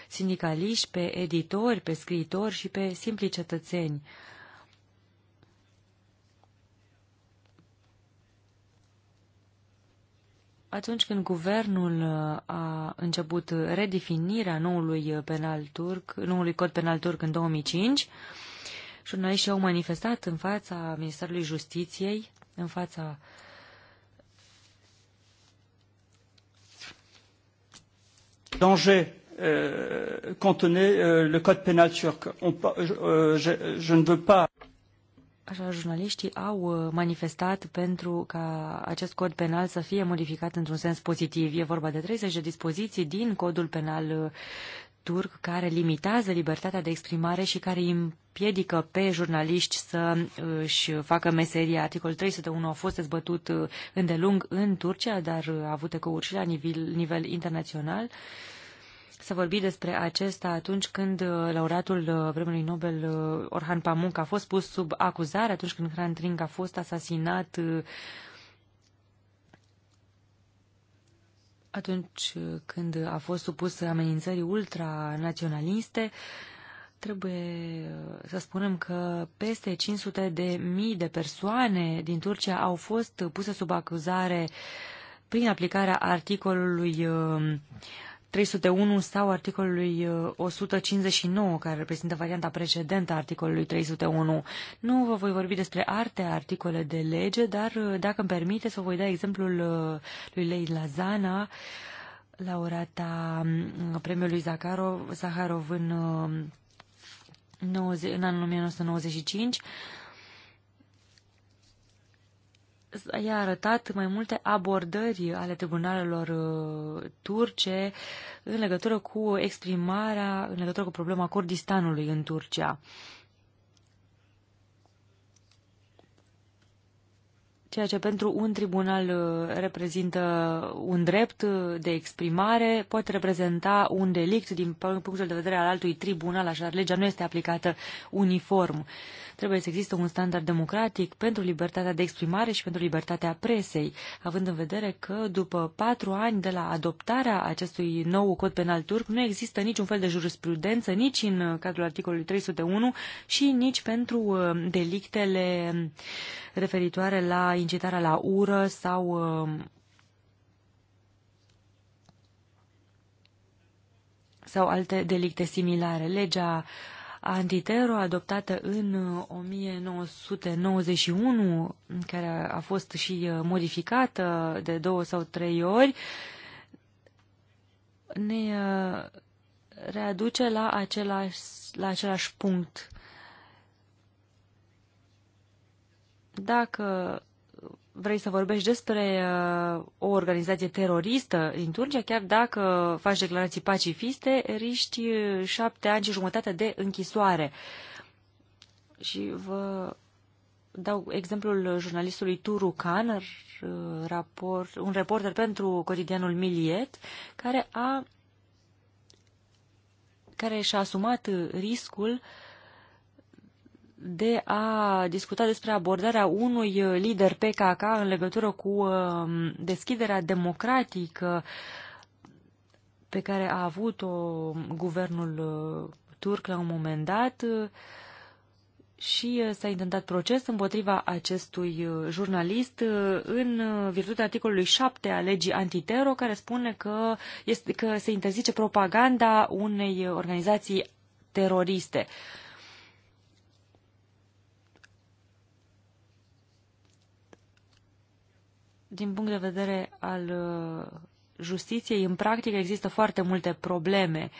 sindicaliști, pe editori, pe scriitori și pe simpli cetățeni. Uh, atunci când guvernul uh, a început redefinirea noului, uh, penal turc, noului cod penal turc în 2005, jurnaliștii au manifestat în fața Ministerului Justiției, în fața danger euh, contenait euh, le code pénal turc. On, euh, je, je ne veux pas Așa, jurnaliștii au uh, manifestat pentru ca acest cod penal să fie modificat într-un sens pozitiv. E vorba de 30 de dispoziții din codul penal uh, turc care limitează libertatea de exprimare și care împiedică pe jurnaliști să uh, își facă meseria. Articolul 301 a fost dezbătut îndelung în Turcia, dar a avut ecouri și la nivel, nivel internațional să vorbi despre acesta atunci când uh, laureatul uh, Premiului Nobel uh, Orhan Pamuk a fost pus sub acuzare, atunci când Hran Trink a fost asasinat, atunci când a fost supus amenințării ultranaționaliste, trebuie să spunem că peste 500 de mii de persoane din Turcia au fost puse sub acuzare prin aplicarea articolului 301 sau articolului 159, uh, care reprezintă varianta precedentă a articolului 301. Nu vă voi vorbi despre arte articole de lege, dar uh, dacă îmi să vă voi da exemplul uh, lui Lei Lazana, laureata um, premiului Zakharov, Zaharov în, în anul 1995, i-a arătat mai multe abordări ale tribunalelor uh, turce în legătură cu exprimarea, în legătură cu problema Kurdistanului în Turcia. ceea ce pentru un tribunal uh, reprezintă un drept uh, de exprimare, poate reprezenta un delict din punctul de vedere al altui tribunal, așa legea nu este aplicată uniform. Trebuie să existe un standard democratic pentru libertatea de exprimare și pentru libertatea presei, având în vedere că după patru ani de la adoptarea acestui nou cod penal turc nu există niciun fel de jurisprudență nici în cadrul articolului 301 și nici pentru uh, delictele referitoare la incitarea la ură sau um, sau alte delicte similare. Legea antitero adoptată în 1991, uh, care a fost și uh, modificată de două sau trei ori, ne uh, readuce la același, la același punct. Dacă vrei să vorbești despre uh, o organizație teroristă din Turcia, chiar dacă faci declarații pacifiste, riști uh, șapte ani și jumătate de închisoare. Și vă dau exemplul jurnalistului Turu Khan, raport, un reporter pentru cotidianul Miliet, care a care și-a asumat riscul uh, de a discuta despre abordarea unui lider PKK în legătură cu um, deschiderea democratică pe care a avut-o guvernul uh, turc la un moment dat uh, și uh, s-a intentat proces împotriva acestui jurnalist în virtutea articolului 7 a legii antitero care spune că, este, că se interzice propaganda unei organizații teroriste. Uh, din punct de vedere al uh, justiției, în practică există foarte multe probleme.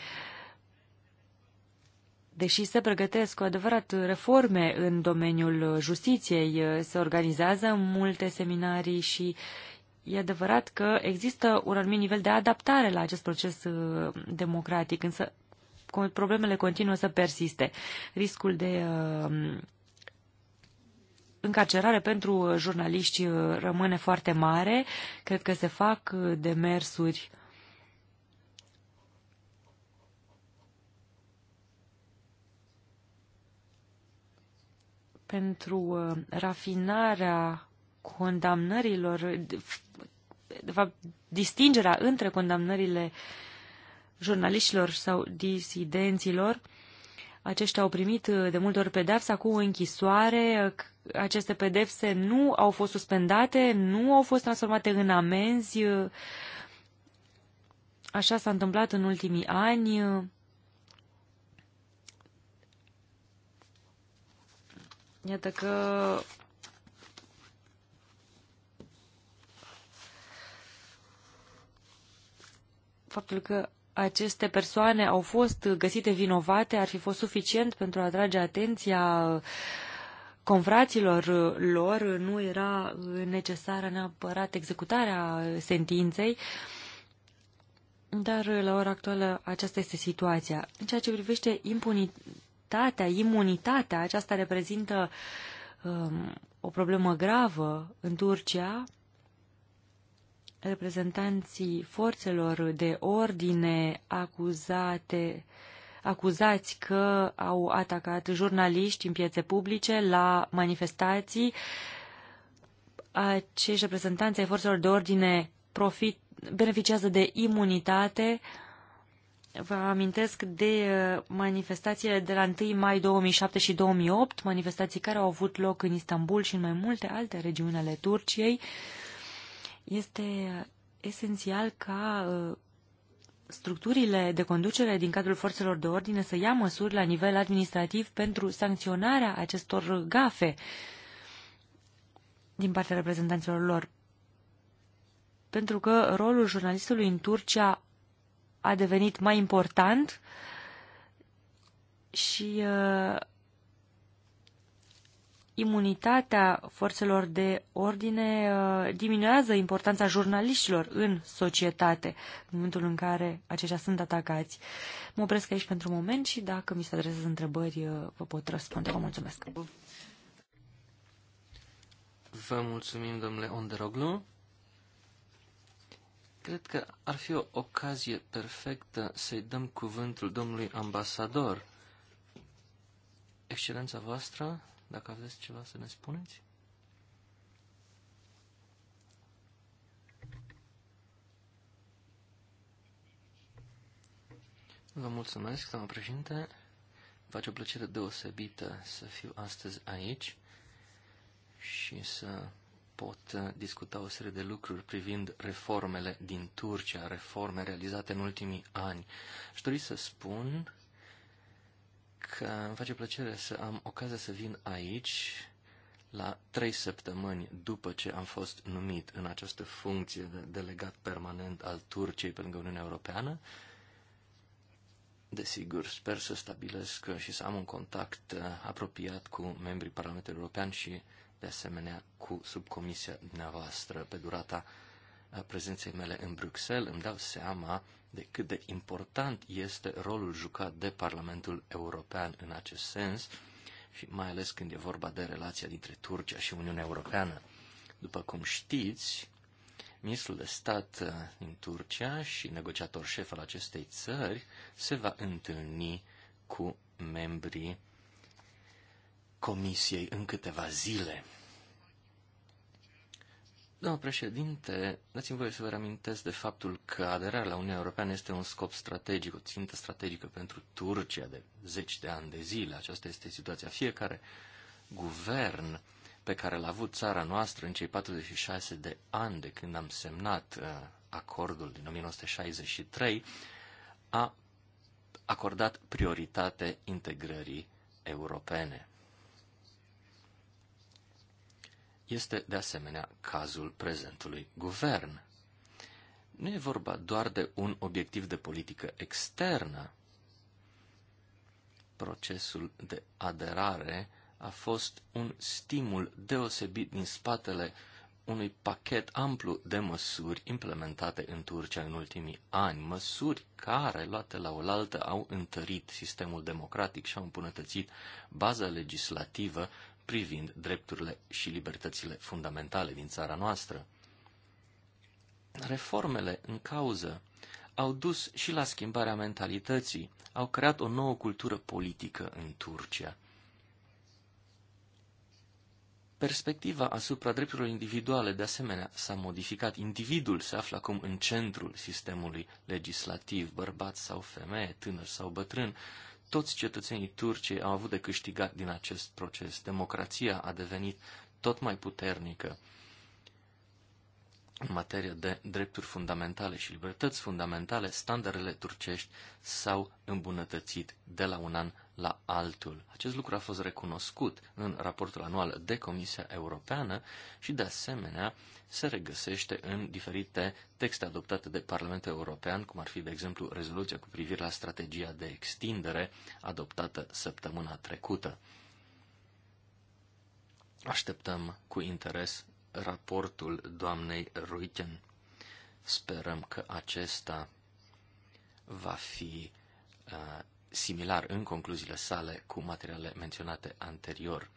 Deși se pregătesc cu adevărat reforme în domeniul justiției, uh, se organizează multe seminarii și e adevărat că există un anumit nivel de adaptare la acest proces uh, democratic, însă problemele continuă să persiste. Riscul de uh, încarcerare pentru uh, jurnaliști uh, rămâne foarte mare. Cred că se fac uh, demersuri pentru rafinarea condamnărilor, de fapt, distingerea între condamnările jurnaliștilor sau disidenților, uh, aceștia au primit uh, de multe ori pedepsa cu închisoare. Uh, aceste pedepse nu au fost suspendate, nu au fost transformate în amenzi. Uh, așa s-a întâmplat în ultimii ani. Iată că faptul că aceste persoane au fost găsite vinovate ar fi fost suficient pentru a atrage atenția confraților lor, nu era necesară neapărat executarea sentinței, dar la ora actuală aceasta este situația. În ceea ce privește impunitatea, imunitatea, aceasta reprezintă um, o problemă gravă în Turcia, reprezentanții forțelor de ordine acuzate acuzați că au atacat jurnaliști în piețe publice la manifestații. Acești reprezentanți ai forțelor de ordine profit, beneficiază de imunitate. Vă amintesc de uh, manifestațiile de la 1 mai 2007 și 2008, manifestații care au avut loc în Istanbul și în mai multe alte regiuni ale Turciei. Este uh, esențial ca uh, structurile de conducere din cadrul forțelor de ordine să ia măsuri la nivel administrativ pentru sancționarea acestor gafe din partea reprezentanților lor. Pentru că rolul jurnalistului în Turcia a devenit mai important și uh, imunitatea forțelor de ordine uh, diminuează importanța jurnaliștilor în societate în momentul în care aceștia sunt atacați. Mă opresc aici pentru un moment și dacă mi se adresează întrebări, uh, vă pot răspunde. Vă mulțumesc. Vă mulțumim, domnule Onderoglu. Cred că ar fi o ocazie perfectă să-i dăm cuvântul domnului ambasador. Excelența voastră, dacă aveți ceva să ne spuneți. Vă mulțumesc, doamnă președinte. Îmi face o plăcere deosebită să fiu astăzi aici și să pot discuta o serie de lucruri privind reformele din Turcia, reforme realizate în ultimii ani. Aș dori să spun că îmi face plăcere să am ocazia să vin aici la trei săptămâni după ce am fost numit în această funcție de delegat permanent al Turciei pe lângă Uniunea Europeană. Desigur, sper să stabilesc și să am un contact uh, apropiat cu membrii Parlamentului European și, de asemenea, cu subcomisia dumneavoastră pe durata prezenței mele în Bruxelles, îmi dau seama de cât de important este rolul jucat de Parlamentul European în acest sens și mai ales când e vorba de relația dintre Turcia și Uniunea Europeană. După cum știți, ministrul de stat uh, din Turcia și negociator șef al acestei țări se va întâlni cu membrii Comisiei în câteva zile. Doamna președinte, dați-mi voie să vă reamintesc de faptul că aderarea la Uniunea Europeană este un scop strategic, o țintă strategică pentru Turcia de zeci de ani de zile. Aceasta este situația. Fiecare guvern pe care l-a avut țara noastră în cei 46 de ani de când am semnat uh, acordul din 1963 a acordat prioritate integrării europene. este de asemenea cazul prezentului guvern. Nu e vorba doar de un obiectiv de politică externă. Procesul de aderare a fost un stimul deosebit din spatele unui pachet amplu de măsuri implementate în Turcia în ultimii ani, măsuri care, luate la oaltă, au întărit sistemul democratic și au îmbunătățit baza legislativă privind drepturile și libertățile fundamentale din țara noastră. Reformele în cauză au dus și la schimbarea mentalității, au creat o nouă cultură politică în Turcia. Perspectiva asupra drepturilor individuale, de asemenea, s-a modificat. Individul se află acum în centrul sistemului legislativ, bărbat sau femeie, tânăr sau bătrân, toți cetățenii turci au avut de câștigat din acest proces. Democrația a devenit tot mai puternică în materie de drepturi fundamentale și libertăți fundamentale, standardele turcești s-au îmbunătățit de la un an la altul. Acest lucru a fost recunoscut în raportul anual de Comisia Europeană și, de asemenea, se regăsește în diferite texte adoptate de Parlamentul European, cum ar fi, de exemplu, rezoluția cu privire la strategia de extindere adoptată săptămâna trecută. Așteptăm cu interes raportul doamnei Ruiten. Sperăm că acesta va fi uh, similar în concluziile sale cu materialele menționate anterior.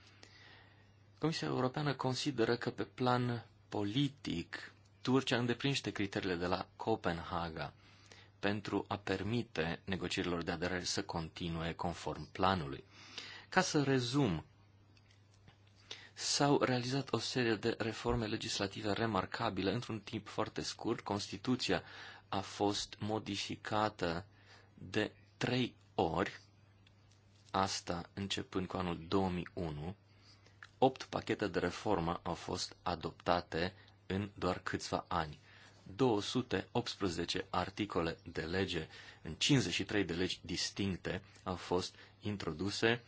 Comisia Europeană consideră că pe plan politic Turcia îndeprinește criteriile de la Copenhaga pentru a permite negocierilor de aderare să continue conform planului. Ca să rezum, s-au realizat o serie de reforme legislative remarcabile într-un timp foarte scurt. Constituția a fost modificată de trei ori, asta începând cu anul 2001, opt pachete de reformă au fost adoptate în doar câțiva ani. 218 articole de lege în 53 de legi distincte au fost introduse.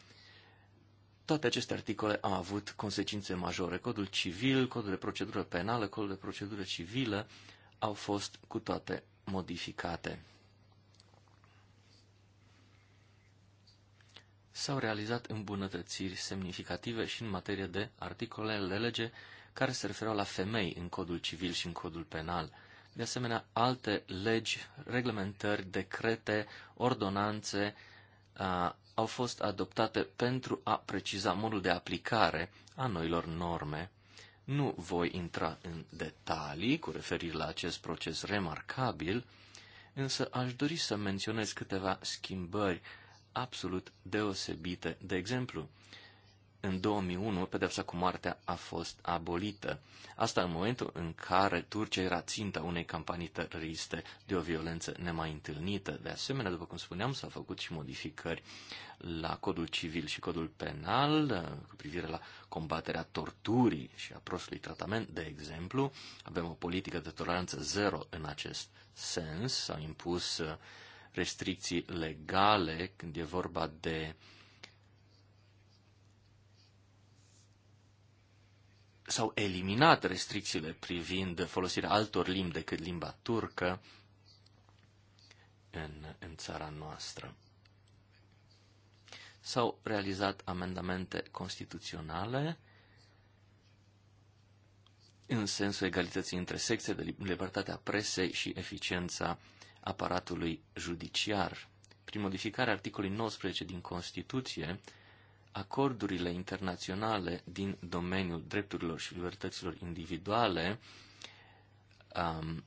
Toate aceste articole au avut consecințe majore. Codul civil, codul de procedură penală, codul de procedură civilă au fost cu toate modificate. s-au realizat îmbunătățiri semnificative și în materie de articole de lege care se referau la femei în codul civil și în codul penal. De asemenea, alte legi, reglementări, decrete, ordonanțe a, au fost adoptate pentru a preciza modul de aplicare a noilor norme. Nu voi intra în detalii cu referire la acest proces remarcabil, însă aș dori să menționez câteva schimbări absolut deosebite. De exemplu, în 2001, pedepsa cu moartea a fost abolită. Asta în momentul în care Turcia era ținta unei campanii teroriste de o violență nemai întâlnită. De asemenea, după cum spuneam, s-au făcut și modificări la codul civil și codul penal cu privire la combaterea torturii și a prostului tratament, de exemplu. Avem o politică de toleranță zero în acest sens. S-au impus uh, restricții legale când e vorba de s-au eliminat restricțiile privind folosirea altor limbi decât limba turcă în, în țara noastră. S-au realizat amendamente constituționale în sensul egalității între sexe, de libertatea presei și eficiența aparatului judiciar. Prin modificarea articolului 19 din Constituție, acordurile internaționale din domeniul drepturilor și libertăților individuale um,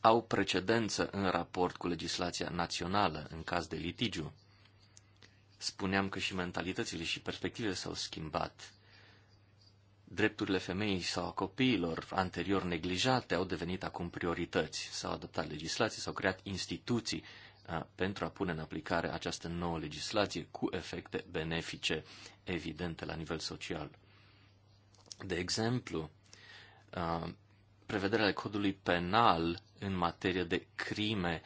au precedență în raport cu legislația națională în caz de litigiu. Spuneam că și mentalitățile și perspectivele s-au schimbat drepturile femeii sau a copiilor anterior neglijate au devenit acum priorități. S-au adoptat legislații, s-au creat instituții uh, pentru a pune în aplicare această nouă legislație cu efecte benefice evidente la nivel social. De exemplu, uh, prevederea codului penal în materie de crime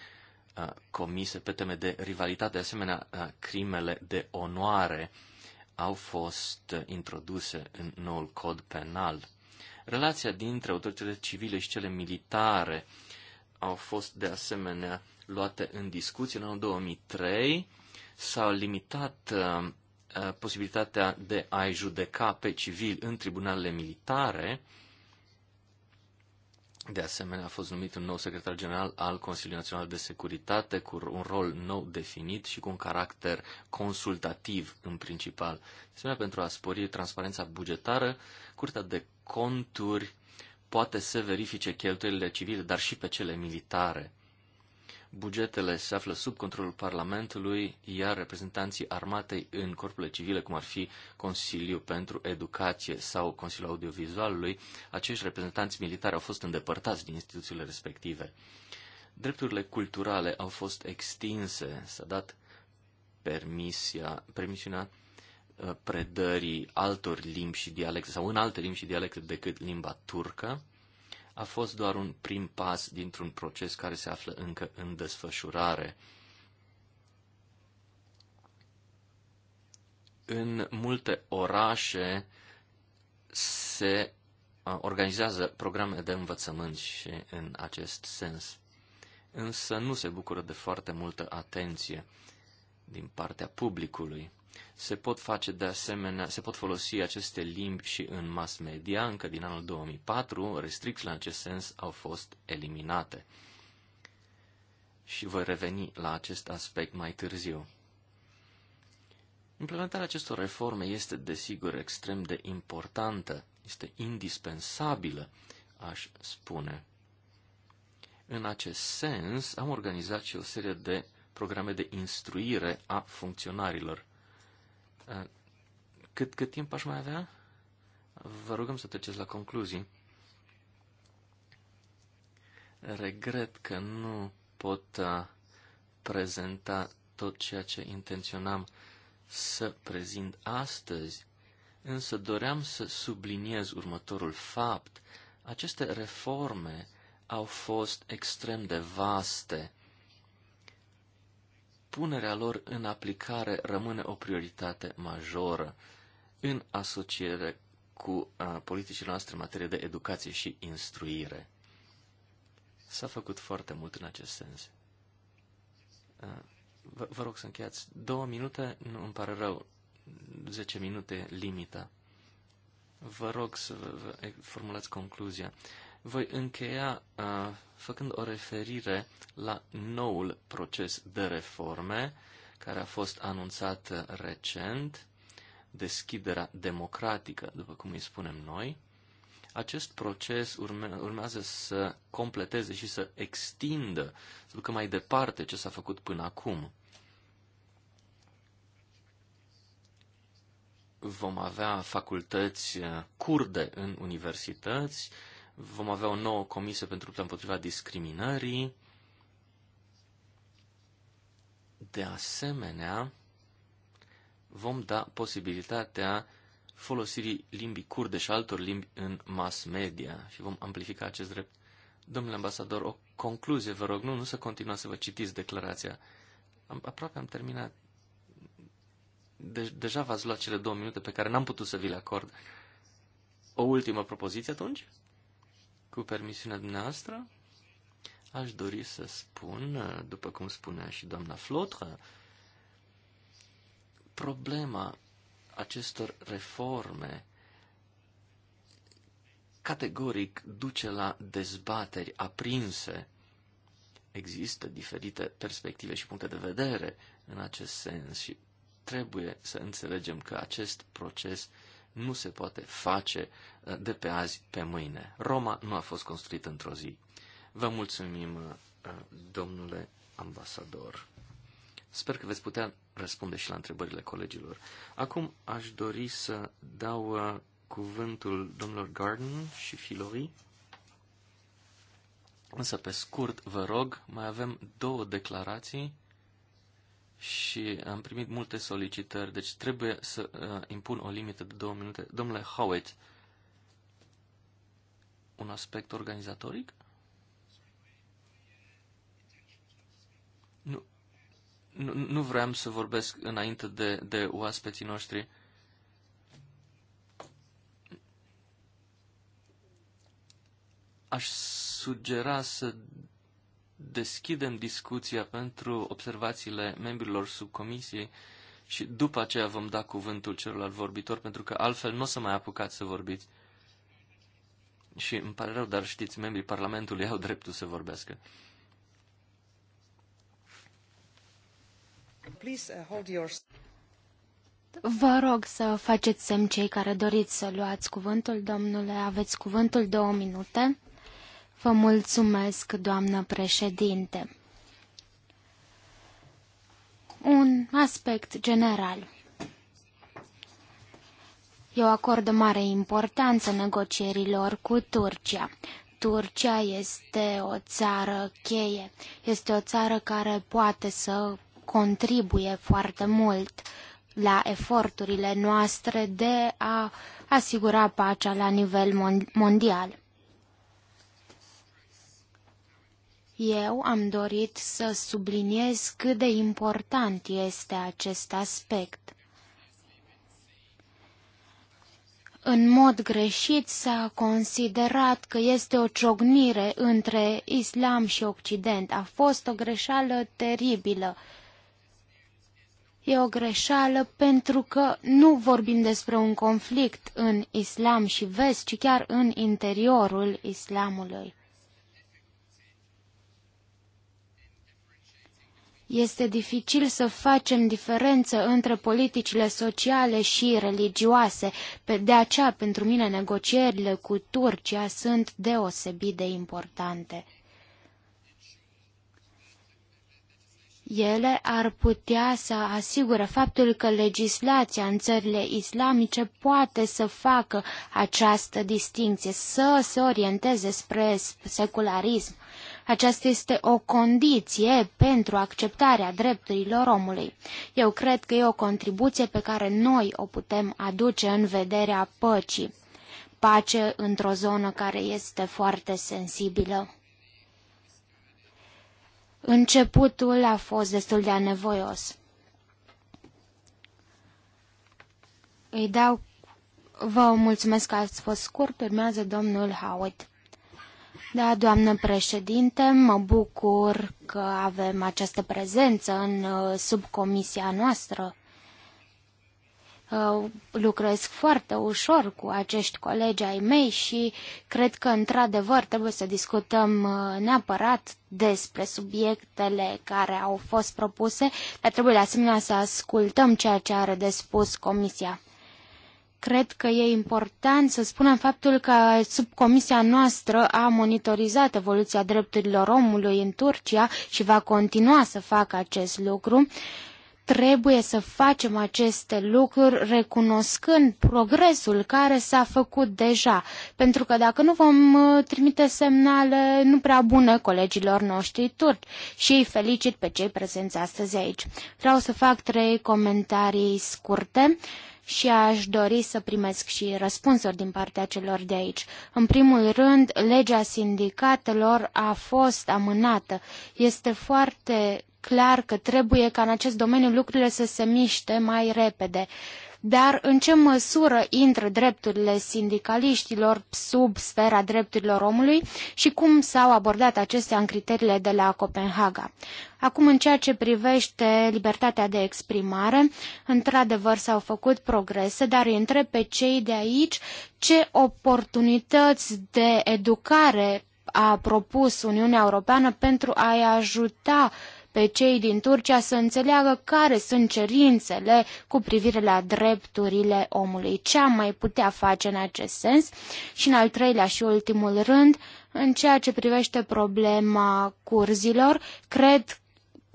uh, comise pe teme de rivalitate, de asemenea crimele de onoare, au fost introduse în noul cod penal. Relația dintre autoritățile civile și cele militare au fost de asemenea luate în discuție în anul 2003. S-au limitat uh, uh, posibilitatea de a-i judeca pe civil în tribunalele militare, de asemenea, a fost numit un nou secretar general al Consiliului Național de Securitate, cu un rol nou definit și cu un caracter consultativ în principal. De asemenea, pentru a spori transparența bugetară, Curtea de Conturi poate să verifice cheltuielile civile, dar și pe cele militare bugetele se află sub controlul Parlamentului, iar reprezentanții armatei în corpurile civile, cum ar fi Consiliul pentru Educație sau Consiliul Audiovizualului, acești reprezentanți militari au fost îndepărtați din instituțiile respective. Drepturile culturale au fost extinse, s-a dat permisia, permisiunea uh, predării altor limbi și dialecte sau în alte limbi și dialecte decât limba turcă a fost doar un prim pas dintr-un proces care se află încă în desfășurare. În multe orașe se organizează programe de învățământ și în acest sens, însă nu se bucură de foarte multă atenție din partea publicului. Se pot face de asemenea, se pot folosi aceste limbi și în mass media, încă din anul 2004, restricțiile în acest sens au fost eliminate. Și voi reveni la acest aspect mai târziu. Implementarea acestor reforme este, desigur, extrem de importantă, este indispensabilă, aș spune. În acest sens, am organizat și o serie de programe de instruire a funcționarilor. Cât, cât timp aș mai avea? Vă rugăm să treceți la concluzii. Regret că nu pot uh, prezenta tot ceea ce intenționam să prezint astăzi, însă doream să subliniez următorul fapt. Aceste reforme au fost extrem de vaste punerea lor în aplicare rămâne o prioritate majoră în asociere cu politicile noastre în materie de educație și instruire. S-a făcut foarte mult în acest sens. Vă, vă rog să încheiați. Două minute? Nu, îmi pare rău. Zece minute limita. Vă rog să vă, vă formulați concluzia. Voi încheia a, uh, făcând o referire la noul proces de reforme care a fost anunțat uh, recent, deschiderea democratică, după cum îi spunem noi. Acest proces urme, urmează să completeze și să extindă, să ducă mai departe ce s-a făcut până acum. Vom avea facultăți curde uh, în universități, Vom avea o nouă comisie pentru lupta împotriva discriminării. De asemenea, vom da posibilitatea folosirii limbii curde și altor limbi în mass media și vom amplifica acest drept. Domnule ambasador, o concluzie, vă rog, nu, nu să continuați să vă citiți declarația. Am, aproape am terminat. De- deja v-ați luat cele două minute pe care n-am putut să vi le acord. O ultimă propoziție atunci? Cu permisiunea dumneavoastră, aș dori să spun, după cum spunea și doamna Flotră, problema acestor reforme categoric duce la dezbateri aprinse. Există diferite perspective și puncte de vedere în acest sens și trebuie să înțelegem că acest proces nu se poate face uh, de pe azi pe mâine. Roma nu a fost construită într-o zi. Vă mulțumim, uh, domnule ambasador. Sper că veți putea răspunde și la întrebările colegilor. Acum aș dori să dau uh, cuvântul domnilor Garden și Filori. Însă, pe scurt, vă rog, mai avem două declarații și am primit multe solicitări, deci trebuie să uh, impun o limită de două minute. Domnule Howitt, un aspect organizatoric? Nu, nu, nu vreau să vorbesc înainte de, de oaspeții noștri. Aș sugera să deschidem discuția pentru observațiile membrilor subcomisiei și după aceea vom da cuvântul celorlalt vorbitor, pentru că altfel nu o să mai apucați să vorbiți. Și îmi pare rău, dar știți, membrii Parlamentului au dreptul să vorbească. Uh, Vă rog să faceți semn cei care doriți să luați cuvântul, domnule, aveți cuvântul două minute. Vă mulțumesc, doamnă președinte. Un aspect general. Eu acord mare importanță negocierilor cu Turcia. Turcia este o țară cheie, este o țară care poate să contribuie foarte mult la eforturile noastre de a asigura pacea la nivel mondial. Eu am dorit să subliniez cât de important este acest aspect. În mod greșit s-a considerat că este o ciognire între Islam și Occident. A fost o greșeală teribilă. E o greșeală pentru că nu vorbim despre un conflict în Islam și Vest, ci chiar în interiorul Islamului. Este dificil să facem diferență între politicile sociale și religioase. De aceea, pentru mine, negocierile cu Turcia sunt deosebit de importante. Ele ar putea să asigure faptul că legislația în țările islamice poate să facă această distinție, să se orienteze spre secularism aceasta este o condiție pentru acceptarea drepturilor omului. Eu cred că e o contribuție pe care noi o putem aduce în vederea păcii. Pace într-o zonă care este foarte sensibilă. Începutul a fost destul de anevoios. Îi dau... Vă mulțumesc că ați fost scurt. Urmează domnul Howard. Da, doamnă președinte, mă bucur că avem această prezență în uh, subcomisia noastră. Uh, lucrez foarte ușor cu acești colegi ai mei și cred că, într-adevăr, trebuie să discutăm uh, neapărat despre subiectele care au fost propuse, dar trebuie de asemenea să ascultăm ceea ce are de spus Comisia cred că e important să spunem faptul că subcomisia noastră a monitorizat evoluția drepturilor omului în Turcia și va continua să facă acest lucru. Trebuie să facem aceste lucruri recunoscând progresul care s-a făcut deja, pentru că dacă nu vom uh, trimite semnale nu prea bune colegilor noștri turci și îi felicit pe cei prezenți astăzi aici. Vreau să fac trei comentarii scurte și aș dori să primesc și răspunsuri din partea celor de aici. În primul rând, legea sindicatelor a fost amânată. Este foarte clar că trebuie ca în acest domeniu lucrurile să se miște mai repede. Uh, dar în ce măsură intră drepturile sindicaliștilor sub sfera drepturilor omului și cum s-au abordat acestea în criteriile de la Copenhaga. Acum, în ceea ce privește libertatea de exprimare, într-adevăr s-au făcut progrese, dar îi întreb pe cei de aici ce oportunități de educare a propus Uniunea Europeană pentru a-i ajuta uh, pe cei din Turcia să înțeleagă care sunt cerințele cu privire la drepturile omului, ce am mai putea face în acest sens și în al treilea și ultimul rând, în ceea ce privește problema curzilor, cred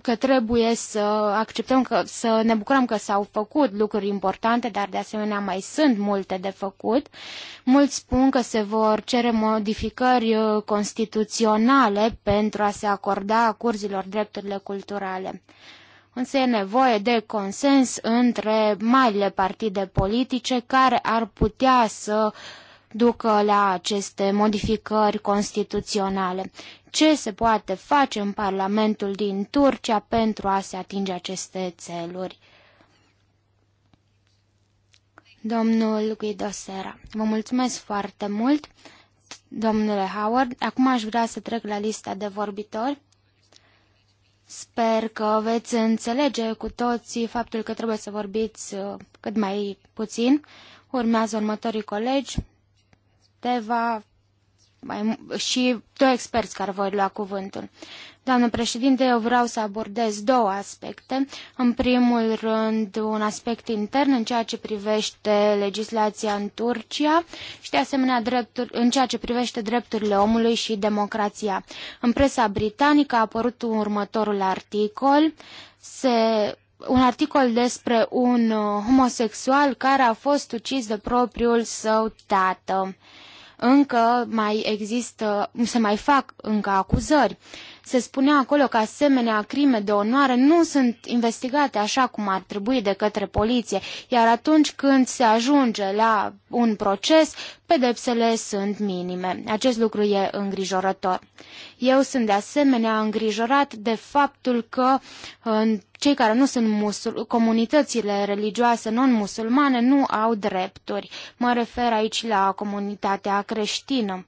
că trebuie să acceptăm că să ne bucurăm că s-au făcut lucruri importante, dar de asemenea mai sunt multe de făcut. Mulți spun că se vor cere modificări uh, constituționale pentru a se acorda curzilor drepturile culturale. Însă e nevoie de consens între marile partide politice care ar putea să uh, ducă la aceste modificări constituționale. Ce se poate face în Parlamentul din Turcia pentru a se atinge aceste țeluri? Domnul Guido Sera, vă mulțumesc foarte mult, domnule Howard. Acum aș vrea să trec la lista de vorbitori. Sper că veți înțelege cu toții faptul că trebuie să vorbiți uh, cât mai puțin. Urmează următorii colegi, câteva mai, și doi experți care vor lua cuvântul. Doamnă președinte, eu vreau să abordez două aspecte. În primul rând, un aspect intern în ceea ce privește legislația în Turcia și, de asemenea, drepturi, în ceea ce privește drepturile omului și democrația. În presa britanică a apărut un următorul articol. Se un articol despre un uh, homosexual care a fost ucis de propriul său tată. Uh, încă mai există, se mai fac încă acuzări. Se spunea acolo că asemenea crime de onoare nu sunt investigate așa cum ar trebui de către poliție, iar atunci când se ajunge la un proces, pedepsele sunt minime. Acest lucru e îngrijorător. Eu sunt de asemenea îngrijorat de faptul că cei care nu sunt musul, comunitățile religioase non-musulmane nu au drepturi. Mă refer aici la comunitatea creștină.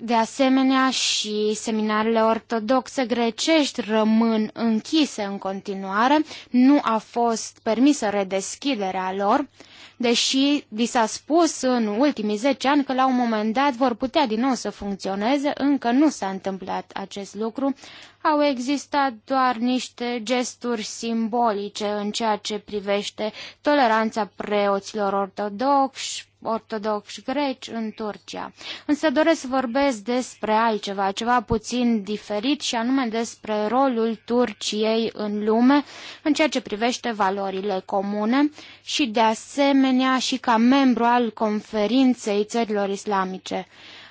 De asemenea, și seminarele ortodoxe grecești rămân închise în continuare, nu a fost permisă redeschiderea lor, deși li s-a spus în ultimii 10 ani că la un moment dat vor putea din nou să funcționeze, încă nu s-a întâmplat acest lucru, au existat doar niște gesturi simbolice în ceea ce privește toleranța preoților ortodoxi, ortodoxi greci în Turcia. Însă doresc să vorbesc despre altceva, ceva puțin diferit și anume despre rolul Turciei în lume în ceea ce privește valorile comune și de asemenea și ca membru al conferinței țărilor islamice.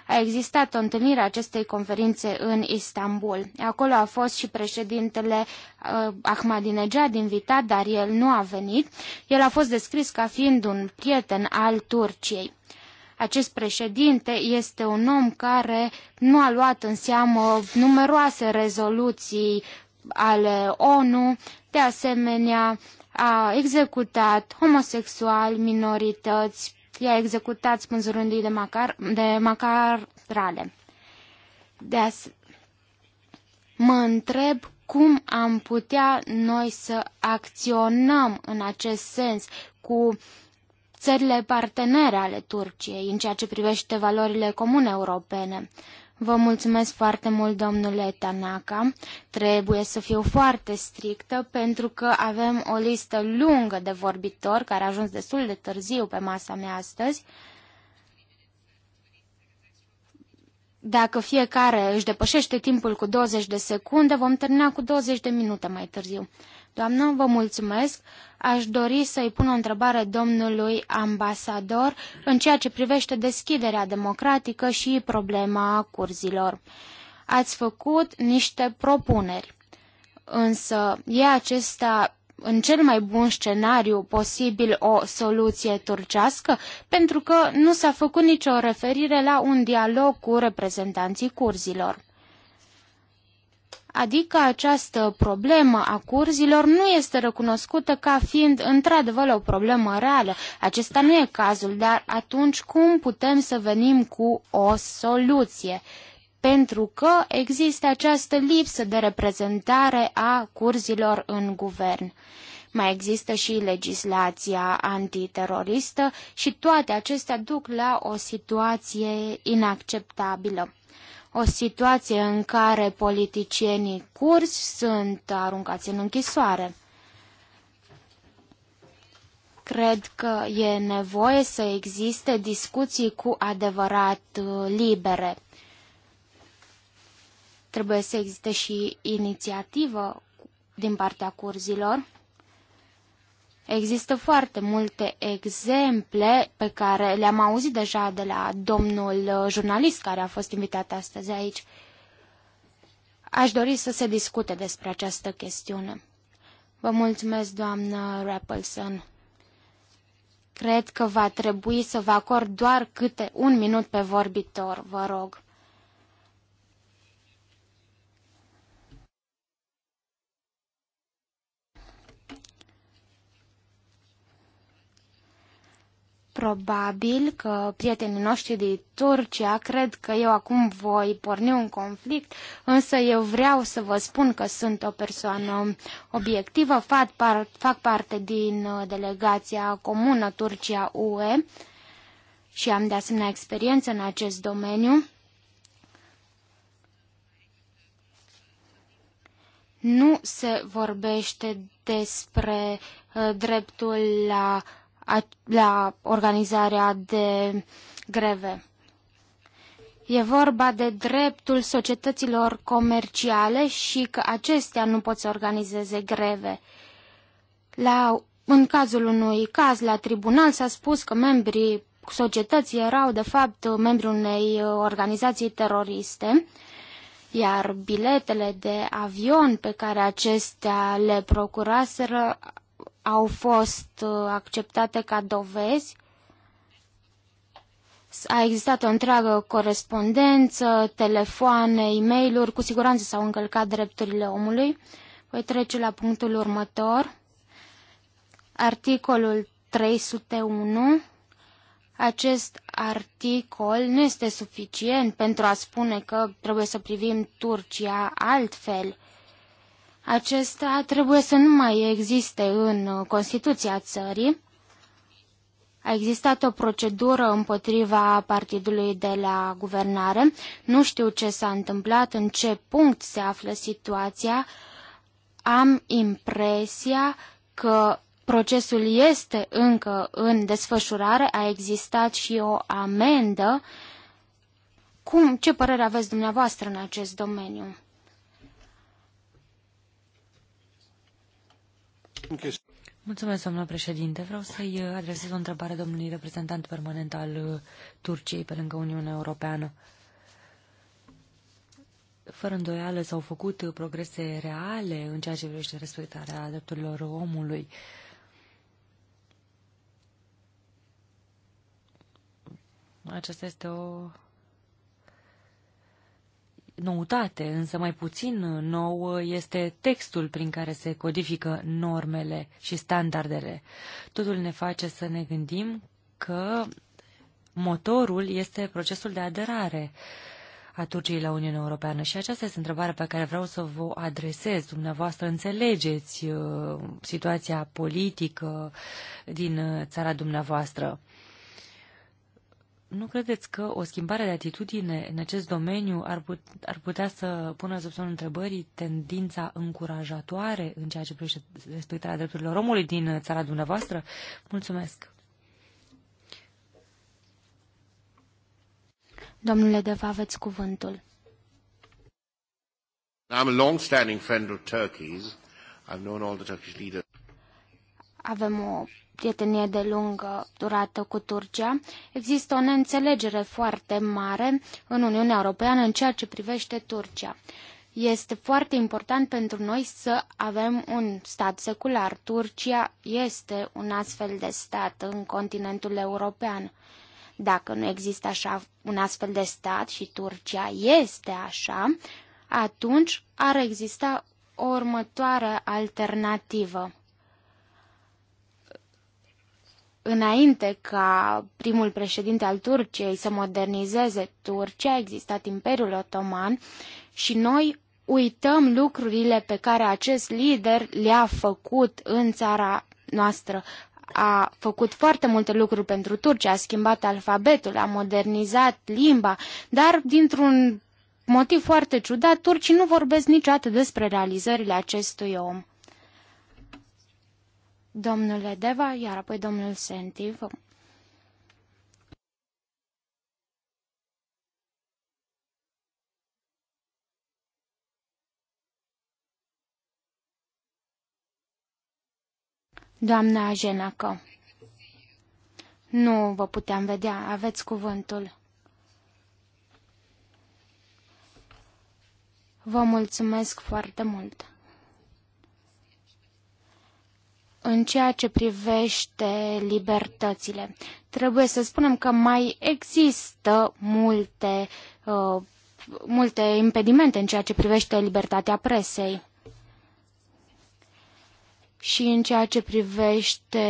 A existat o întâlnire a acestei conferințe în Istanbul. Acolo a fost și președintele uh, Ahmadinejad invitat, dar el nu a venit. El a fost descris ca fiind un prieten al Turciei. Acest președinte este un om care nu a luat în seamă numeroase rezoluții ale ONU, de asemenea a executat homosexuali, minorități, i-a executat spânzurându-i de, macar, de macarale. De as- mă întreb cum am putea noi să acționăm în acest sens cu țările partenere ale Turciei în ceea ce privește valorile comune europene. Vă mulțumesc foarte mult, domnule Tanaka. Trebuie să fiu foarte strictă pentru că avem o listă lungă de vorbitori care a ajuns destul de târziu pe masa mea astăzi. Dacă fiecare își depășește timpul cu 20 de secunde, vom termina cu 20 de minute mai târziu. Doamnă, vă mulțumesc. Aș dori să-i pun o întrebare domnului ambasador în ceea ce privește deschiderea democratică și problema curzilor. Ați făcut niște propuneri, însă e acesta în cel mai bun scenariu posibil o soluție turcească, pentru că nu s-a făcut nicio referire la un dialog cu reprezentanții curzilor adică această problemă a curzilor nu este recunoscută ca fiind într-adevăr o problemă reală. Acesta nu e cazul, dar atunci cum putem să venim cu o soluție? Pentru că există această lipsă de reprezentare a curzilor în guvern. Mai există și legislația antiteroristă și toate acestea duc la o situație inacceptabilă o situație în care politicienii curzi sunt aruncați în închisoare. Cred că e nevoie să existe discuții cu adevărat uh, libere. Trebuie să existe și inițiativă din partea curzilor Există foarte multe exemple pe care le-am auzit deja de la domnul uh, jurnalist care a fost invitat astăzi aici. Aș dori să se discute despre această chestiune. Vă mulțumesc, doamnă Rappelson. Cred că va trebui să vă acord doar câte un minut pe vorbitor, vă rog. Probabil că prietenii noștri din Turcia cred că eu acum voi porni un conflict, însă eu vreau să vă spun că sunt o persoană obiectivă, fac, par, fac parte din uh, delegația comună Turcia-UE și am de asemenea experiență în acest domeniu. Nu se vorbește despre uh, dreptul la uh, la organizarea de greve. E vorba de dreptul societăților comerciale și că acestea nu pot să organizeze greve. La, în cazul unui caz la tribunal s-a spus că membrii societății erau de fapt membri unei organizații teroriste, iar biletele de avion pe care acestea le procuraseră au fost uh, acceptate ca dovezi. A existat o întreagă corespondență, telefoane, e mail cu siguranță s-au încălcat drepturile omului. Voi trece la punctul următor. Articolul 301. Acest articol nu este suficient pentru a spune că trebuie să privim Turcia altfel. Acesta trebuie să nu mai existe în uh, Constituția țării. A existat o procedură împotriva partidului de la guvernare. Nu știu ce s-a întâmplat, în ce punct se află situația. Am impresia că procesul este încă în desfășurare. A existat și o amendă. Cum, ce părere aveți dumneavoastră în acest domeniu? Mulțumesc, doamna președinte. Vreau să-i adresez o întrebare domnului reprezentant permanent al uh, Turciei pe lângă Uniunea Europeană. Fără îndoială s-au făcut uh, progrese reale în ceea ce privește respectarea drepturilor omului. Aceasta este o noutate, însă mai puțin nou, este textul prin care se codifică normele și standardele. Totul ne face să ne gândim că motorul este procesul de aderare a Turciei la Uniunea Europeană. Și aceasta este întrebarea pe care vreau să vă adresez. Dumneavoastră înțelegeți uh, situația politică din uh, țara dumneavoastră nu credeți că o schimbare de atitudine în acest domeniu ar, put, ar putea să pună sub semnul întrebării tendința încurajatoare în ceea ce privește respectarea drepturilor omului din țara dumneavoastră? Mulțumesc! Domnule Deva, aveți cuvântul. I'm a long-standing friend of Turkey's. I've known all the Turkish leaders. Avem o prietenie de lungă durată cu Turcia, există o neînțelegere foarte mare în Uniunea Europeană în ceea ce privește Turcia. Este foarte important pentru noi să avem un stat secular. Turcia este un astfel de stat în continentul european. Dacă nu există așa un astfel de stat și Turcia este așa, atunci ar exista o următoare alternativă. Înainte ca primul președinte al Turciei să modernizeze Turcia, a existat Imperiul Otoman și noi uităm lucrurile pe care acest lider le-a făcut în țara noastră. A făcut foarte multe lucruri pentru Turcia, a schimbat alfabetul, a modernizat limba, dar dintr-un motiv foarte ciudat, turcii nu vorbesc niciodată despre realizările acestui om domnule Deva, iar apoi domnul Sentiv. Doamna Ajenacă, nu vă puteam vedea, aveți cuvântul. Vă mulțumesc foarte mult. în ceea ce privește libertățile. Trebuie să spunem că mai există multe, uh, multe impedimente în ceea ce privește libertatea presei și în ceea ce privește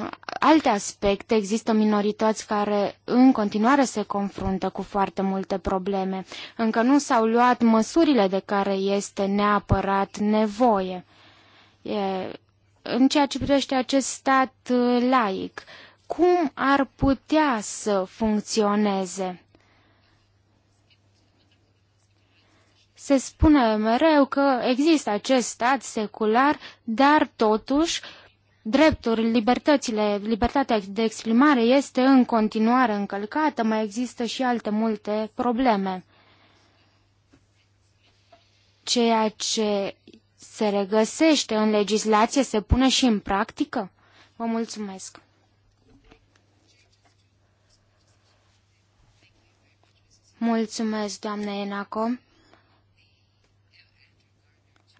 uh, alte aspecte, există minorități care în continuare se confruntă cu foarte multe probleme. Încă nu s-au luat măsurile de care este neapărat nevoie. E în ceea ce privește acest stat uh, laic, cum ar putea să funcționeze? Se spune mereu că există acest stat secular, dar totuși drepturile libertățile, libertatea de exprimare este în continuare încălcată, mai există și alte multe probleme. Ceea ce se regăsește în legislație, se pune și în practică? Vă mulțumesc! Mulțumesc, doamne Enaco.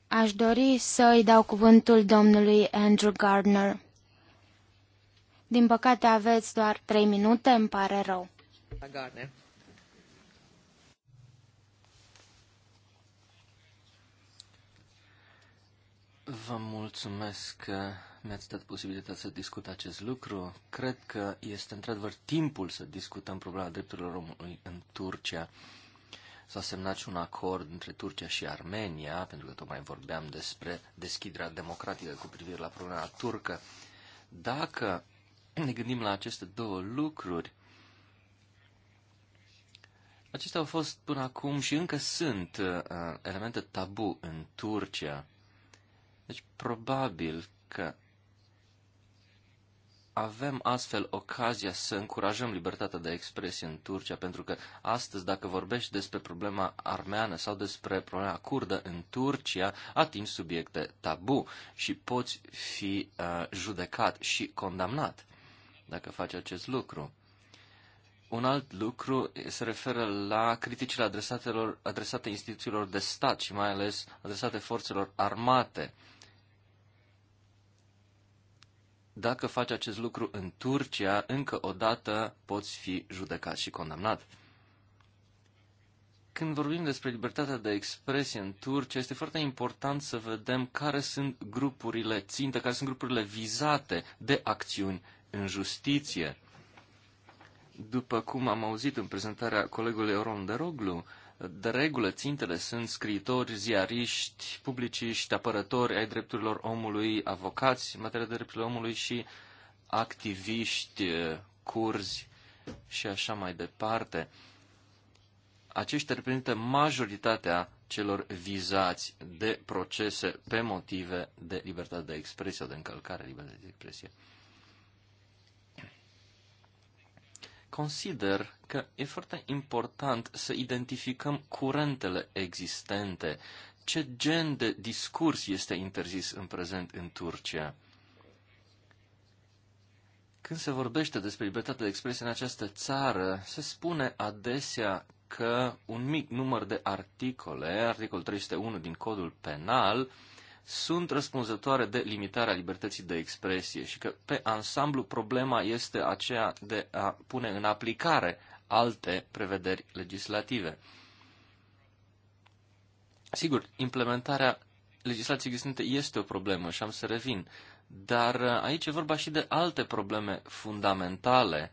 Aș dori să îi dau cuvântul domnului Andrew Gardner. Din păcate aveți doar trei minute, îmi pare rău. Gardner. Vă mulțumesc că mi-ați dat posibilitatea să discut acest lucru. Cred că este într-adevăr timpul să discutăm problema drepturilor omului în Turcia. S-a semnat și un acord între Turcia și Armenia, pentru că tocmai vorbeam despre deschiderea democratică cu privire la problema turcă. Dacă ne gândim la aceste două lucruri, acestea au fost până acum și încă sunt uh, elemente tabu în Turcia deci probabil că avem astfel ocazia să încurajăm libertatea de expresie în Turcia, pentru că astăzi, dacă vorbești despre problema armeană sau despre problema curdă în Turcia, atingi subiecte tabu și poți fi uh, judecat și condamnat dacă faci acest lucru. Un alt lucru se referă la criticile adresatelor, adresate instituțiilor de stat și mai ales adresate forțelor armate. Uh, dacă faci acest lucru în Turcia, încă o dată poți fi judecat și condamnat. Când vorbim despre libertatea de expresie în Turcia, este foarte important să vedem care sunt grupurile ținte, care sunt grupurile vizate de acțiuni în justiție. După cum am auzit în prezentarea colegului Oron de Roglu, de regulă, țintele sunt scriitori, ziariști, publiciști, apărători ai drepturilor omului, avocați în materie de drepturile omului și activiști, curzi și așa mai departe. Aceștia reprezintă majoritatea celor vizați de procese pe motive de libertate de expresie, de încălcare libertății de expresie. Consider că e foarte important să identificăm curentele existente, ce gen de discurs este interzis în prezent în Turcia. Când se vorbește despre libertatea de expresie în această țară, se spune adesea că un mic număr de articole, articolul 301 din codul penal, sunt răspunzătoare de limitarea libertății de expresie și că, pe ansamblu, problema este aceea de a pune în aplicare alte prevederi legislative. Sigur, implementarea legislației existente este o problemă și am să revin, dar uh, aici e vorba și de alte probleme fundamentale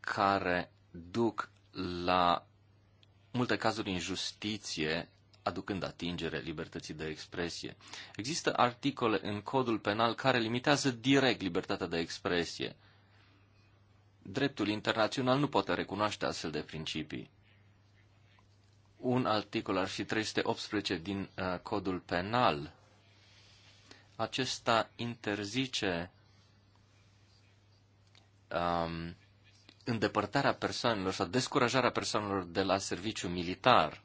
care duc la multe cazuri în justiție aducând atingere libertății de expresie. Există articole în codul penal care limitează direct libertatea de expresie. Dreptul internațional nu poate recunoaște astfel de principii. Un articol ar fi 318 din uh, codul penal. Acesta interzice um, îndepărtarea persoanelor sau descurajarea persoanelor de la serviciu militar.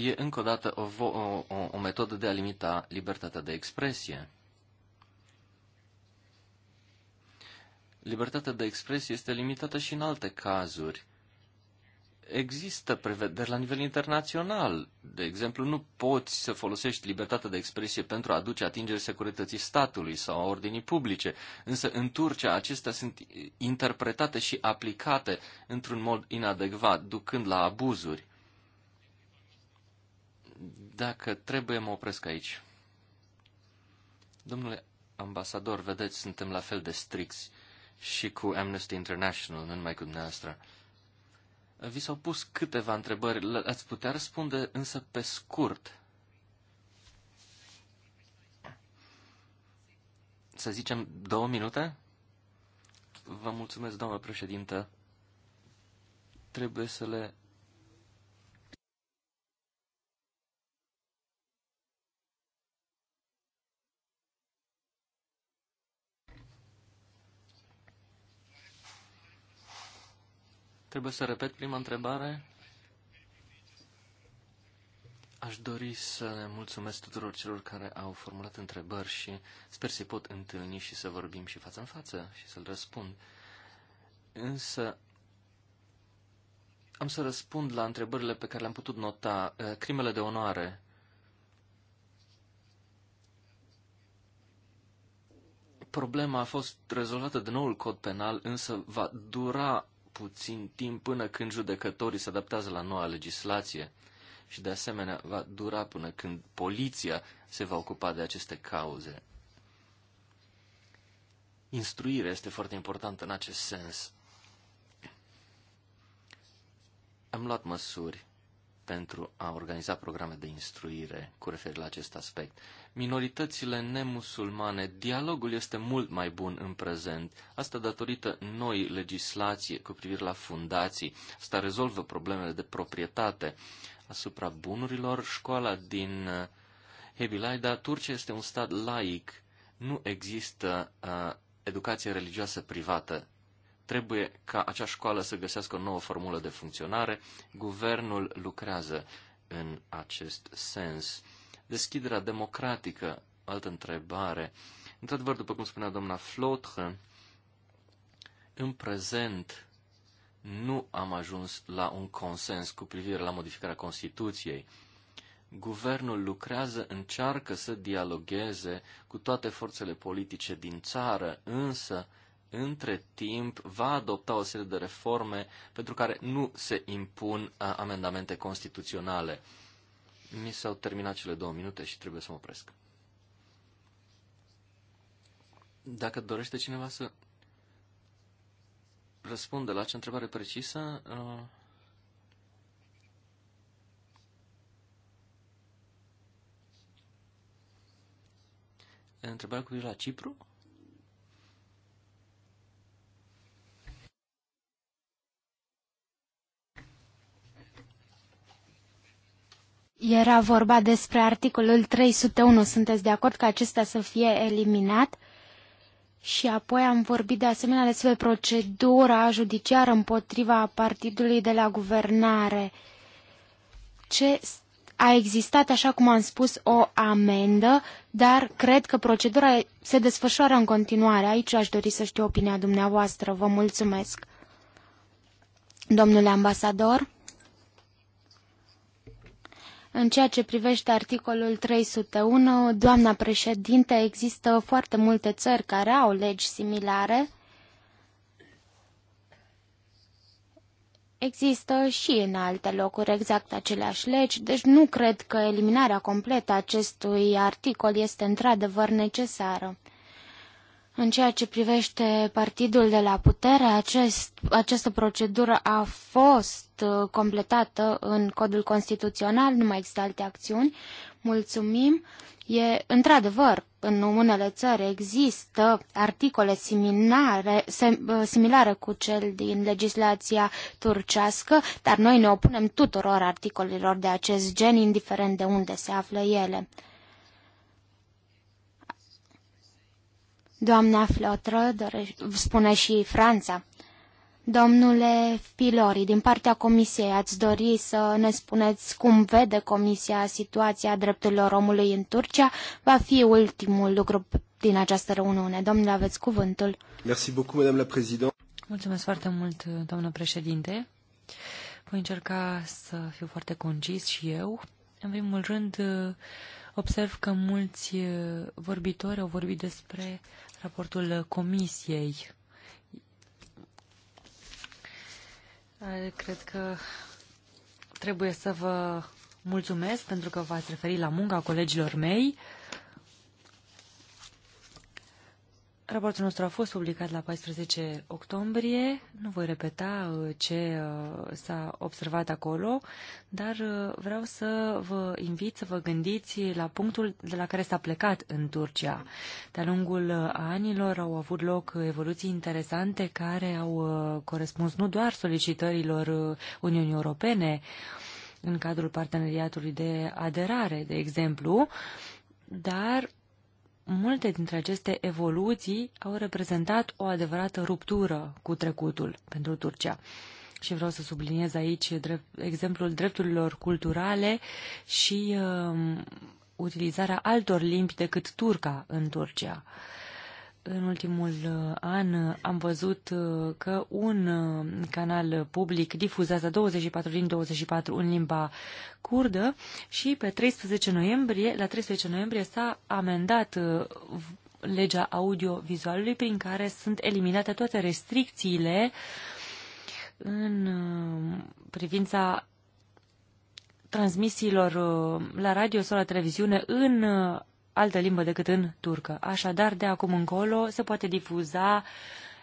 e încă o dată o, o, o, o metodă de a limita libertatea de expresie. Libertatea de expresie este limitată și în alte cazuri. Există prevederi la nivel internațional. De exemplu, nu poți să folosești libertatea de expresie pentru a aduce atingere securității statului sau a ordinii publice. Însă, în Turcia, acestea sunt interpretate și aplicate într-un mod inadecvat, ducând la abuzuri. Dacă trebuie, mă opresc aici. Domnule ambasador, vedeți, suntem la fel de stricți și cu Amnesty International, nu numai cu dumneavoastră. Vi s-au pus câteva întrebări, ați putea răspunde însă pe scurt. Să zicem două minute? Vă mulțumesc, doamnă președintă. Trebuie să le Trebuie să repet prima întrebare. Aș dori să mulțumesc tuturor celor care au formulat întrebări și sper să-i pot întâlni și să vorbim și față în față și să-l răspund. Însă am să răspund la întrebările pe care le-am putut nota. Eh, crimele de onoare. Problema a fost rezolvată de noul cod penal, însă va dura puțin timp până când judecătorii se adaptează la noua legislație și de asemenea va dura până când poliția se va ocupa de aceste cauze. Instruirea este foarte importantă în acest sens. Am luat măsuri pentru a organiza programe de instruire cu referire la acest aspect minoritățile nemusulmane, dialogul este mult mai bun în prezent. Asta datorită noi legislații cu privire la fundații. Asta rezolvă problemele de proprietate asupra bunurilor. Școala din eh, Hebilaida, Turcia este un stat laic. Nu există uh, educație religioasă privată trebuie ca acea școală să găsească o nouă formulă de funcționare. Guvernul lucrează în acest sens. Deschiderea democratică, altă întrebare. Într-adevăr, după cum spunea doamna Flotre, în prezent nu am ajuns la un consens cu privire la modificarea Constituției. Guvernul lucrează, încearcă să dialogueze cu toate forțele politice din țară, însă, între timp, va adopta o serie de reforme pentru care nu se impun amendamente constituționale. Mi s-au terminat cele două minute și trebuie să mă opresc. Dacă dorește cineva să răspundă la acea întrebare precisă, uh, Întrebarea cu privire la Cipru? Era vorba despre articolul 301. Sunteți de acord că acesta să fie eliminat? Și apoi am vorbit de asemenea despre procedura judiciară împotriva partidului de la guvernare. Ce a existat, așa cum am spus, o amendă, dar cred că procedura se desfășoară în continuare. Aici aș dori să știu opinia dumneavoastră. Vă mulțumesc. Domnule ambasador? În ceea ce privește articolul 301, doamna președinte, există foarte multe țări care au legi similare. Există și în alte locuri exact aceleași legi, deci nu cred că eliminarea completă a acestui articol este într-adevăr necesară. În ceea ce privește partidul de la putere, acest, această procedură a fost uh, completată în codul constituțional, nu mai există alte acțiuni. Mulțumim. E, într-adevăr, în unele țări există articole similare, uh, similare cu cel din legislația turcească, dar noi ne opunem tuturor articolelor de acest gen, indiferent de unde se află ele. Doamna Flotră spune și Franța. Domnule Filori, din partea Comisiei ați dori să ne spuneți cum vede Comisia situația drepturilor omului în Turcia? Va fi ultimul lucru din această reuniune. Domnule, aveți cuvântul. Merci beaucoup, Madame la Mulțumesc foarte mult, doamnă președinte. Voi încerca să fiu foarte concis și eu. În primul rând, observ că mulți vorbitori au vorbit despre raportul comisiei. Cred că trebuie să vă mulțumesc pentru că v-ați referit la munca colegilor mei. Raportul nostru a fost publicat la 14 octombrie. Nu voi repeta uh, ce uh, s-a observat acolo, dar uh, vreau să vă invit să vă gândiți la punctul de la care s-a plecat în Turcia. De-a lungul anilor au avut loc evoluții interesante care au corespuns nu doar solicitărilor Uniunii Europene în cadrul parteneriatului de aderare, de exemplu, dar multe dintre aceste evoluții au reprezentat o adevărată ruptură cu trecutul pentru Turcia. Și vreau să subliniez aici drept, exemplul drepturilor culturale și uh, utilizarea altor limbi decât turca în Turcia. Uh, în ultimul uh, an uh, am văzut uh, că un canal public difuzează 24 din 24 în limba curdă și pe 13 noiembrie, la 13 noiembrie s-a amendat legea audio-vizualului prin care sunt eliminate toate restricțiile în privința transmisiilor la radio sau la televiziune în altă limbă decât în turcă. Așadar, de acum încolo se poate difuza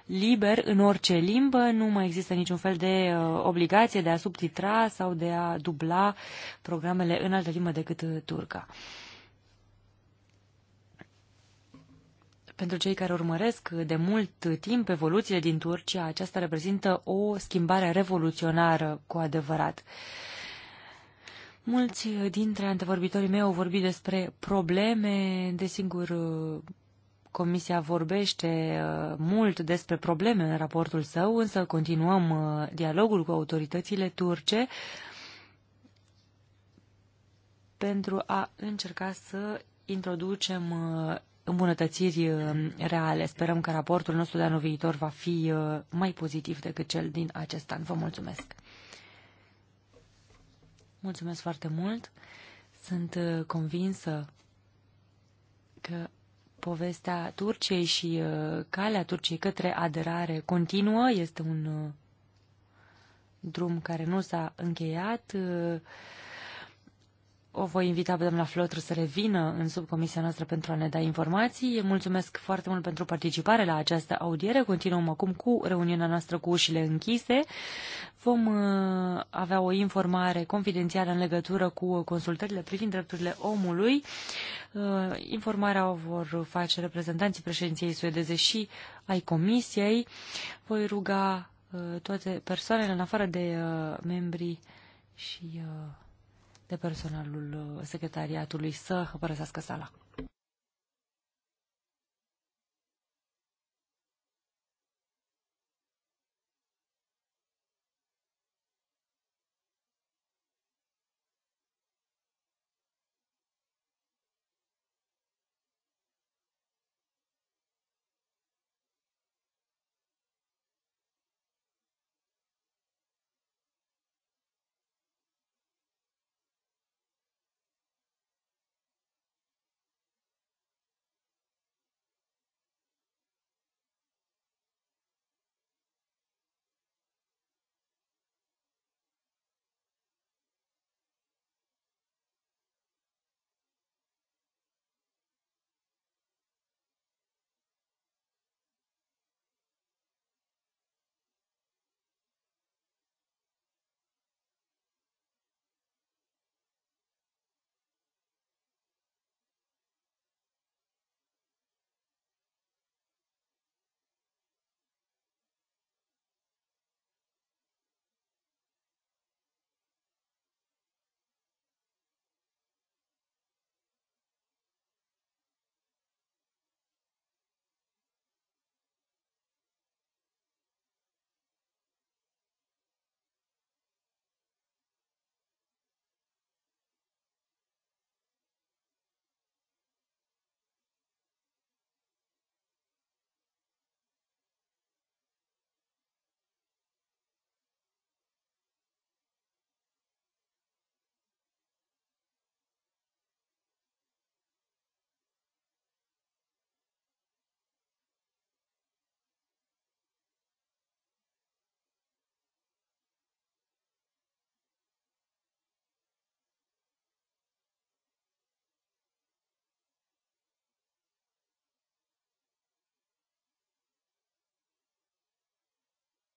liber în orice limbă, nu mai există niciun fel de uh, obligație de a subtitra sau de a dubla programele în altă limbă decât uh, turca. Pentru cei care urmăresc de mult timp evoluțiile din Turcia, aceasta reprezintă o schimbare revoluționară cu adevărat. Uh, Mulți uh, dintre antevorbitorii mei au vorbit despre probleme, desigur, uh, Comisia vorbește uh, mult despre probleme în raportul său, însă continuăm dialogul cu autoritățile turce pentru a încerca să introducem îmbunătățiri reale. Sperăm că raportul nostru de anul viitor va fi mai pozitiv decât cel din acest an. Vă mulțumesc! Mulțumesc foarte mult. Sunt uh, convinsă că povestea Turciei și uh, calea Turciei către aderare continuă. Este un uh, drum care nu s-a încheiat o voi invita pe doamna Flotru să revină în subcomisia noastră pentru a ne da informații. Mulțumesc foarte mult pentru participare la această audiere. Continuăm acum cu reuniunea noastră cu ușile închise. Vom uh, avea o informare confidențială în legătură cu consultările privind drepturile omului. Uh, informarea o vor face reprezentanții președinției suedeze și ai comisiei. Voi ruga uh, toate persoanele, în afară de membrii și uh, de personalul uh, secretariatului să părăsească sala.